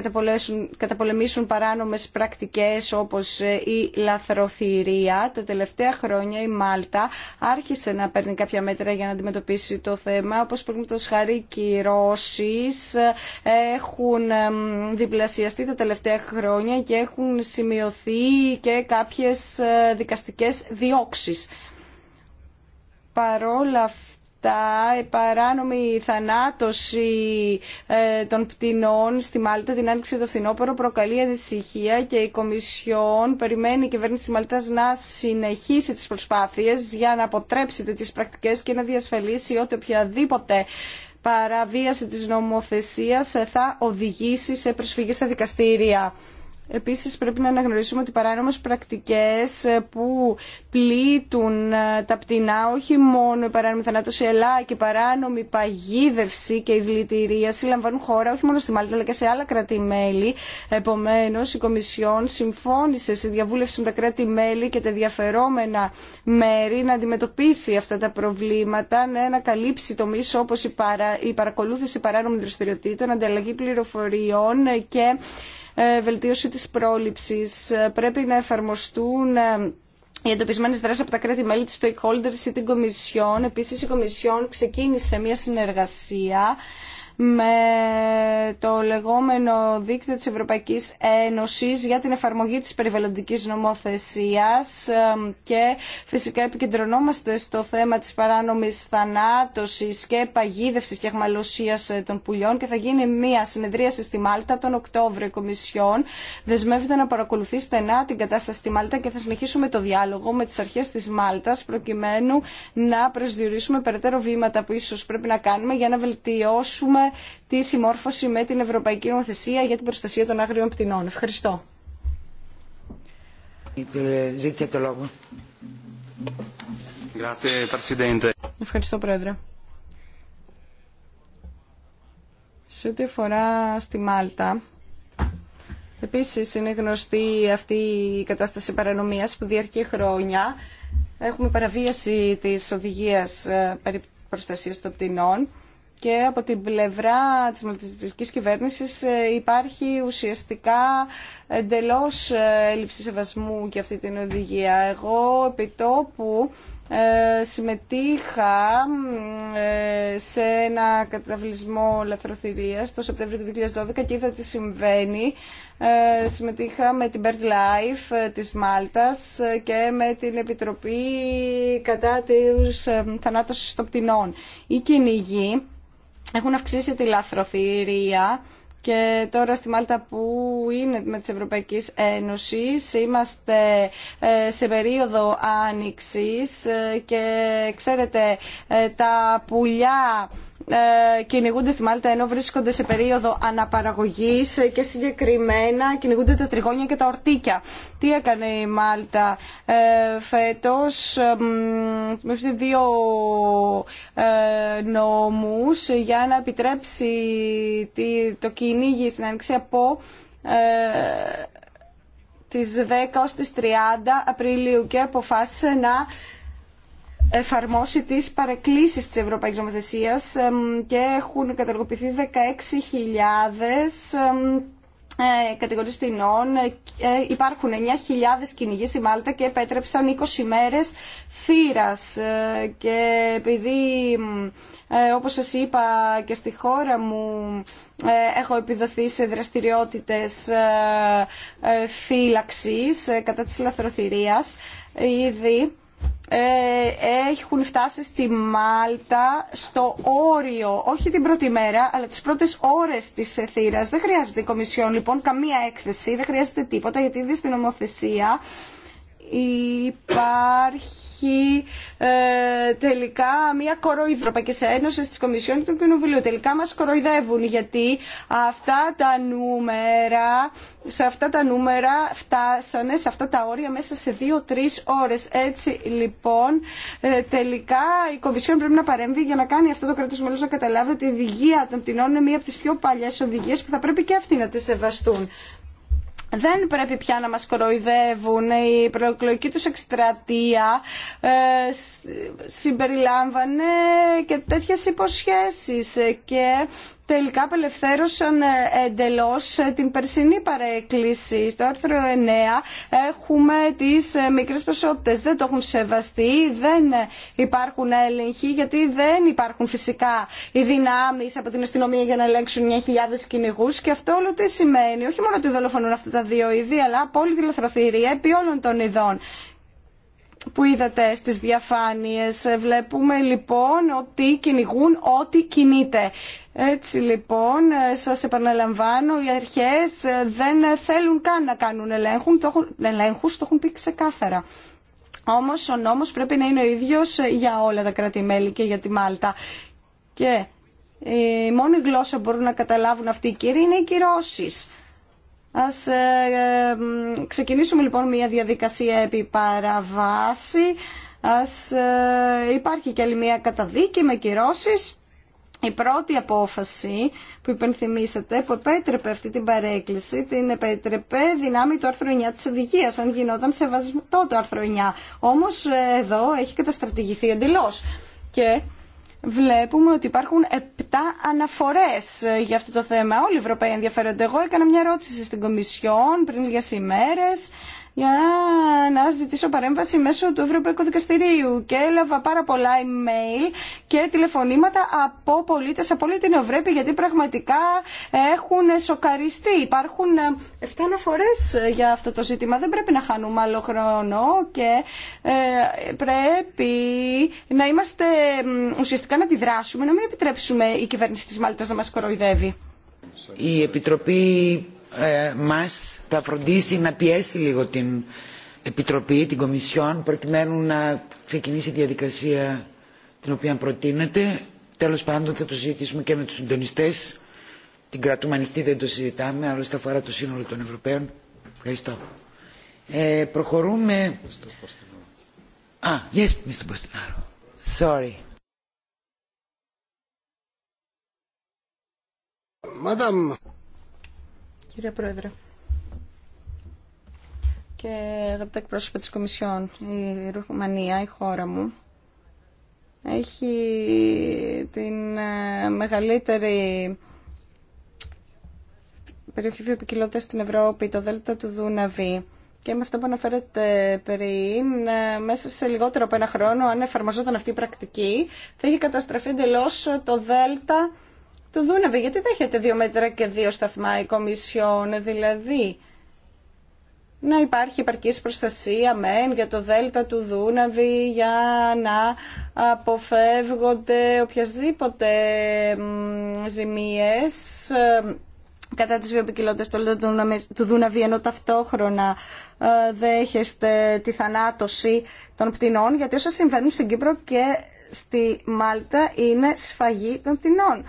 καταπολεμήσουν παράνομες πρακτικές όπως ε, η λαθροθυρία. Τα τελευταία χρόνια η Μάλτα άρχισε να παίρνει κάποια μέτρα για να αντιμετωπίσει το θέμα, όπως το χάρη κυρώσεις ε, έχουν διπλασιαστεί τα τελευταία χρόνια και έχουν σημειωθεί και κάποιες ε, δικαστικές διώξεις. Παρόλα αυτά, η παράνομη θανάτωση ε, των πτηνών στη Μάλτα την άνοιξη του φθινόπωρο προκαλεί ανησυχία και η Κομισιόν περιμένει η κυβέρνηση της Μαλτάς να συνεχίσει τις προσπάθειες για να αποτρέψει τις πρακτικές και να διασφαλίσει ότι οποιαδήποτε παραβίαση της νομοθεσίας θα οδηγήσει σε προσφυγή στα δικαστήρια. Επίσης πρέπει να αναγνωρίσουμε ότι παράνομες πρακτικές ε, που πλήττουν ε, τα πτηνά, όχι μόνο η παράνομη θανάτωση, αλλά και η παράνομη παγίδευση και η δηλητηρία, συλλαμβάνουν χώρα όχι μόνο στη Μάλτα αλλά και σε άλλα κράτη-μέλη. Επομένως, η Κομισιόν συμφώνησε στη διαβούλευση με τα κράτη-μέλη και τα διαφερόμενα μέρη να αντιμετωπίσει αυτά τα προβλήματα, να καλύψει μίσο, όπως η, η παρακολούθηση παράνομων δραστηριοτήτων, ανταλλαγή πληροφοριών ε, και ε, βελτίωση της πρόληψης. Ε, πρέπει να εφαρμοστούν ε, οι εντοπισμένε δράσει από τα κράτη-μέλη τη stakeholders ή την Κομισιόν. Επίση, η Κομισιόν ξεκίνησε μια συνεργασία με το λεγόμενο δίκτυο της Ευρωπαϊκής Ένωσης για την εφαρμογή της περιβαλλοντικής νομοθεσίας και φυσικά επικεντρωνόμαστε στο θέμα της παράνομης θανάτωσης και παγίδευσης και αχμαλωσίας ε, των πουλιών και θα γίνει μια συνεδρίαση στη Μάλτα τον Οκτώβριο Κομισιόν. Δεσμεύεται να παρακολουθεί στενά την κατάσταση στη Μάλτα και θα συνεχίσουμε το διάλογο με τις αρχές της Μάλτας προκειμένου να προσδιορίσουμε περαιτέρω βήματα που ίσως πρέπει να κάνουμε για να βελτιώσουμε τη συμμόρφωση με την Ευρωπαϊκή Νομοθεσία για την προστασία των άγριων πτηνών. Ευχαριστώ. το Ευχαριστώ, Πρόεδρε. Σε ό,τι αφορά στη Μάλτα, επίσης είναι γνωστή αυτή η κατάσταση παρανομίας που διαρκεί χρόνια. Έχουμε παραβίαση της οδηγίας ε, περί προστασίας των πτηνών και από την πλευρά της μαλτιστικής κυβέρνησης ε, υπάρχει ουσιαστικά εντελώς ε, έλλειψη σεβασμού και αυτή την οδηγία. Εγώ επί τόπου ε, συμμετείχα σε ένα καταβλισμό λαθροθυρίας το Σεπτέμβριο του 2012 και είδα τι συμβαίνει. συμμετείχα με την Bird Life της Μάλτας και με την Επιτροπή κατά τους θανάτωσης των πτηνών. Οι κυνηγοί έχουν αυξήσει τη λαθροφυρία και τώρα στη Μάλτα που είναι με της Ευρωπαϊκής Ένωσης είμαστε ε, σε περίοδο άνοιξης ε, και ξέρετε ε, τα πουλιά ε, κυνηγούνται στη Μάλτα ενώ βρίσκονται σε περίοδο αναπαραγωγής και συγκεκριμένα κυνηγούνται τα τριγώνια και τα ορτίκια. Τι έκανε η Μάλτα ε, φέτος με δύο ε, νόμους για να επιτρέψει το κυνήγι στην άνοιξη από τις 10 ως τις 30 Απριλίου και αποφάσισε να εφαρμόσει τι παρεκκλήσει τη Ευρωπαϊκή Νομοθεσία και έχουν καταργοποιηθεί 16.000 ε, κατηγορίε πτυνών. Ε, ε, υπάρχουν 9.000 κυνηγοί στη Μάλτα και επέτρεψαν 20 μέρε θύρα. Και επειδή, όπως σας είπα και στη χώρα μου, έχω επιδοθεί σε δραστηριότητες φύλαξης κατά της λαθροθυρίας, ήδη ε, έχουν φτάσει στη Μάλτα στο όριο, όχι την πρώτη μέρα, αλλά τις πρώτες ώρες της θύρας. Δεν χρειάζεται η Κομισιόν λοιπόν καμία έκθεση, δεν χρειάζεται τίποτα, γιατί ήδη στην νομοθεσία υπάρχει υπάρχει ε, τελικά μια κοροϊδία σε Ένωση τη Κομισιόν και του Κοινοβουλίου. Τελικά μα κοροϊδεύουν γιατί αυτά τα νούμερα, σε αυτά τα νούμερα φτάσανε σε αυτά τα όρια μέσα σε δύο-τρει ώρε. Έτσι λοιπόν ε, τελικά η Κομισιόν πρέπει να παρέμβει για να κάνει αυτό το κράτο μέλο να καταλάβει ότι η οδηγία των πτηνών είναι μία από τι πιο παλιέ οδηγίε που θα πρέπει και αυτοί να τη σεβαστούν δεν πρέπει πια να μας κοροϊδεύουν. Η προεκλογική τους εκστρατεία ε, συμπεριλάμβανε και τέτοιες υποσχέσεις ε, και τελικά απελευθέρωσαν ε, εντελώς ε, την περσινή παρέκκληση. Στο άρθρο 9 έχουμε τις ε, μικρές ποσότητες. Δεν το έχουν σεβαστεί, δεν υπάρχουν έλεγχοι, γιατί δεν υπάρχουν φυσικά οι δυνάμεις από την αστυνομία για να ελέγξουν 9.000 κυνηγού. Και αυτό όλο τι σημαίνει, όχι μόνο ότι δολοφονούν αυτά τα δύο είδη, αλλά απόλυτη λαθροθυρία επί όλων των ειδών που είδατε στις διαφάνειες. Βλέπουμε λοιπόν ότι κυνηγούν ό,τι κινείται. Έτσι λοιπόν, ε, σας επαναλαμβάνω, οι αρχές ε, δεν θέλουν καν να κάνουν ελέγχους, το έχουν, ελέγχους, το έχουν πει ξεκάθαρα. Όμως ο νόμος πρέπει να είναι ο ίδιος ε, για όλα τα κράτη-μέλη και για τη Μάλτα. Και η μόνη γλώσσα που μπορούν να καταλάβουν αυτοί οι κύριοι είναι οι κυρώσεις. Ας ξεκινήσουμε λοιπόν μια διαδικασία επί παραβάση. Ας υπάρχει και άλλη μια καταδίκη με κυρώσεις η πρώτη απόφαση που υπενθυμίσατε, που επέτρεπε αυτή την παρέκκληση, την επέτρεπε δυνάμει του άρθρου 9 της οδηγίας, αν γινόταν σεβασμό το άρθρο 9. Όμως ε, εδώ έχει καταστρατηγηθεί εντελώς. Και βλέπουμε ότι υπάρχουν 7 αναφορές ε, για αυτό το θέμα. Όλοι οι Ευρωπαίοι ενδιαφέρονται. Εγώ έκανα μια ερώτηση στην Κομισιόν πριν λίγες ημέρες για να ζητήσω παρέμβαση μέσω του Ευρωπαϊκού Δικαστηρίου και έλαβα πάρα πολλά email και τηλεφωνήματα από πολίτες από όλη την Ευρώπη, γιατί πραγματικά έχουν σοκαριστεί. Υπάρχουν 7 ε, αναφορές για αυτό το ζήτημα. Δεν πρέπει να χάνουμε άλλο χρόνο και ε, πρέπει να είμαστε ουσιαστικά να αντιδράσουμε, να μην επιτρέψουμε η κυβέρνηση της Μάλτας να μας κοροϊδεύει. Η Επιτροπή ε, μας θα φροντίσει να πιέσει λίγο την Επιτροπή, την Κομισιόν προκειμένου να ξεκινήσει η διαδικασία την οποία προτείνεται. Τέλος πάντων θα το συζητήσουμε και με τους συντονιστές. Την κρατούμε ανοιχτή, δεν το συζητάμε, άλλωστε αφορά το σύνολο των Ευρωπαίων. Ευχαριστώ. Ε, προχωρούμε... Α, yes, Mr. Sorry. Κύριε Πρόεδρε και αγαπητά εκπρόσωπα της Κομισιόν, η Ρουμανία, η χώρα μου, έχει την ε, μεγαλύτερη περιοχή βιοπικιλότητας στην Ευρώπη, το Δέλτα του Δούναβη. Και με αυτό που αναφέρετε πριν, μέσα σε λιγότερο από ένα χρόνο, αν εφαρμοζόταν αυτή η πρακτική, θα είχε καταστραφεί εντελώ το Δέλτα του Γιατί δεν έχετε δύο μέτρα και δύο σταθμά η Κομισιόν, δηλαδή να υπάρχει επαρκής προστασία μεν για το δέλτα του Δούναβη για να αποφεύγονται οποιασδήποτε ζημίες ε, κατά της βιοποικιλότητας του Δούναβη ενώ ταυτόχρονα ε, δέχεστε τη θανάτωση των πτηνών γιατί όσα συμβαίνουν στην Κύπρο και στη Μάλτα είναι σφαγή των πτηνών.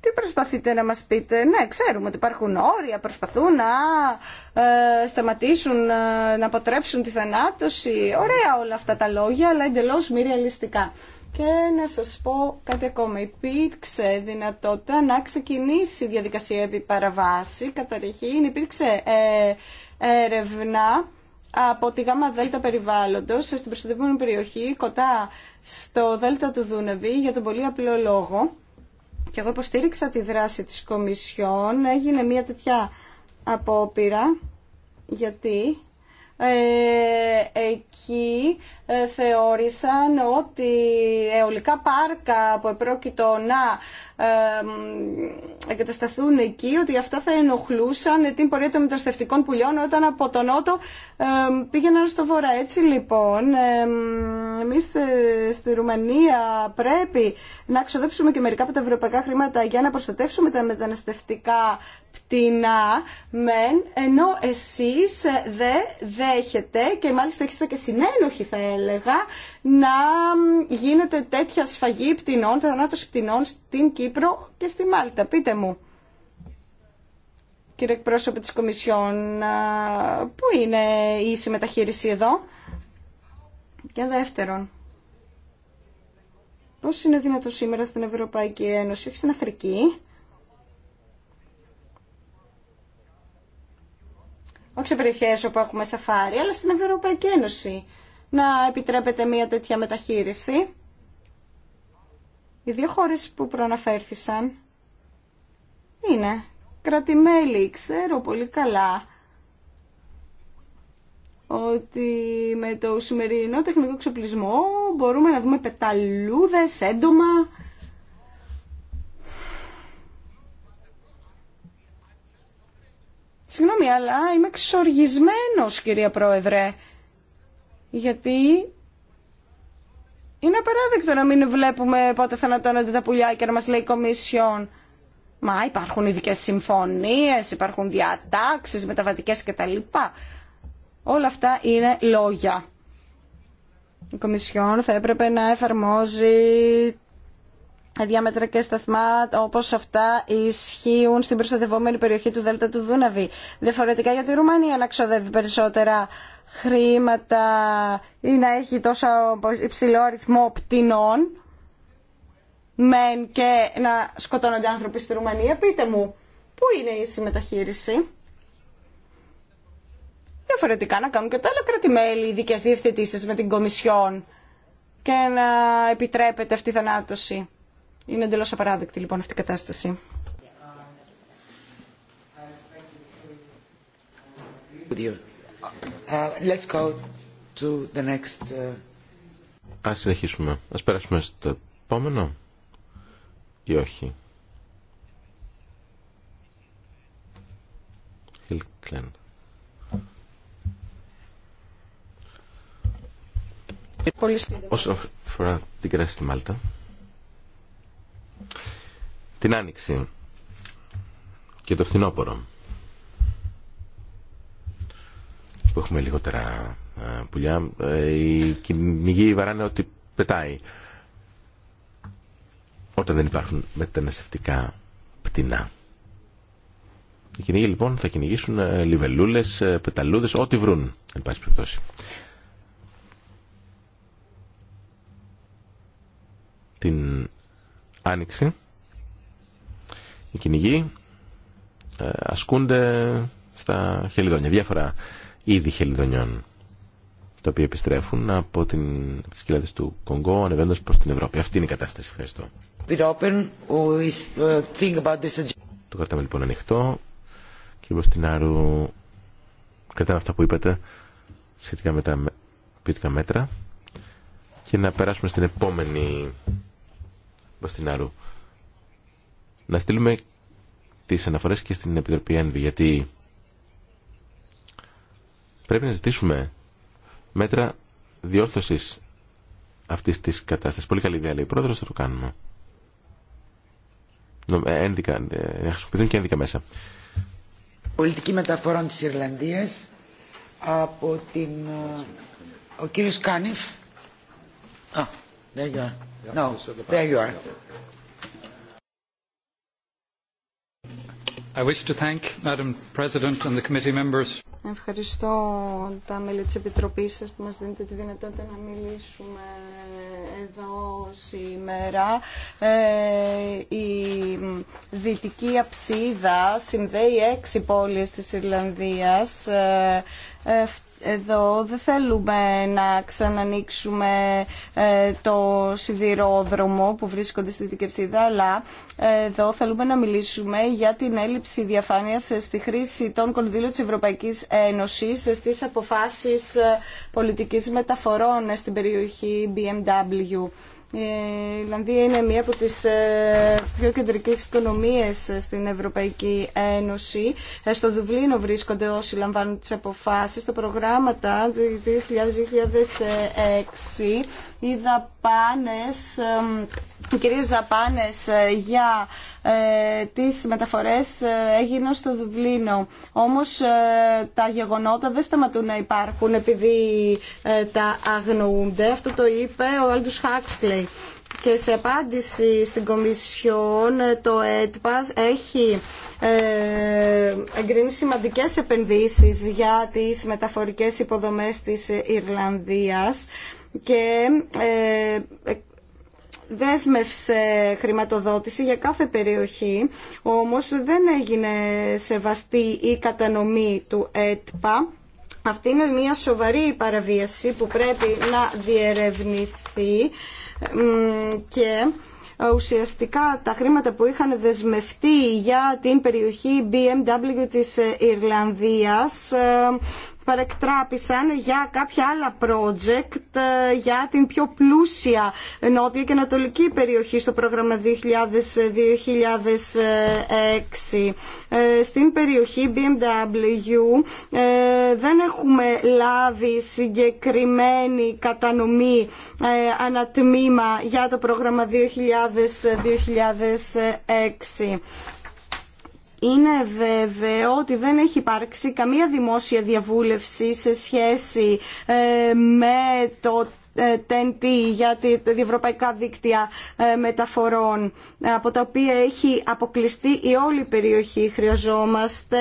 Τι προσπαθείτε να μας πείτε. Ναι, ξέρουμε ότι υπάρχουν όρια, προσπαθούν να ε, σταματήσουν, ε, να αποτρέψουν τη θανάτωση. Ωραία όλα αυτά τα λόγια, αλλά εντελώς μη ρεαλιστικά. Και να σας πω κάτι ακόμα. Υπήρξε δυνατότητα να ξεκινήσει η διαδικασία επί παραβάση. Καταρχήν υπήρξε ε, έρευνα από τη ΓΑΜΑ ΔΕΛΤΑ περιβάλλοντος στην προστατευόμενη περιοχή κοντά στο ΔΕΛΤΑ του Δούνεβη για τον πολύ απλό λόγο και εγώ υποστήριξα τη δράση της Κομισιόν, έγινε μια τέτοια απόπειρα, γιατί ε, εκεί ε, θεώρησαν ότι αιωλικά πάρκα που επρόκειτο να εγκατασταθούν εκεί, ότι αυτά θα ενοχλούσαν την πορεία των μεταναστευτικών πουλιών όταν από τον Νότο πήγαιναν στο Βορρά. Έτσι λοιπόν, εμείς ε, στη Ρουμανία πρέπει να ξοδέψουμε και μερικά από τα ευρωπαϊκά χρήματα για να προστατεύσουμε τα μεταναστευτικά πτηνά, μεν, ενώ εσείς ε, δεν δέχετε και μάλιστα έχετε και συνένοχη θα έλεγα να γίνεται τέτοια σφαγή πτηνών, θανάτωση πτηνών στην Κύπρο και στη Μάλτα. Πείτε μου κύριε εκπρόσωπε της Κομισιόν, πού είναι η συμμεταχείριση εδώ. Και δεύτερον, πώς είναι δυνατό σήμερα στην Ευρωπαϊκή Ένωση, όχι στην Αφρική, όχι σε περιοχές όπου έχουμε σαφάρι, αλλά στην Ευρωπαϊκή Ένωση, να επιτρέπεται μια τέτοια μεταχείριση. Οι δύο χώρες που προαναφέρθησαν είναι κρατημέλη. Ξέρω πολύ καλά ότι με το σημερινό τεχνικό εξοπλισμό μπορούμε να δούμε πεταλούδες, έντομα. Συγγνώμη, αλλά είμαι εξοργισμένος, κυρία Πρόεδρε. Γιατί είναι απαράδεκτο να μην βλέπουμε πότε θανατώνονται τα πουλιά και να μας λέει η Κομισιόν. Μα υπάρχουν ειδικέ συμφωνίες, υπάρχουν διατάξεις μεταβατικές κτλ. Όλα αυτά είναι λόγια. Η Κομισιόν θα έπρεπε να εφαρμόζει διάμετρα και σταθμά όπως αυτά ισχύουν στην προστατευόμενη περιοχή του Δέλτα του Δούναβη. Διαφορετικά για τη Ρουμανία να ξοδεύει περισσότερα χρήματα ή να έχει τόσο υψηλό αριθμό πτηνών μεν και να σκοτώνονται άνθρωποι στη Ρουμανία. Πείτε μου, πού είναι η συμμεταχείριση. Διαφορετικά να κάνουν και τα άλλα κρατημέλη ειδικέ διευθετήσεις με την Κομισιόν και να επιτρέπεται αυτή η θανάτωση. Είναι εντελώ απαράδεκτη λοιπόν αυτή η κατάσταση. Uh, let's go to the next... Uh, Ας συνεχίσουμε. Ας περάσουμε στο επόμενο ή όχι. Χιλκλέν. Όσον αφορά την κράση στη Μάλτα, την Άνοιξη και το φθινόπωρο, που έχουμε λιγότερα ε, πουλιά, οι ε, κυνηγοί βαράνε ότι πετάει όταν δεν υπάρχουν μεταναστευτικά πτηνά. Οι κυνήγοι λοιπόν θα κυνηγήσουν ε, λιβελούλες, πεταλούδες, ό,τι βρουν, εν πάση περιπτώσει. Την άνοιξη οι κυνηγοί ασκούνται στα χελιδόνια. Διάφορα είδη χελιδονιών τα οποία επιστρέφουν από την, τις του Κονγκό ανεβαίνοντας προς την Ευρώπη. Αυτή είναι η κατάσταση. Ευχαριστώ. Uh, Το κρατάμε λοιπόν ανοιχτό. Κύριε Μποστινάρου, κρατάμε αυτά που είπατε σχετικά με τα ποιοτικά μέτρα και να περάσουμε στην επόμενη Μποστινάρου. Να στείλουμε τις αναφορές και στην Επιτροπή ΕΝΒΙ γιατί Πρέπει να ζητήσουμε μέτρα διόρθωσης αυτή της κατάστασης. Πολύ καλή ιδέα λέει. Πρόεδρος θα το κάνουμε. Ε, ένδικα, ε, να χρησιμοποιηθούν και ένδικα μέσα. Πολιτική μεταφορών της Ιρλανδίας από την... Ε, ο κύριος Κάνιφ. Α, there you are. No, there you are. I wish to thank Madam President and the committee members Ευχαριστώ τα μέλη της Επιτροπής σας που μας δίνετε τη δυνατότητα να μιλήσουμε εδώ σήμερα. Ε, η Δυτική Αψίδα συνδέει έξι πόλεις της Ιρλανδίας. Ε, ε, εδώ δεν θέλουμε να ξανανοίξουμε ε, το σιδηρόδρομο που βρίσκονται στη Δικευσίδα, αλλά ε, εδώ θέλουμε να μιλήσουμε για την έλλειψη διαφάνειας στη χρήση των κονδύλων της Ευρωπαϊκής Ένωσης στις αποφάσεις ε, πολιτικής μεταφορών στην περιοχή BMW. Η Ιρλανδία είναι μία από τις ε, πιο κεντρικές οικονομίες ε, στην Ευρωπαϊκή Ένωση. Ε, στο Δουβλίνο βρίσκονται όσοι λαμβάνουν τις αποφάσεις. Τα προγράμματα του 2006 Είδα πάνες οι κυρίες δαπάνες ε, για ε, τις μεταφορές ε, έγιναν στο Δουβλίνο. Όμως τα γεγονότα δεν σταματούν να υπάρχουν επειδή τα αγνοούνται. Αυτό το είπε ο Άλντους Χάξκλεϊ. Και σε απάντηση στην Κομισιόν το ΕΤΠΑΣ έχει εγκρίνει σημαντικές επενδύσεις για τις μεταφορικές υποδομές της Ιρλανδίας και δέσμευσε χρηματοδότηση για κάθε περιοχή, όμως δεν έγινε σεβαστή η κατανομή του ΕΤΠΑ. Αυτή είναι μια σοβαρή παραβίαση που πρέπει να διερευνηθεί και ουσιαστικά τα χρήματα που είχαν δεσμευτεί για την περιοχή BMW της Ιρλανδίας παρεκτράπησαν για κάποια άλλα project ε, για την πιο πλούσια νότια και ανατολική περιοχή στο πρόγραμμα 2000-2006. Ε, στην περιοχή BMW ε, δεν έχουμε λάβει συγκεκριμένη κατανομή ανατμήμα για το πρόγραμμα 2000-2006. Είναι βέβαιο ότι δεν έχει υπάρξει καμία δημόσια διαβούλευση σε σχέση ε, με το TNT ε, για τα ευρωπαϊκά δίκτυα ε, μεταφορών ε, από τα οποία έχει αποκλειστεί η όλη περιοχή. Χρειαζόμαστε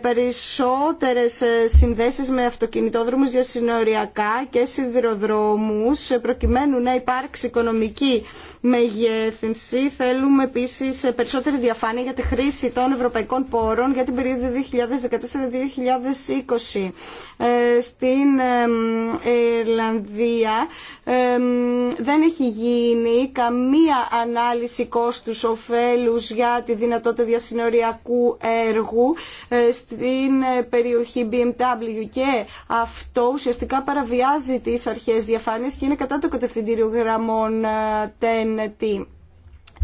περισσότερες συνδέσεις με αυτοκινητόδρομους για συνοριακά και σιδηροδρόμους προκειμένου να υπάρξει οικονομική μεγέθυνση. Θέλουμε επίσης περισσότερη διαφάνεια για τη χρήση των ευρωπαϊκών πόρων για την περίοδο 2014-2020. Στην Ιρλανδία δεν έχει γίνει καμία ανάλυση κόστους οφέλους για τη δυνατότητα διασυνοριακού έργου ε, στην ε, περιοχή BMW και αυτό ουσιαστικά παραβιάζει τις αρχές διαφάνειας και είναι κατά το κατευθυντήριο γραμμών TNT. Ε,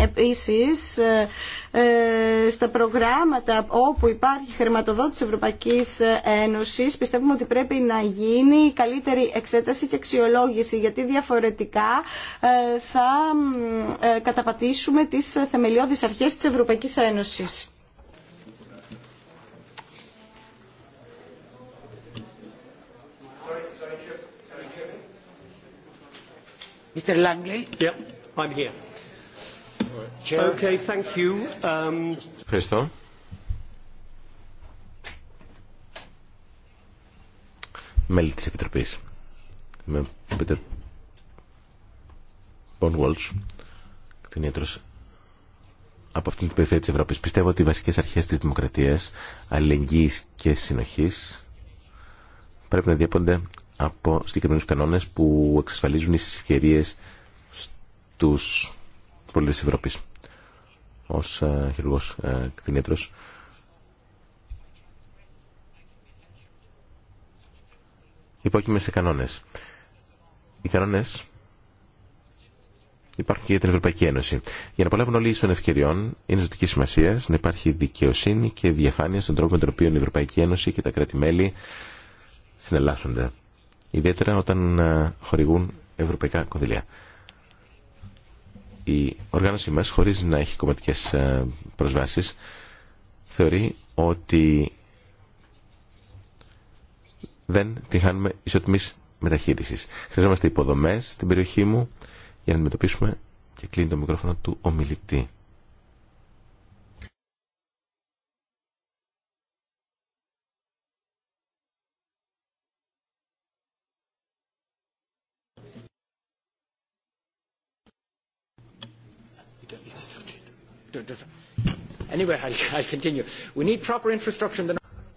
Επίσης, ε, ε, στα προγράμματα όπου υπάρχει χρηματοδότηση Ευρωπαϊκής ε, Ένωσης, πιστεύουμε ότι πρέπει να γίνει καλύτερη εξέταση και αξιολόγηση, γιατί διαφορετικά θα καταπατήσουμε τις θεμελιώδεις αρχές της Ευρωπαϊκής Ένωσης. Mr. Langley. Yeah, I'm here. Okay, thank you. Um... Ευχαριστώ. Μέλη της Επιτροπής. Είμαι ο Πίτερ κτηνίατρος από αυτήν την περιφέρεια της Ευρώπης. Πιστεύω ότι οι βασικές αρχές της δημοκρατίας, αλληλεγγύης και συνοχής πρέπει να διέπονται από συγκεκριμένους κανόνες που εξασφαλίζουν τις ευκαιρίες στους πολίτες της Ευρώπης ως ε, χειρουργός ε, κτηνίτρος. Υπόκειμε σε κανόνες. Οι κανόνες υπάρχουν και για την Ευρωπαϊκή Ένωση. Για να απολαύουν όλοι ίσων ευκαιριών, είναι ζωτική σημασία να υπάρχει δικαιοσύνη και διαφάνεια στον τρόπο με τον οποίο η Ευρωπαϊκή Ένωση και τα κράτη-μέλη συναλλάσσονται. Ιδιαίτερα όταν ε, χορηγούν ευρωπαϊκά κονδυλία η οργάνωσή μας, χωρίς να έχει κομματικές ε, προσβάσεις, θεωρεί ότι δεν τη χάνουμε ισοτιμής μεταχείρισης. Χρειαζόμαστε υποδομές στην περιοχή μου για να αντιμετωπίσουμε και κλείνει το μικρόφωνο του ομιλητή.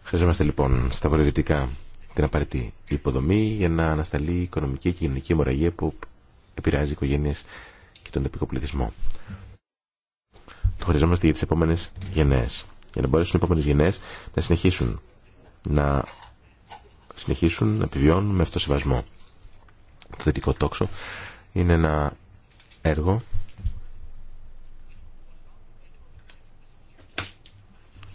Χρειαζόμαστε λοιπόν στα βορειοδυτικά την απαραίτητη υποδομή για να ανασταλεί η οικονομική και η κοινωνική αιμορραγία που επηρεάζει οικογένειε και τον τοπικό Το χρειαζόμαστε για τι επόμενε γενναίε. Για να μπορέσουν οι επόμενε γενναίε να συνεχίσουν να συνεχίσουν να επιβιώνουν με συμβασμό. Το δυτικό τόξο είναι ένα έργο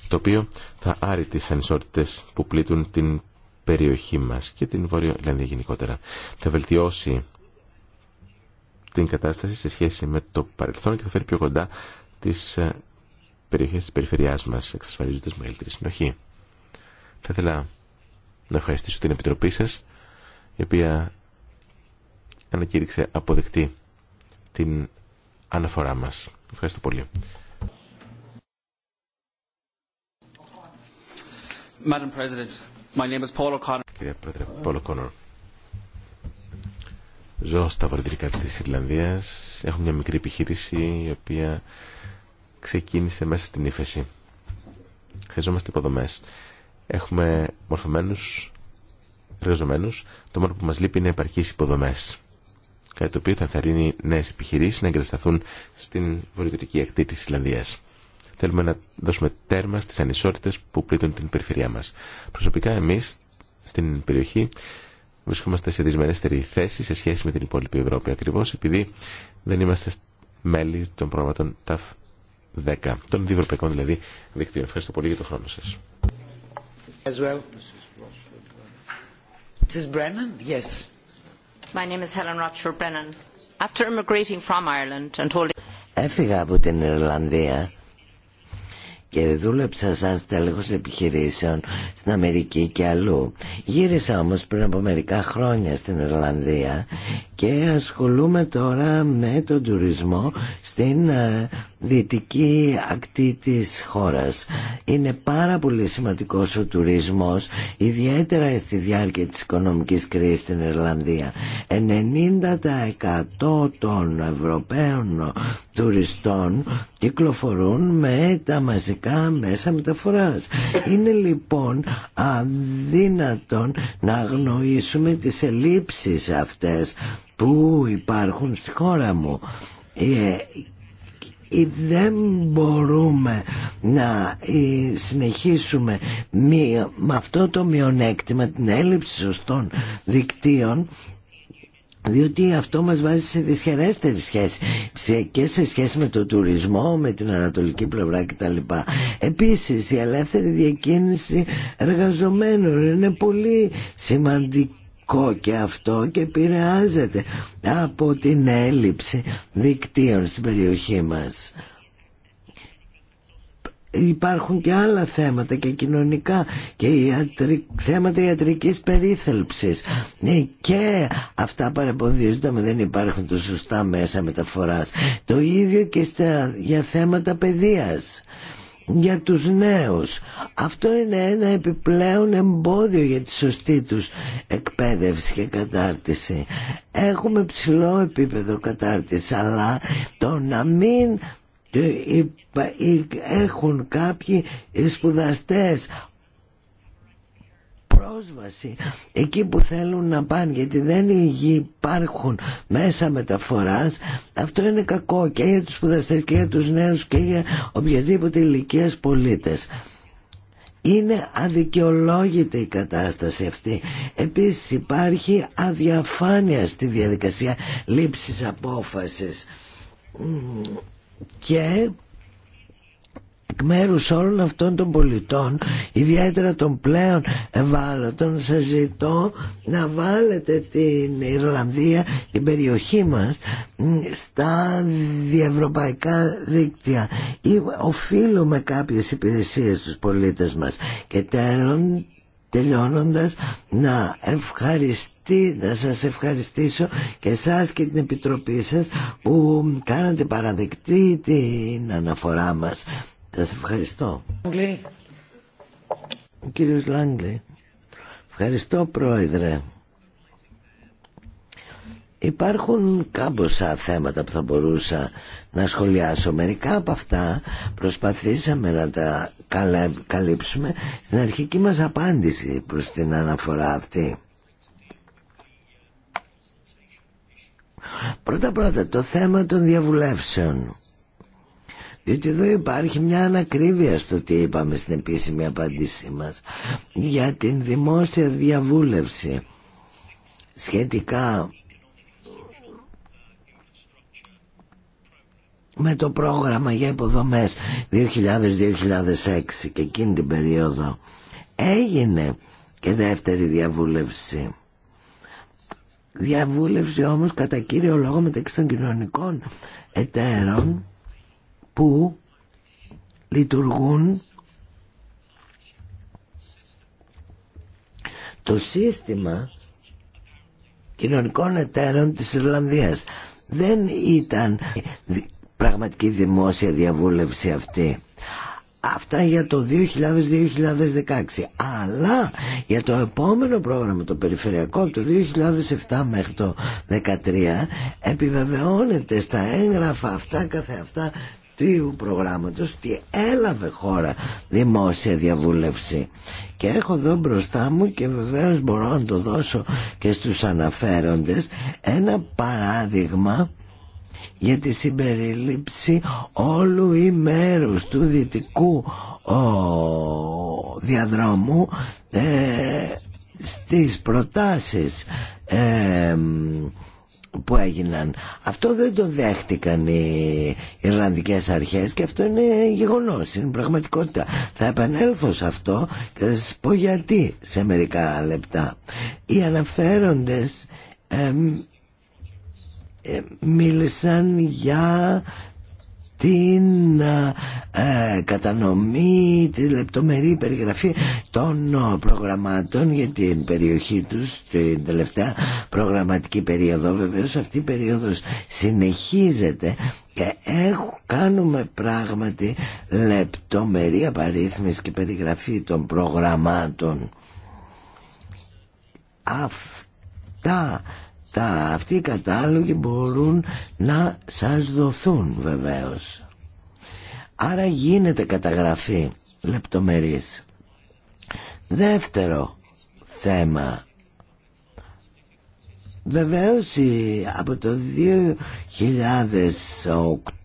το οποίο θα άρει τις ανισότητες που πλήττουν την περιοχή μας και την Βόρεια Ιλανδία γενικότερα. Θα βελτιώσει την κατάσταση σε σχέση με το παρελθόν και θα φέρει πιο κοντά τις ε, περιοχές της περιφερειάς μας, εξασφαλίζοντας μεγαλύτερη συνοχή. Θα ήθελα να ευχαριστήσω την Επιτροπή σας, η οποία ανακήρυξε αποδεκτή την αναφορά μας. Ευχαριστώ πολύ. Madam President, my name is Paul O'Connor. Κύριε Πρόεδρε, Paul O'Connor. Ζω στα βορειοδυτικά της Ιρλανδίας. Έχω μια μικρή επιχείρηση η οποία ξεκίνησε μέσα στην ύφεση. Χρειαζόμαστε υποδομές. Έχουμε μορφωμένους εργαζομένους. Το μόνο που μας λείπει είναι επαρκείς υποδομές. Κάτι το οποίο θα ενθαρρύνει νέες επιχειρήσεις να εγκατασταθούν στην βορειοδυτική ακτή της Ιρλανδίας. Θέλουμε να δώσουμε τέρμα στις ανισότητες που πλήττουν την περιφερειά μας. Προσωπικά εμείς στην περιοχή βρισκόμαστε σε δυσμενέστερη θέση σε σχέση με την υπόλοιπη Ευρώπη ακριβώς επειδή δεν είμαστε μέλη των προγραμματών ΤΑΦ 10, των διευρωπαϊκών δηλαδή δικτύων. Ευχαριστώ πολύ για τον χρόνο σας. Έφυγα από την Ιρλανδία και δούλεψα σαν στέλεχος επιχειρήσεων στην Αμερική και αλλού. Γύρισα όμως πριν από μερικά χρόνια στην Ιρλανδία και ασχολούμαι τώρα με τον τουρισμό στην ε, δυτική ακτή της χώρας. Είναι πάρα πολύ σημαντικός ο τουρισμός, ιδιαίτερα στη διάρκεια της οικονομικής κρίσης στην Ιρλανδία. 90% των Ευρωπαίων τουριστών κυκλοφορούν με τα μαζικά μέσα μεταφοράς. Είναι λοιπόν αδύνατον να αγνοήσουμε τις ελλείψεις αυτές που υπάρχουν στη χώρα μου ε, δεν μπορούμε να ε, συνεχίσουμε με αυτό το μειονέκτημα την έλλειψη σωστών δικτύων διότι αυτό μας βάζει σε δυσχερέστερη σχέση και σε σχέση με το τουρισμό, με την ανατολική πλευρά κτλ. Επίσης η ελεύθερη διακίνηση εργαζομένων είναι πολύ σημαντική και αυτό και επηρεάζεται από την έλλειψη δικτύων στην περιοχή μας. Υπάρχουν και άλλα θέματα και κοινωνικά και θέματα ιατρικής περίθελψης ε, και αυτά παρεμποδίζονται με δεν υπάρχουν τα σωστά μέσα μεταφοράς. Το ίδιο και στα... για θέματα παιδείας για τους νέους. Αυτό είναι ένα επιπλέον εμπόδιο για τη σωστή τους εκπαίδευση και κατάρτιση. Έχουμε ψηλό επίπεδο κατάρτιση, αλλά το να μην ε, ε, έχουν κάποιοι σπουδαστές πρόσβαση εκεί που θέλουν να πάνε γιατί δεν υπάρχουν μέσα μεταφοράς αυτό είναι κακό και για τους σπουδαστέ και για τους νέους και για οποιαδήποτε ηλικία πολίτες είναι αδικαιολόγητη η κατάσταση αυτή. Επίσης υπάρχει αδιαφάνεια στη διαδικασία λήψης απόφασης και εκ μέρους όλων αυτών των πολιτών, ιδιαίτερα των πλέον ευάλωτων, σα ζητώ να βάλετε την Ιρλανδία, την περιοχή μας, στα διευρωπαϊκά δίκτυα. Ή οφείλουμε κάποιες υπηρεσίε στους πολίτες μας. Και τέλον τελειώνοντας να ευχαριστεί να σας ευχαριστήσω και σας και την Επιτροπή σας που κάνατε παραδεκτή την αναφορά μας σας ευχαριστώ. Λάγκλη. Ο κύριος Λάγκλη. Ευχαριστώ πρόεδρε. Υπάρχουν κάμποσα θέματα που θα μπορούσα να σχολιάσω. Μερικά από αυτά προσπαθήσαμε να τα καλύψουμε στην αρχική μας απάντηση προς την αναφορά αυτή. Πρώτα πρώτα το θέμα των διαβουλεύσεων διότι εδώ υπάρχει μια ανακρίβεια στο τι είπαμε στην επίσημη απάντησή μας για την δημόσια διαβούλευση σχετικά με το πρόγραμμα για υποδομές 2000-2006 και εκείνη την περίοδο έγινε και δεύτερη διαβούλευση διαβούλευση όμως κατά κύριο λόγο μεταξύ των κοινωνικών εταίρων που λειτουργούν το σύστημα κοινωνικών εταίρων της Ιρλανδίας. Δεν ήταν πραγματική δημόσια διαβούλευση αυτή. Αυτά για το 2000-2016. Αλλά για το επόμενο πρόγραμμα, το περιφερειακό, το 2007 μέχρι το 2013, επιβεβαιώνεται στα έγγραφα αυτά καθεαυτά δικτύου προγράμματος ότι έλαβε χώρα δημόσια διαβούλευση και έχω εδώ μπροστά μου και βεβαίως μπορώ να το δώσω και στους αναφέροντες ένα παράδειγμα για τη συμπεριλήψη όλου ή μέρους του δυτικού ο, διαδρόμου ε, στις προτάσεις ε, που έγιναν. Αυτό δεν το δέχτηκαν οι Ιρλανδικές αρχές και αυτό είναι γεγονός, είναι πραγματικότητα. Θα επανέλθω σε αυτό και θα σας πω γιατί σε μερικά λεπτά. Οι αναφέροντες ε, μίλησαν για την ε, ε, κατανομή, τη λεπτομερή περιγραφή των ε, προγραμμάτων για την περιοχή τους την τελευταία προγραμματική περίοδο βεβαίως αυτή η περίοδος συνεχίζεται και κάνουμε πράγματι λεπτομερή απαρίθμηση και περιγραφή των προγραμμάτων αυτά τα αυτοί οι κατάλογοι μπορούν να σας δοθούν βεβαίως. Άρα γίνεται καταγραφή λεπτομερής. Δεύτερο θέμα. Βεβαίως από το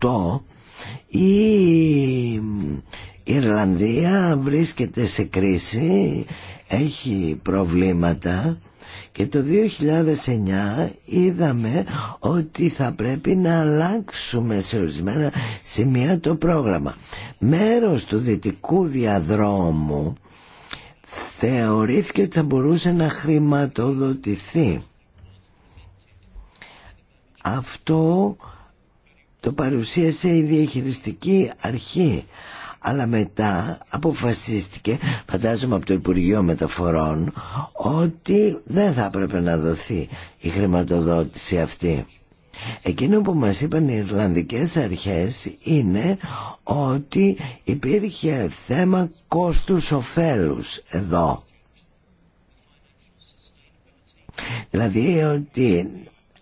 2008 η Ιρλανδία βρίσκεται σε κρίση, έχει προβλήματα και το 2009 είδαμε ότι θα πρέπει να αλλάξουμε σε ορισμένα σημεία το πρόγραμμα. Μέρος του δυτικού διαδρόμου θεωρήθηκε ότι θα μπορούσε να χρηματοδοτηθεί. Αυτό το παρουσίασε η διαχειριστική αρχή αλλά μετά αποφασίστηκε, φαντάζομαι από το Υπουργείο Μεταφορών, ότι δεν θα έπρεπε να δοθεί η χρηματοδότηση αυτή. Εκείνο που μας είπαν οι Ιρλανδικές αρχές είναι ότι υπήρχε θέμα κόστους οφέλους εδώ. Δηλαδή ότι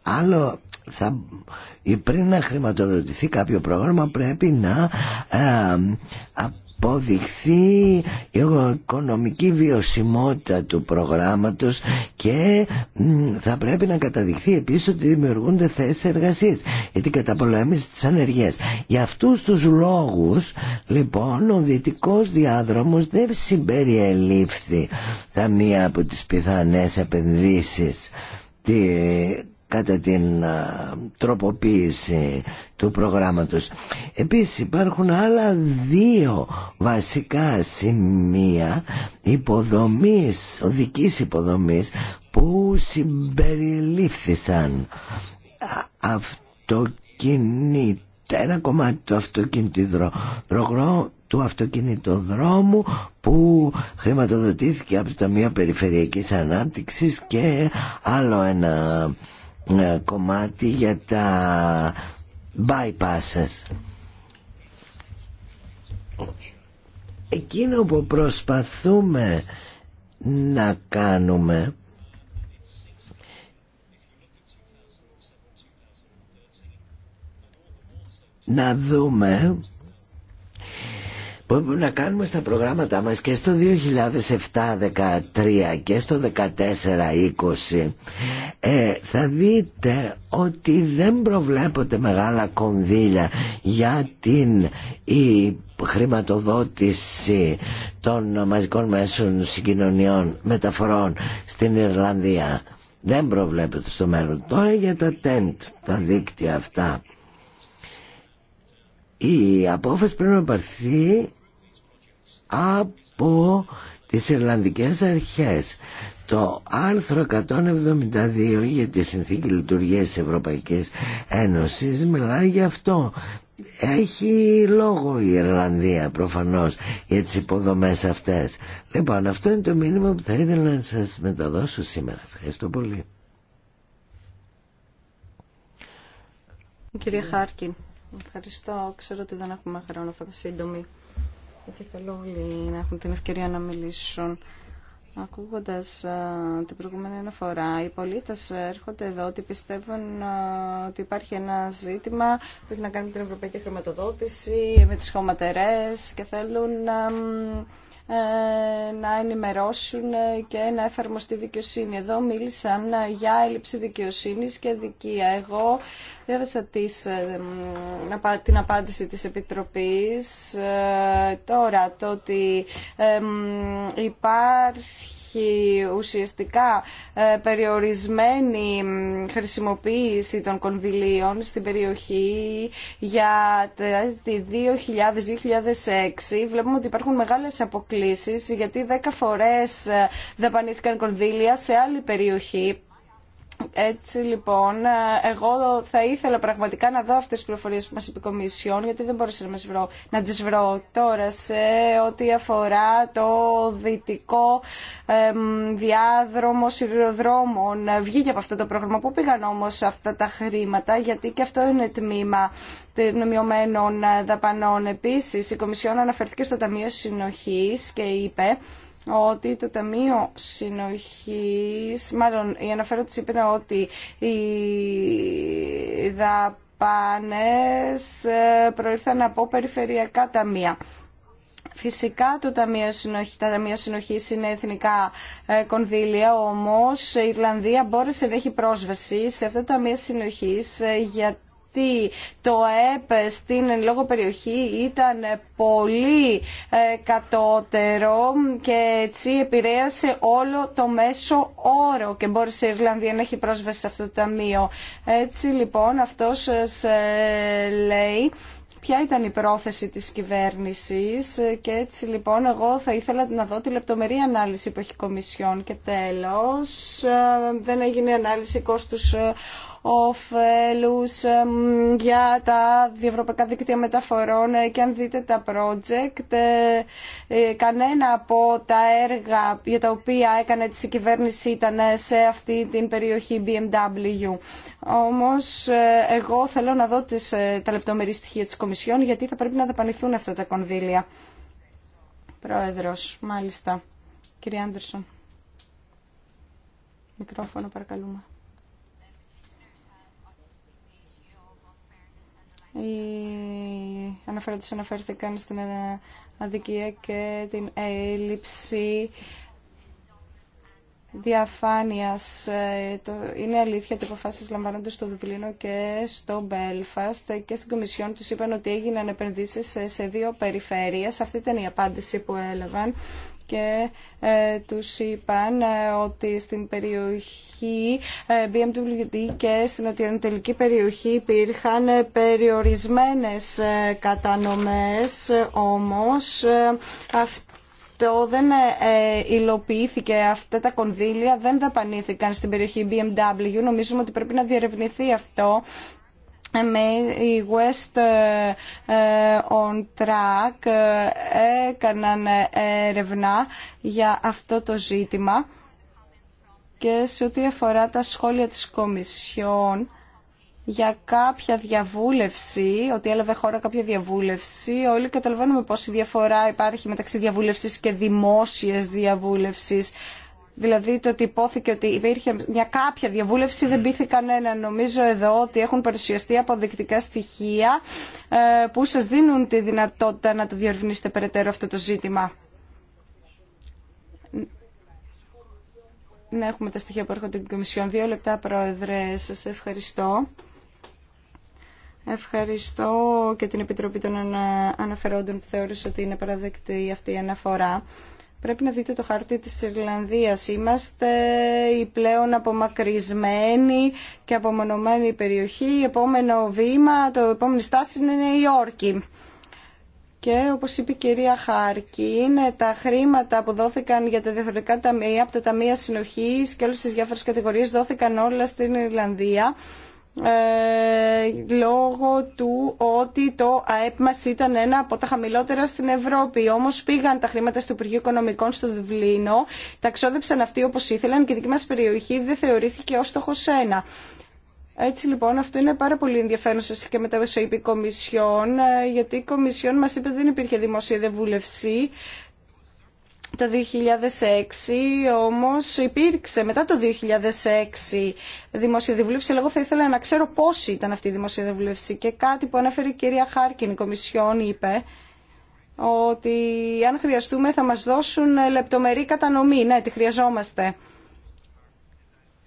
άλλο θα ή πριν να χρηματοδοτηθεί κάποιο πρόγραμμα πρέπει να αποδειχθεί η οικονομική βιωσιμότητα του προγράμματος και θα πρέπει να καταδειχθεί επίσης ότι δημιουργούνται θέσεις εργασίας για την καταπολέμηση της ανεργίας. Για αυτούς τους λόγους λοιπόν ο δυτικός διάδρομος δεν συμπεριελήφθη τα μία από τις πιθανές επενδύσεις κατά την τροποποίηση του προγράμματος. Επίσης υπάρχουν άλλα δύο βασικά σημεία υποδομής, οδικής υποδομής που συμπεριλήφθησαν αυτοκινήτων ένα κομμάτι του αυτοκινητοδρόμου του αυτοκινητοδρόμου που χρηματοδοτήθηκε από το Ταμείο Περιφερειακής Ανάπτυξης και άλλο ένα ε, κομμάτι για τα bypasses. Εκείνο που προσπαθούμε να κάνουμε να δούμε μπορούμε να κάνουμε στα προγράμματά μας και στο 2007 2013 και στο 2014 2020 ε, θα δείτε ότι δεν προβλέπονται μεγάλα κονδύλια για την χρηματοδότηση των μαζικών μέσων συγκοινωνιών μεταφορών στην Ιρλανδία. Δεν προβλέπεται στο μέλλον. Τώρα για τα τέντ, τα δίκτυα αυτά. Η απόφαση πρέπει να πάρθει από τις Ιρλανδικές Αρχές. Το άρθρο 172 για τη Συνθήκη Λειτουργίας της Ευρωπαϊκής Ένωσης μιλάει γι' αυτό. Έχει λόγο η Ιρλανδία προφανώς για τις υποδομές αυτές. Λοιπόν, αυτό είναι το μήνυμα που θα ήθελα να σας μεταδώσω σήμερα. Ευχαριστώ πολύ. Κύριε Χάρκιν, ευχαριστώ. Ξέρω ότι δεν έχουμε χρόνο, θα σύντομη γιατί θέλω όλοι να έχουν την ευκαιρία να μιλήσουν. Ακούγοντα την προηγούμενη αναφορά, οι πολίτε έρχονται εδώ ότι πιστεύουν ότι υπάρχει ένα ζήτημα που έχει να κάνει με την ευρωπαϊκή χρηματοδότηση, με τι χωματερέ και θέλουν ε, να ενημερώσουν και να εφαρμοστεί δικαιοσύνη. Εδώ μίλησαν για έλλειψη δικαιοσύνης και δικία. Εγώ διάβασα ε, την απάντηση της Επιτροπής ε, τώρα το ότι υπάρχει υπάρχει ουσιαστικά ε, περιορισμένη χρησιμοποίηση των κονδυλίων στην περιοχή για τη 2000-2006. Βλέπουμε ότι υπάρχουν μεγάλες αποκλήσεις γιατί 10 φορές ε, δαπανήθηκαν κονδύλια σε άλλη περιοχή έτσι λοιπόν, εγώ θα ήθελα πραγματικά να δω αυτές τις πληροφορίες που μας είπε η Κομισιόν, γιατί δεν μπορούσα να, βρω, τις βρω τώρα σε ό,τι αφορά το δυτικό διάδρομο σιδηροδρόμων. Βγήκε από αυτό το πρόγραμμα. Πού πήγαν όμως αυτά τα χρήματα, γιατί και αυτό είναι τμήμα των μειωμένων δαπανών. Επίσης, η Κομισιόν αναφερθήκε στο Ταμείο Συνοχής και είπε ότι το Ταμείο Συνοχής, μάλλον η της είπε ότι οι δαπάνες ε, προήρθαν από περιφερειακά ταμεία. Φυσικά το ταμείο συνοχή, τα ταμεία συνοχή είναι εθνικά ε, κονδύλια, όμως η Ιρλανδία μπόρεσε να έχει πρόσβαση σε αυτά τα ταμεία συνοχή ε, για το ΕΠ στην λόγω περιοχή ήταν πολύ ε, κατώτερο και έτσι επηρέασε όλο το μέσο όρο και μπόρεσε η Ιρλανδία να έχει πρόσβαση σε αυτό το ταμείο. Έτσι λοιπόν αυτό σας ε, λέει ποια ήταν η πρόθεση της κυβέρνησης και έτσι λοιπόν εγώ θα ήθελα να δω τη λεπτομερή ανάλυση που έχει η Κομισιόν και τέλος ε, δεν έγινε ανάλυση κόστους ωφέλους για τα διευρωπαϊκά δίκτυα μεταφορών ε, και αν δείτε τα project, ε, ε, κανένα από τα έργα για τα οποία έκανε τη κυβέρνηση ήταν σε αυτή την περιοχή BMW. Όμως εγώ θέλω να δω τις, τα λεπτομερή στοιχεία της Κομισιόν γιατί θα πρέπει να δαπανηθούν αυτά τα κονδύλια. Πρόεδρος, μάλιστα. Κύριε Άντερσον. Μικρόφωνο παρακαλούμε. οι αναφέροντες αναφέρθηκαν στην αδικία και την έλλειψη διαφάνειας. Ε, είναι αλήθεια ότι αποφάσεις λαμβάνονται στο Δουβλίνο και στο Μπέλφαστ και στην Κομισιόν τους είπαν ότι έγιναν επενδύσεις σε δύο περιφέρειες. Αυτή ήταν η απάντηση που έλαβαν και ε, τους είπαν ε, ότι στην περιοχή ε, BMWD και στην νοτιοανατολική περιοχή υπήρχαν περιορισμένες κατανομές, όμως αυτό δεν υλοποιήθηκε, αυτά τα κονδύλια δεν δαπανήθηκαν στην περιοχή BMW. Νομίζουμε ότι πρέπει να διερευνηθεί αυτό η West ε, ε, on Track ε, έκαναν έρευνα για αυτό το ζήτημα και σε ό,τι αφορά τα σχόλια της Κομισιόν για κάποια διαβούλευση, ότι έλαβε χώρα κάποια διαβούλευση, όλοι καταλαβαίνουμε πόση διαφορά υπάρχει μεταξύ διαβούλευσης και δημόσιας διαβούλευσης. Δηλαδή το ότι υπόθηκε ότι υπήρχε μια κάποια διαβούλευση δεν πήθη κανένα. Νομίζω εδώ ότι έχουν παρουσιαστεί αποδεικτικά στοιχεία ε, που σας δίνουν τη δυνατότητα να το διερευνήσετε περαιτέρω αυτό το ζήτημα. Να έχουμε τα στοιχεία που έρχονται την Κομισιόν. Δύο λεπτά, Πρόεδρε. Σας ευχαριστώ. Ευχαριστώ και την Επιτροπή των Αναφερόντων που θεώρησε ότι είναι παραδεκτή αυτή η αναφορά. Πρέπει να δείτε το χαρτί της Ιρλανδίας. Είμαστε η πλέον απομακρυσμένη και απομονωμένη περιοχή. Επόμενο βήμα, το επόμενη στάση είναι η Νέα Υόρκη. Και όπως είπε η κυρία Χάρκη, είναι τα χρήματα που δόθηκαν για τα διαφορετικά ταμεία, από τα ταμεία συνοχής και όλες τις διάφορες κατηγορίες δόθηκαν όλα στην Ιρλανδία ε, λόγω του ότι το ΑΕΠ μα ήταν ένα από τα χαμηλότερα στην Ευρώπη. Όμως πήγαν τα χρήματα στο Υπουργείο Οικονομικών στο Δουβλίνο, τα ξόδεψαν αυτοί όπως ήθελαν και η δική μα περιοχή δεν θεωρήθηκε ως το ένα. Έτσι λοιπόν αυτό είναι πάρα πολύ ενδιαφέρον σα και μετά όσο είπε η Κομισιόν, ε, γιατί η Κομισιόν μα είπε ότι δεν υπήρχε δημοσία δεβούλευση το 2006 όμως υπήρξε, μετά το 2006, δημοσιοδηβλήψη. Εγώ θα ήθελα να ξέρω πώς ήταν αυτή η δημοσιοδηβλήψη και κάτι που ανέφερε η κυρία Χάρκιν, η Κομισιόν, είπε ότι αν χρειαστούμε θα μας δώσουν λεπτομερή κατανομή. Ναι, τη χρειαζόμαστε.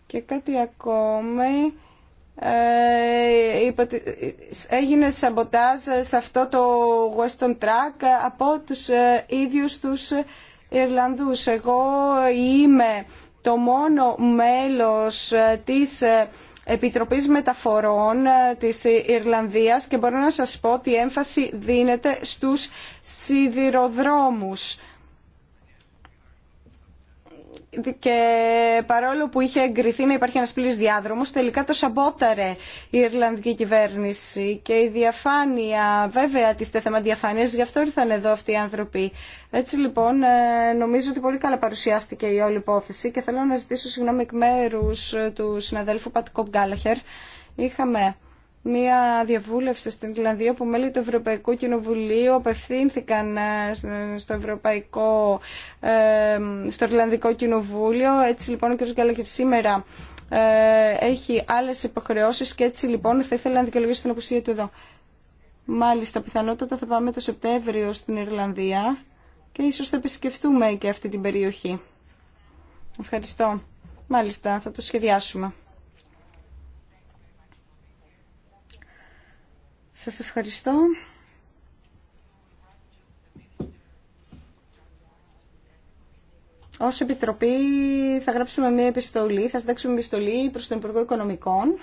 Και κάτι ακόμη. Ε, έγινε σαμποτάζ σε αυτό το Western Track από τους ε, ίδιους τους Ιρλανδούς. Εγώ είμαι το μόνο μέλος της Επιτροπής Μεταφορών της Ιρλανδίας και μπορώ να σας πω ότι η έμφαση δίνεται στους σιδηροδρόμους και παρόλο που είχε εγκριθεί να υπάρχει ένας πλήρης διάδρομος, τελικά το σαμπόταρε η Ιρλανδική κυβέρνηση και η διαφάνεια, βέβαια τίθεται θέμα διαφάνειας, γι' αυτό ήρθαν εδώ αυτοί οι άνθρωποι. Έτσι λοιπόν ε, νομίζω ότι πολύ καλά παρουσιάστηκε η όλη υπόθεση και θέλω να ζητήσω συγγνώμη εκ μέρου του συναδέλφου Πατ Κομπ Γκάλαχερ. Είχαμε μια διαβούλευση στην Ιρλανδία που μέλη του Ευρωπαϊκού Κοινοβουλίου απευθύνθηκαν ε, στο Ευρωπαϊκό, ε, στο Ιρλανδικό Κοινοβούλιο. Έτσι λοιπόν ο κ. και σήμερα ε, έχει άλλες υποχρεώσεις και έτσι λοιπόν θα ήθελα να δικαιολογήσω την απουσία του εδώ. Μάλιστα, πιθανότατα θα πάμε το Σεπτέμβριο στην Ιρλανδία και ίσως θα επισκεφτούμε και αυτή την περιοχή. Ευχαριστώ. Μάλιστα, θα το σχεδιάσουμε. Σας ευχαριστώ. Ως Επιτροπή θα γράψουμε μια επιστολή, θα συντάξουμε μια επιστολή προς τον Υπουργό Οικονομικών.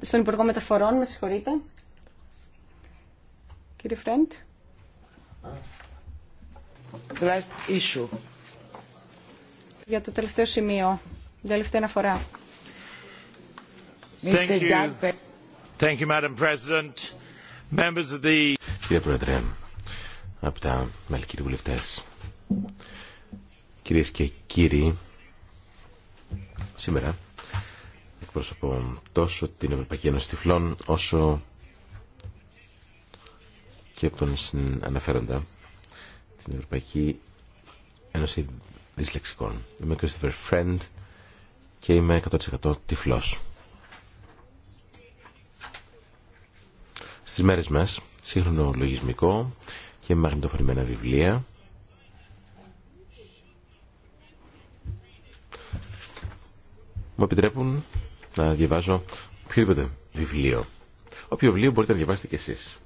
Στον Υπουργό Μεταφορών, με συγχωρείτε. Κύριε Φρέντ. The last issue για το τελευταίο σημείο, την τελευταία αναφορά. Κύριε Πρόεδρε, από τα μελικοί βουλευτές, κυρίες και κύριοι, σήμερα εκπροσωπώ τόσο την Ευρωπαϊκή Ένωση Τυφλών όσο και από τον αναφέροντα την Ευρωπαϊκή Ένωση δυσλεξικών. Είμαι ο Christopher Friend και είμαι 100% τυφλός. Στις μέρες μας, σύγχρονο λογισμικό και μαγνητοφορημένα βιβλία μου επιτρέπουν να διαβάζω οποιοδήποτε βιβλίο. Όποιο βιβλίο μπορείτε να διαβάσετε κι εσείς.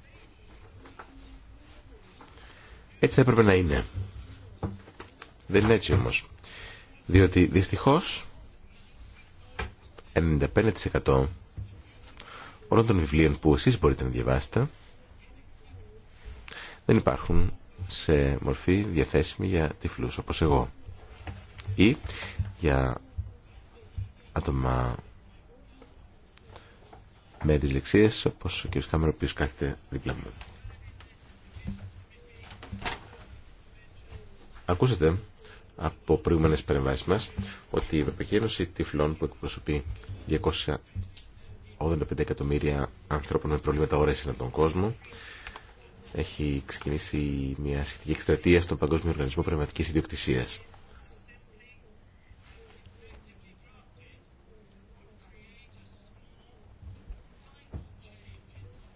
Έτσι θα έπρεπε να είναι. Δεν είναι έτσι όμως. Διότι δυστυχώς 95% όλων των βιβλίων που εσείς μπορείτε να διαβάσετε δεν υπάρχουν σε μορφή διαθέσιμη για τυφλούς όπως εγώ ή για άτομα με δυσλεξίες όπως ο κ. Κάμερο ο οποίος κάθεται δίπλα μου. Ακούσατε από προηγούμενε παρεμβάσει μα ότι η Ευρωπαϊκή Ένωση Τυφλών που εκπροσωπεί 285 εκατομμύρια ανθρώπων με προβλήματα ώρες εναν τον κόσμο έχει ξεκινήσει μια σχετική εκστρατεία στον Παγκόσμιο Οργανισμό Πνευματική Ιδιοκτησίας.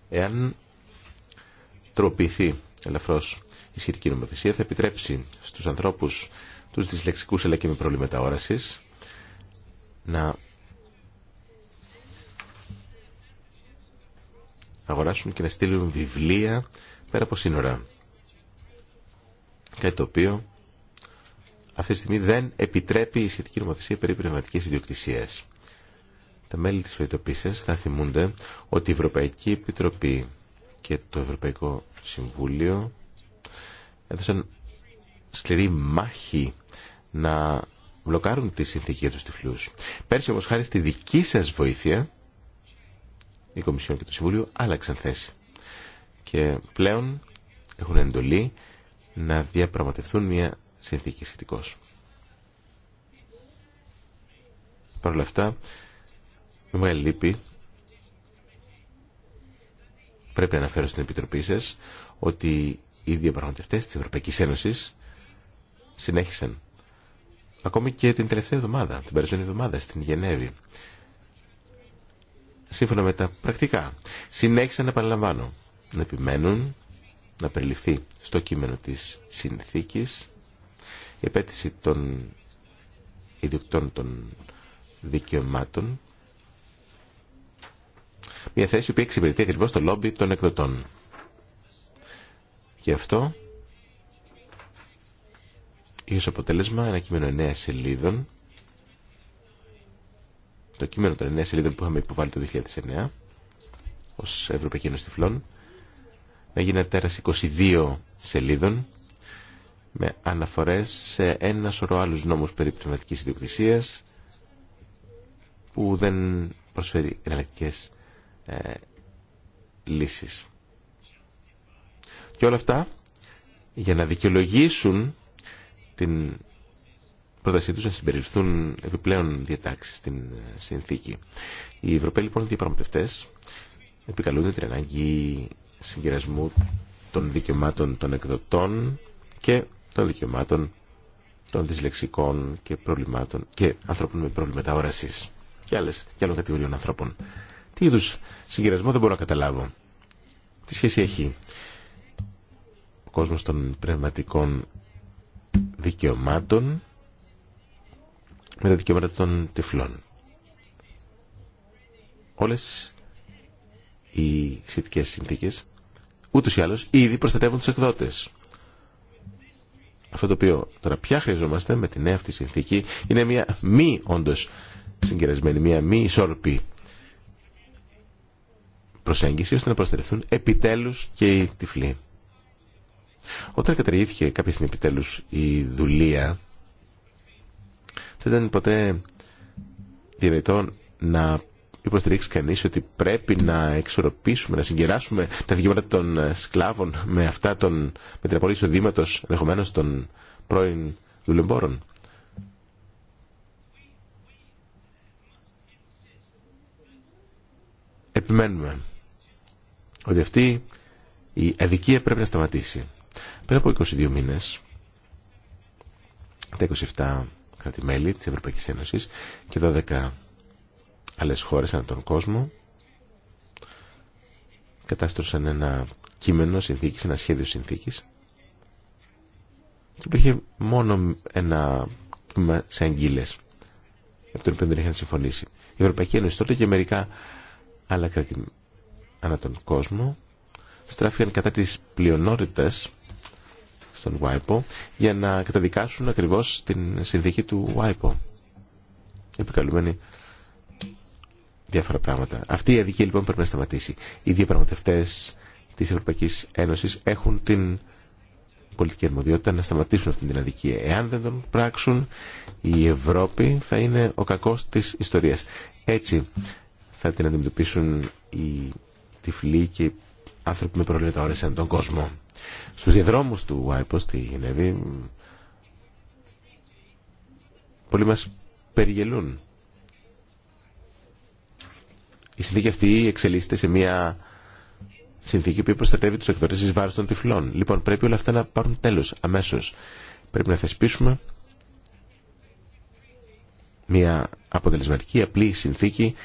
Εάν τροποποιηθεί ελαφρώς η σχετική νομοθεσία θα επιτρέψει στους ανθρώπους τους δυσλεξικούς αλλά και με προβλήματα όρασης να αγοράσουν και να στείλουν βιβλία πέρα από σύνορα. Κάτι το οποίο αυτή τη στιγμή δεν επιτρέπει η σχετική νομοθεσία περί πνευματικής ιδιοκτησίας. Τα μέλη της Φοιτοποίησης θα θυμούνται ότι η Ευρωπαϊκή Επιτροπή και το Ευρωπαϊκό Συμβούλιο έδωσαν σκληρή μάχη να μπλοκάρουν τη συνθήκη για τους τυφλούς. Πέρσι όμως χάρη στη δική σας βοήθεια η Κομισιόν και το Συμβούλιο άλλαξαν θέση και πλέον έχουν εντολή να διαπραγματευτούν μια συνθήκη σχετικώ. Παρ' όλα αυτά, με μεγάλη λύπη, πρέπει να αναφέρω στην Επιτροπή σας ότι οι διαπραγματευτές της Ευρωπαϊκής Ένωσης συνέχισαν. Ακόμη και την τελευταία εβδομάδα, την περασμένη εβδομάδα στην Γενέβη. Σύμφωνα με τα πρακτικά, συνέχισαν να επαναλαμβάνω, να επιμένουν να περιληφθεί στο κείμενο της συνθήκης η επέτηση των ιδιοκτών των δικαιωμάτων μια θέση που εξυπηρετεί ακριβώ το λόμπι των εκδοτών. Γι' αυτό Είχε ως αποτέλεσμα ένα κείμενο 9 σελίδων, το κείμενο των 9 σελίδων που είχαμε υποβάλει το 2009, ως Ευρωπαϊκή Ένωση Τυφλών, να γίνει ένα τέρας 22 σελίδων, με αναφορές σε ένα σωρό άλλους νόμους περί πνευματικής ιδιοκτησίας, που δεν προσφέρει εναλλακτικές ε, λύσεις. Και όλα αυτά για να δικαιολογήσουν την πρότασή του να συμπεριληφθούν επιπλέον διατάξει στην ε, συνθήκη. Οι Ευρωπαίοι λοιπόν διαπραγματευτέ επικαλούνται την ανάγκη συγκερασμού των δικαιωμάτων των εκδοτών και των δικαιωμάτων των δυσλεξικών και, προβλημάτων, και ανθρώπων με προβλήματα όραση και, και άλλων κατηγοριών ανθρώπων. Τι είδου συγκερασμό δεν μπορώ να καταλάβω. Τι σχέση έχει ο κόσμος των πνευματικών δικαιωμάτων με τα δικαιώματα των τυφλών. Όλες οι σχετικές συνθήκες ούτως ή άλλως ήδη προστατεύουν τους εκδότες. Αυτό το οποίο τώρα πια χρειαζόμαστε με την νέα αυτή συνθήκη είναι μια μη όντως συγκερασμένη, μια μη ισόρροπη προσέγγιση ώστε να προστατευτούν επιτέλους και οι τυφλοί. Όταν καταργήθηκε κάποια στιγμή επιτέλου η δουλεία, δεν ήταν ποτέ διανοητό να υποστηρίξει κανεί ότι πρέπει να εξορροπήσουμε, να συγκεράσουμε τα δικαιώματα των σκλάβων με αυτά των, με την απόλυση οδήματο ενδεχομένω των πρώην δουλεμπόρων. Επιμένουμε ότι αυτή η αδικία πρέπει να σταματήσει. Πέρα από 22 μήνε, τα 27 κράτη-μέλη της Ευρωπαϊκής Ένωσης και 12 άλλε χώρε ανά τον κόσμο κατάστρωσαν ένα κείμενο συνθήκη, ένα σχέδιο συνθήκη. Και υπήρχε μόνο ένα κείμενο σε αγγίλε, επρινδέλον είχαν συμφωνήσει. Η Ευρωπαϊκή Ένωση τότε και μερικά ανά τον κόσμο κατάστρωσαν ένα κείμενο συνθηκη ένα σχέδιο συνθηκη και υπήρχε μόνο ένα τμήμα σε αγγίλες από τον οποίο δεν είχαν συμφωνήσει. Η Ευρωπαϊκή Ένωση τότε και μερικά άλλα κράτη ανά τον κόσμο στράφηκαν κατά της πλειονότητας στον Βάιπο για να καταδικάσουν ακριβώς την συνδίκη του Βάιπο. Επικαλούμενοι διάφορα πράγματα. Αυτή η αδικία λοιπόν πρέπει να σταματήσει. Οι διαπραγματευτές της Ευρωπαϊκής Ένωσης έχουν την πολιτική αρμοδιότητα να σταματήσουν αυτή την αδικία. Εάν δεν τον πράξουν, η Ευρώπη θα είναι ο κακός της ιστορίας. Έτσι θα την αντιμετωπίσουν οι τυφλοί και οι άνθρωποι με προβλήματα όρεσαν τον κόσμο στους διαδρόμους του Άιπος στη Γενέβη πολλοί μας περιγελούν. Η συνθήκη αυτή εξελίσσεται σε μια συνθήκη που προστατεύει τους εκδοτές εις βάρος των τυφλών. Λοιπόν, πρέπει όλα αυτά να πάρουν τέλος αμέσως. Πρέπει να θεσπίσουμε μια αποτελεσματική απλή συνθήκη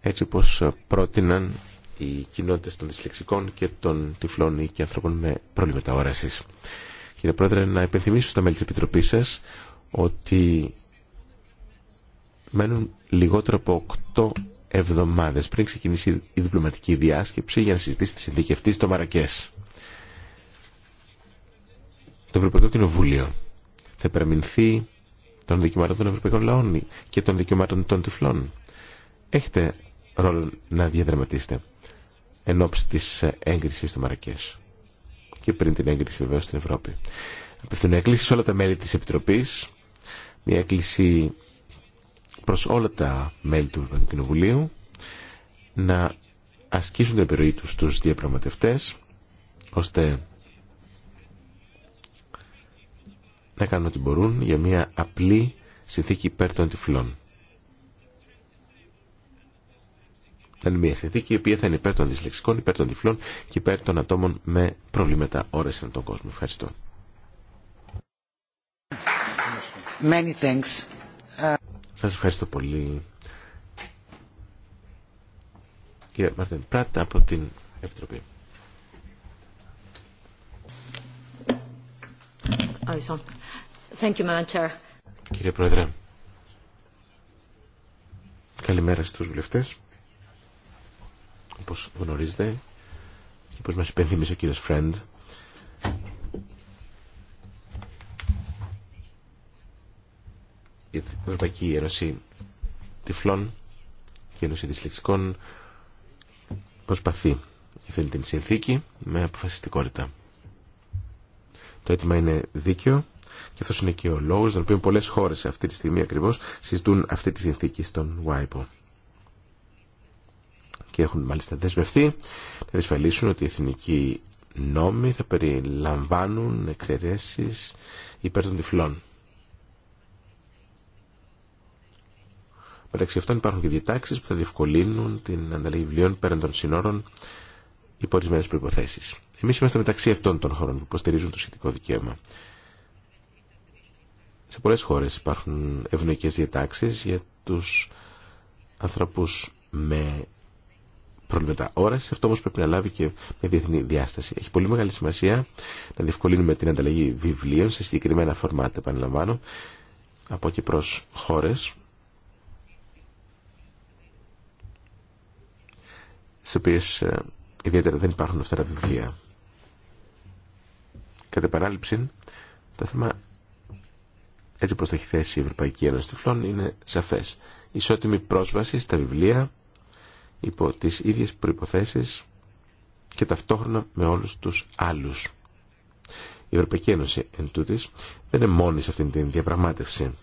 έτσι όπως πρότειναν οι κοινότητε των δυσλεξικών και των τυφλών ή και ανθρώπων με προβλήματα όραση. Κύριε Πρόεδρε, να υπενθυμίσω στα μέλη τη Επιτροπή σα ότι μένουν λιγότερο από 8 εβδομάδες πριν ξεκινήσει η διπλωματική διάσκεψη για να συζητήσει τη συνθήκη αυτή στο Μαρακέ. Το Ευρωπαϊκό Κοινοβούλιο θα υπερμηνθεί των δικαιωμάτων των Ευρωπαϊκών Λαών και των δικαιωμάτων των τυφλών. Έχετε ρόλο να διαδραματίσετε εν ώψη της έγκρισης στο Μαρακές και πριν την έγκριση βεβαίω στην Ευρώπη. Απευθύνω έκκληση σε όλα τα μέλη τη επιτροπή, μια έκκληση προς όλα τα μέλη του Ευρωπαϊκού Κοινοβουλίου να ασκήσουν την επιρροή τους στου διαπραγματευτέ, ώστε να κάνουν ό,τι μπορούν για μια απλή συνθήκη υπέρ των τυφλών. Θα είναι μια συνθήκη η οποία θα είναι υπέρ των δυσλεξικών, υπέρ των τυφλών και υπέρ των ατόμων με προβλήματα όρεση τον κόσμο. Ευχαριστώ. Many Σας ευχαριστώ πολύ. Κύριε Μαρτίν Πράτ από την Επιτροπή. Oh, Κύριε Πρόεδρε, καλημέρα στους βουλευτές όπως γνωρίζετε και όπως μας υπενθύμισε ο κύριος Φρέντ η Ευρωπαϊκή Ένωση Τυφλών και η Ένωση Δυσλεξικών προσπαθεί αυτή την συνθήκη με αποφασιστικότητα. Το αίτημα είναι δίκαιο και αυτό είναι και ο λόγο τον οποίο πολλέ χώρε αυτή τη στιγμή ακριβώ συζητούν αυτή τη συνθήκη στον ＷIPO έχουν μάλιστα δεσμευτεί να δυσφαλίσουν ότι οι εθνικοί νόμοι θα περιλαμβάνουν εξαιρέσεις υπέρ των τυφλών. Μεταξύ αυτών υπάρχουν και διατάξει που θα διευκολύνουν την ανταλλαγή βιβλίων πέραν των συνόρων υπό ορισμένε προποθέσει. Εμεί είμαστε μεταξύ αυτών των χωρών που υποστηρίζουν το σχετικό δικαίωμα. Σε πολλέ χώρε υπάρχουν ευνοϊκέ διατάξει για του ανθρώπου με προβλήματα όραση. Αυτό όμω πρέπει να λάβει και μια διεθνή διάσταση. Έχει πολύ μεγάλη σημασία να διευκολύνουμε την ανταλλαγή βιβλίων σε συγκεκριμένα φορμάτα, επαναλαμβάνω, από και προ χώρε. στι οποίε ε, ιδιαίτερα δεν υπάρχουν αυτά τα βιβλία. Κατά επανάληψη, το θέμα έτσι όπως το έχει θέσει η Ευρωπαϊκή Ένωση Τυφλών είναι σαφέ. Ισότιμη πρόσβαση στα βιβλία υπό τις ίδιες προϋποθέσεις και ταυτόχρονα με όλους τους άλλους. Η Ευρωπαϊκή Ένωση εν τούτης, δεν είναι μόνη σε αυτήν την διαπραγμάτευση.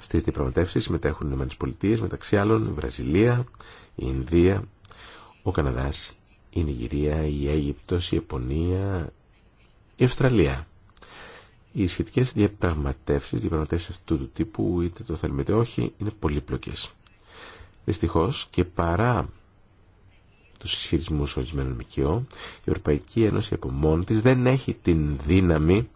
Στις διαπραγματεύσεις συμμετέχουν οι ΗΠΑ, μεταξύ άλλων η Βραζιλία, η Ινδία, ο Καναδάς, η Νιγηρία, η Αίγυπτος, η Ιαπωνία, η Αυστραλία. Οι σχετικές διαπραγματεύσεις, διαπραγματεύσεις αυτού του τύπου, είτε το θέλουμε είτε όχι, είναι πολύπλοκες. Δυστυχώ, και παρά του ισχυρισμού ορισμένων ΜΚΟ, η Ευρωπαϊκή Ένωση από μόνη τη δεν έχει την δύναμη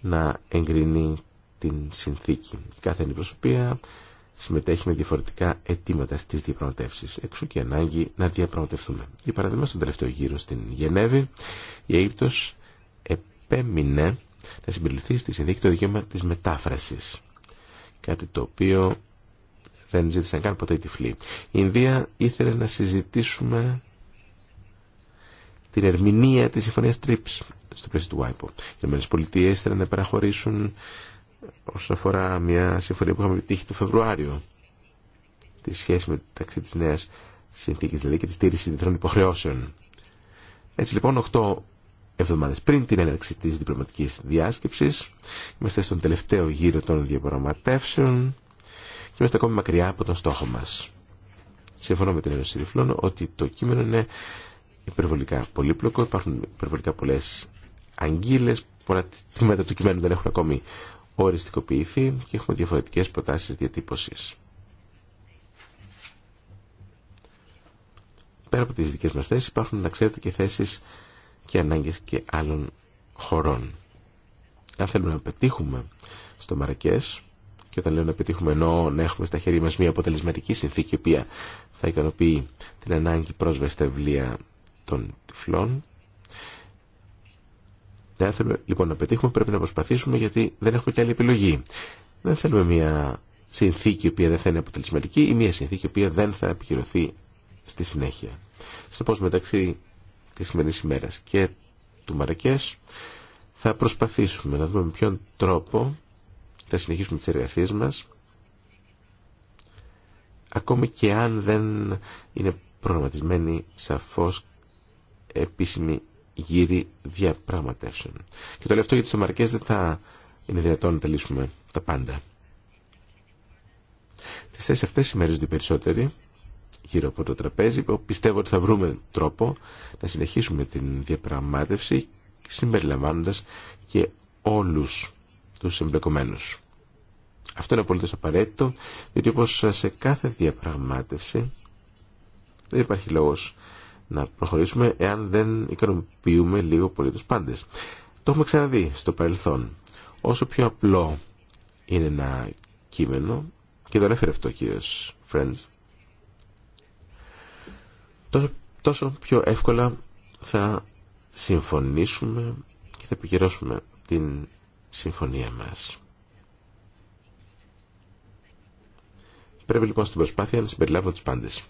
να εγκρίνει την συνθήκη. Κάθε αντιπροσωπεία συμμετέχει με διαφορετικά αιτήματα στι διαπραγματεύσει. Εξού και ανάγκη να διαπραγματευτούμε. Για παράδειγμα, στον τελευταίο γύρο στην Γενέβη, η Αίγυπτο επέμεινε να συμπεριληφθεί στη συνθήκη το δικαίωμα τη μετάφραση. Κάτι το οποίο δεν ζήτησαν καν ποτέ τυφλοί. Η Ινδία ήθελε να συζητήσουμε την ερμηνεία της συμφωνίας TRIPS στο πλαίσιο του WIPO. Οι ΗΠΑ Πολιτείες ήθελαν να παραχωρήσουν όσον αφορά μια συμφωνία που είχαμε επιτύχει το Φεβρουάριο τη σχέση μεταξύ της νέας συνθήκης δηλαδή και τη των διεθνών υποχρεώσεων. Έτσι λοιπόν 8 εβδομάδες πριν την έναρξη της διπλωματικής διάσκεψης είμαστε στον τελευταίο γύρο των διαπραγματεύσεων είμαστε ακόμη μακριά από τον στόχο μα. Συμφωνώ με την Ένωση Τυφλών ότι το κείμενο είναι υπερβολικά πολύπλοκο, υπάρχουν υπερβολικά πολλέ αγγείλε, πολλά τμήματα του κειμένου δεν έχουν ακόμη οριστικοποιηθεί και έχουμε διαφορετικέ προτάσει διατύπωση. Πέρα από τι δικέ μα θέσει υπάρχουν, να ξέρετε, και θέσει και ανάγκε και άλλων χωρών. Αν θέλουμε να πετύχουμε στο Μαρακές, και όταν λέω να πετύχουμε εννοώ να έχουμε στα χέρια μας μια αποτελεσματική συνθήκη η οποία θα ικανοποιεί την ανάγκη πρόσβαση στα βιβλία των τυφλών. Αν θέλουμε λοιπόν να πετύχουμε πρέπει να προσπαθήσουμε γιατί δεν έχουμε και άλλη επιλογή. Δεν θέλουμε μια συνθήκη η οποία δεν θα είναι αποτελεσματική ή μια συνθήκη η οποία δεν θα επικυρωθεί στη συνέχεια. Σε πω μεταξύ της σημερινής ημέρας και του Μαρακές θα προσπαθήσουμε να δούμε με ποιον τρόπο θα συνεχίσουμε τις εργασίες μας ακόμη και αν δεν είναι προγραμματισμένη σαφώς επίσημη γύρι διαπραγματεύσεων. Και το λεφτό για γιατί στο δεν θα είναι δυνατόν να τα λύσουμε τα πάντα. Τις θέσεις αυτές σημερίζονται οι περισσότεροι γύρω από το τραπέζι που πιστεύω ότι θα βρούμε τρόπο να συνεχίσουμε την διαπραγμάτευση συμπεριλαμβάνοντας και όλους τους εμπλεκομένους. Αυτό είναι απολύτως απαραίτητο, διότι όπως σε κάθε διαπραγμάτευση δεν υπάρχει λόγος να προχωρήσουμε εάν δεν ικανοποιούμε λίγο πολύ τους πάντες. Το έχουμε ξαναδεί στο παρελθόν. Όσο πιο απλό είναι ένα κείμενο, και το ανέφερε αυτό κύριος Friends, τόσο, τόσο πιο εύκολα θα συμφωνήσουμε και θα επικυρώσουμε την συμφωνία μας. Πρέπει λοιπόν στην προσπάθεια να συμπεριλάβω τις πάντες.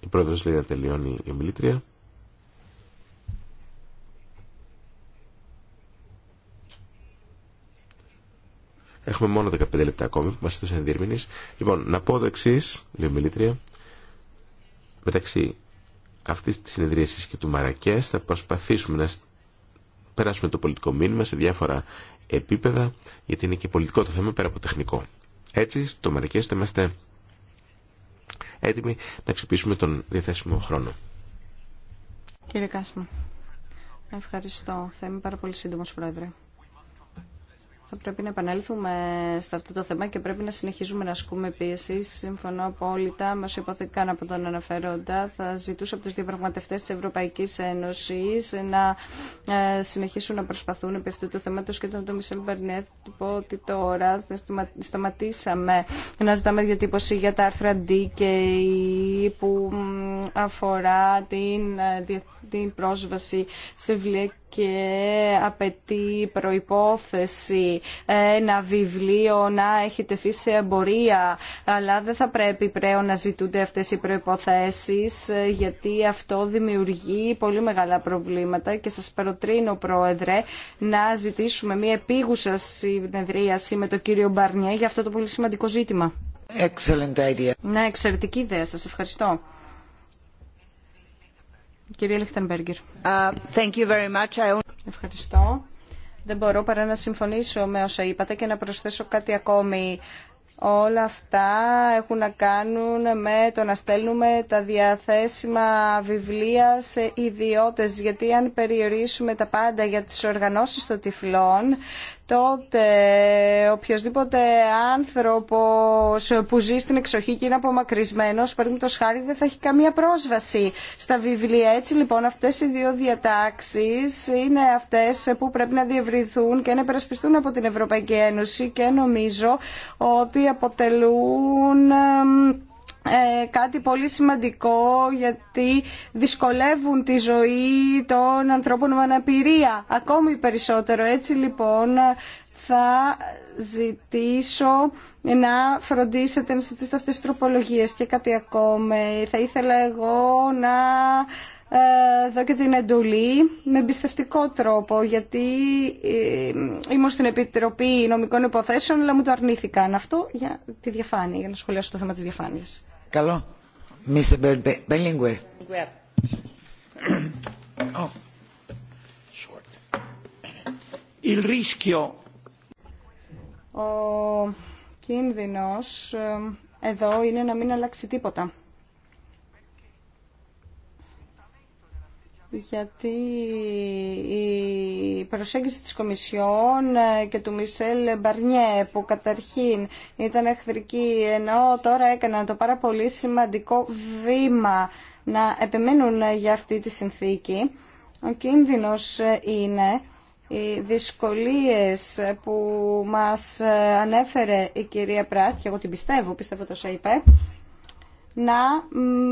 Η πρόεδρος λέει να τελειώνει η ομιλήτρια. Έχουμε μόνο 15 λεπτά ακόμη που μας έδωσαν διερμηνείς. Λοιπόν, να πω το εξή, λέει ομιλήτρια, μεταξύ αυτής της συνεδρίασης και του Μαρακές θα προσπαθήσουμε να περάσουμε το πολιτικό μήνυμα σε διάφορα επίπεδα, γιατί είναι και πολιτικό το θέμα πέρα από τεχνικό. Έτσι, στο Μαρικέστο είμαστε έτοιμοι να ξυπνήσουμε τον διαθέσιμο χρόνο. Κύριε Κάσμα, ευχαριστώ. Θα είμαι πάρα πολύ σύντομος, Πρόεδρε θα πρέπει να επανέλθουμε σε αυτό το θέμα και πρέπει να συνεχίζουμε να ασκούμε πίεση. Συμφωνώ απόλυτα με μας υποθήκαν από τον αναφέροντα. Θα ζητούσα από του διαπραγματευτέ τη Ευρωπαϊκή Ένωση να ε, συνεχίσουν να προσπαθούν επί αυτού του θέματο και τον το Μισελ του πω ότι τώρα θα σταματήσαμε να ζητάμε διατύπωση για τα άρθρα D e που αφορά την ε, διεθνή την πρόσβαση σε βιβλία και απαιτεί προϋπόθεση ένα βιβλίο να έχει τεθεί σε εμπορία αλλά δεν θα πρέπει πλέον να ζητούνται αυτές οι προϋποθέσεις γιατί αυτό δημιουργεί πολύ μεγάλα προβλήματα και σας προτρύνω Πρόεδρε να ζητήσουμε μια επίγουσα συνεδρίαση με τον κύριο Μπαρνιέ για αυτό το πολύ σημαντικό ζήτημα. Ναι, εξαιρετική ιδέα. Σας ευχαριστώ. Κυρία Λιχτενμπέργκερ. Ευχαριστώ. Δεν μπορώ παρά να συμφωνήσω με όσα είπατε και να προσθέσω κάτι ακόμη. Όλα αυτά έχουν να κάνουν με το να στέλνουμε τα διαθέσιμα βιβλία σε ιδιώτες, γιατί αν περιορίσουμε τα πάντα για τις οργανώσεις των τυφλών, τότε οποιοδήποτε άνθρωπος που ζει στην εξοχή και είναι απομακρυσμένος, το χάρη, δεν θα έχει καμία πρόσβαση στα βιβλία. Έτσι λοιπόν αυτές οι δύο διατάξεις είναι αυτές που πρέπει να διευρυνθούν και να υπερασπιστούν από την Ευρωπαϊκή Ένωση και νομίζω ότι αποτελούν ε, κάτι πολύ σημαντικό γιατί δυσκολεύουν τη ζωή των ανθρώπων με αναπηρία ακόμη περισσότερο. Έτσι λοιπόν θα ζητήσω να φροντίσετε να ζητήσετε αυτές τις τροπολογίες και κάτι ακόμα. Θα ήθελα εγώ να ε, δω και την εντολή με εμπιστευτικό τρόπο γιατί ε, ήμουν στην Επιτροπή Νομικών Υποθέσεων αλλά μου το αρνήθηκαν αυτό για τη διαφάνεια, για να σχολιάσω το θέμα της διαφάνειας. Καλό. Oh. Ο κίνδυνος ε, εδώ είναι να μην αλλάξει τίποτα. γιατί η προσέγγιση της Κομισιόν ε, και του Μισελ Μπαρνιέ που καταρχήν ήταν εχθρική ενώ τώρα έκαναν το πάρα πολύ σημαντικό βήμα να επιμένουν για αυτή τη συνθήκη ο κίνδυνος ε, είναι οι δυσκολίες που μας ε, ανέφερε η κυρία Πράτ και εγώ την πιστεύω, πιστεύω το είπε να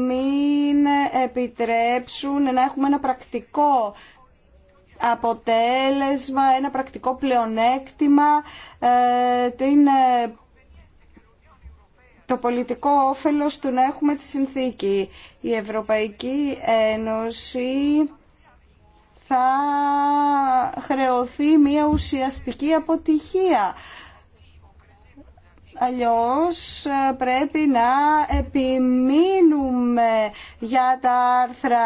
μην επιτρέψουν να έχουμε ένα πρακτικό αποτέλεσμα, ένα πρακτικό πλεονέκτημα, ε, την, ε, το πολιτικό όφελος του να έχουμε τη συνθήκη. Η Ευρωπαϊκή Ένωση θα χρεωθεί μια ουσιαστική αποτυχία Αλλιώς ε, πρέπει να επιμείνουμε για τα άρθρα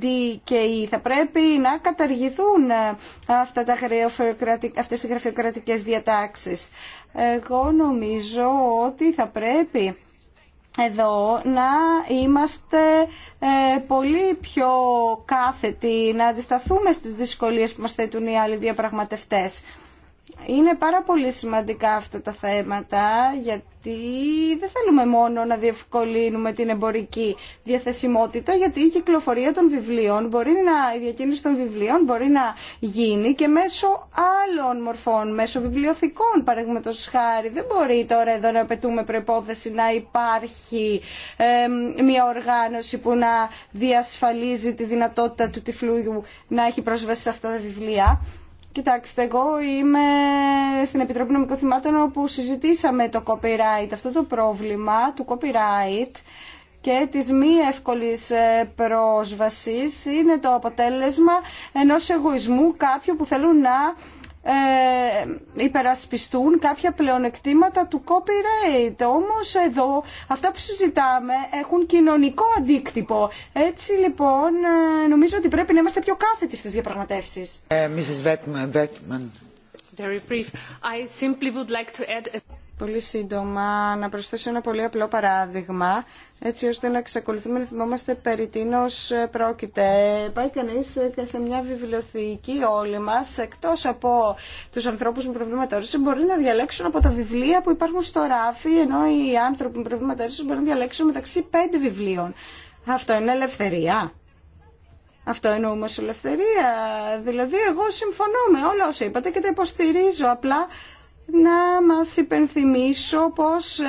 D και E. Θα πρέπει να καταργηθούν ε, αυτά τα αυτές οι γραφειοκρατικές διατάξεις. Εγώ νομίζω ότι θα πρέπει εδώ να είμαστε ε, πολύ πιο κάθετοι, να αντισταθούμε στις δυσκολίες που μας θέτουν οι άλλοι διαπραγματευτές. Είναι πάρα πολύ σημαντικά αυτά τα θέματα γιατί δεν θέλουμε μόνο να διευκολύνουμε την εμπορική διαθεσιμότητα γιατί η κυκλοφορία των βιβλίων, μπορεί να, η διακίνηση των βιβλίων μπορεί να γίνει και μέσω άλλων μορφών, μέσω βιβλιοθηκών παραδείγματο χάρη. Δεν μπορεί τώρα εδώ να απαιτούμε προπόθεση να υπάρχει μια οργάνωση που να διασφαλίζει τη δυνατότητα του τυφλού να έχει πρόσβαση σε αυτά τα βιβλία. Κοιτάξτε, εγώ είμαι στην Επιτροπή Νομικών Θυμάτων όπου συζητήσαμε το copyright, αυτό το πρόβλημα του copyright και της μη εύκολης ε, πρόσβασης είναι το αποτέλεσμα ενός εγωισμού κάποιου που θέλουν να ε, υπερασπιστούν κάποια πλεονεκτήματα του copyright. Όμως εδώ αυτά που συζητάμε έχουν κοινωνικό αντίκτυπο. Έτσι λοιπόν ε, νομίζω ότι πρέπει να είμαστε πιο κάθετοι στις διαπραγματεύσεις. Ε, Mrs. I simply would like to add πολύ σύντομα να προσθέσω ένα πολύ απλό παράδειγμα, έτσι ώστε να εξακολουθούμε να θυμόμαστε περί τίνος πρόκειται. Πάει κανείς σε μια βιβλιοθήκη όλοι μας, εκτός από τους ανθρώπους με προβλήματα όρεση, μπορεί να διαλέξουν από τα βιβλία που υπάρχουν στο ράφι, ενώ οι άνθρωποι με προβλήματα όρεση μπορούν να διαλέξουν μεταξύ πέντε βιβλίων. Αυτό είναι ελευθερία. Αυτό εννοούμε ως ελευθερία. Δηλαδή εγώ συμφωνώ με όλα όσα είπατε και τα υποστηρίζω. Απλά να μας υπενθυμίσω πώς ε,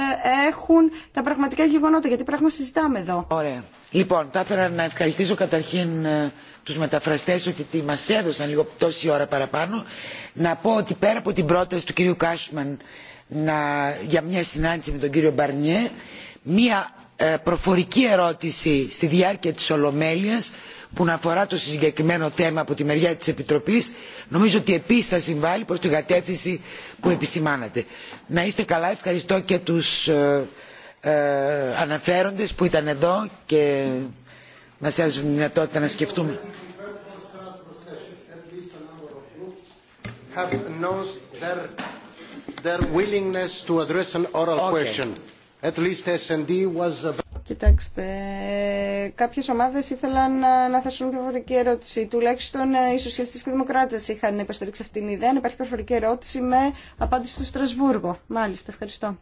έχουν τα πραγματικά γεγονότα, γιατί πράγμα συζητάμε εδώ. Ωραία. Λοιπόν, θα ήθελα να ευχαριστήσω καταρχήν ε, τους μεταφραστές ότι μας έδωσαν λίγο τόση ώρα παραπάνω. Να πω ότι πέρα από την πρόταση του κύριου Κάσμαν να, για μια συνάντηση με τον κύριο Μπαρνιέ, μια ε, προφορική ερώτηση στη διάρκεια της ολομέλειας που να αφορά το συγκεκριμένο θέμα από τη μεριά της επιτροπής νομίζω ότι επίσης θα συμβάλλει προς την κατεύθυνση που επισημάνατε. να είστε καλά ευχαριστώ και τους ε, ε, αναφέροντες που ήταν εδώ και μας έδωσαν δυνατότητα να σκεφτούμε. Κοιτάξτε, κάποιες ομάδες ήθελαν να, θέσουν προφορική ερώτηση. Τουλάχιστον ε, οι σοσιαλιστές και οι δημοκράτες είχαν υποστηρίξει αυτήν την ιδέα. Υπάρχει προφορική ερώτηση με απάντηση στο Στρασβούργο. Μάλιστα, ευχαριστώ.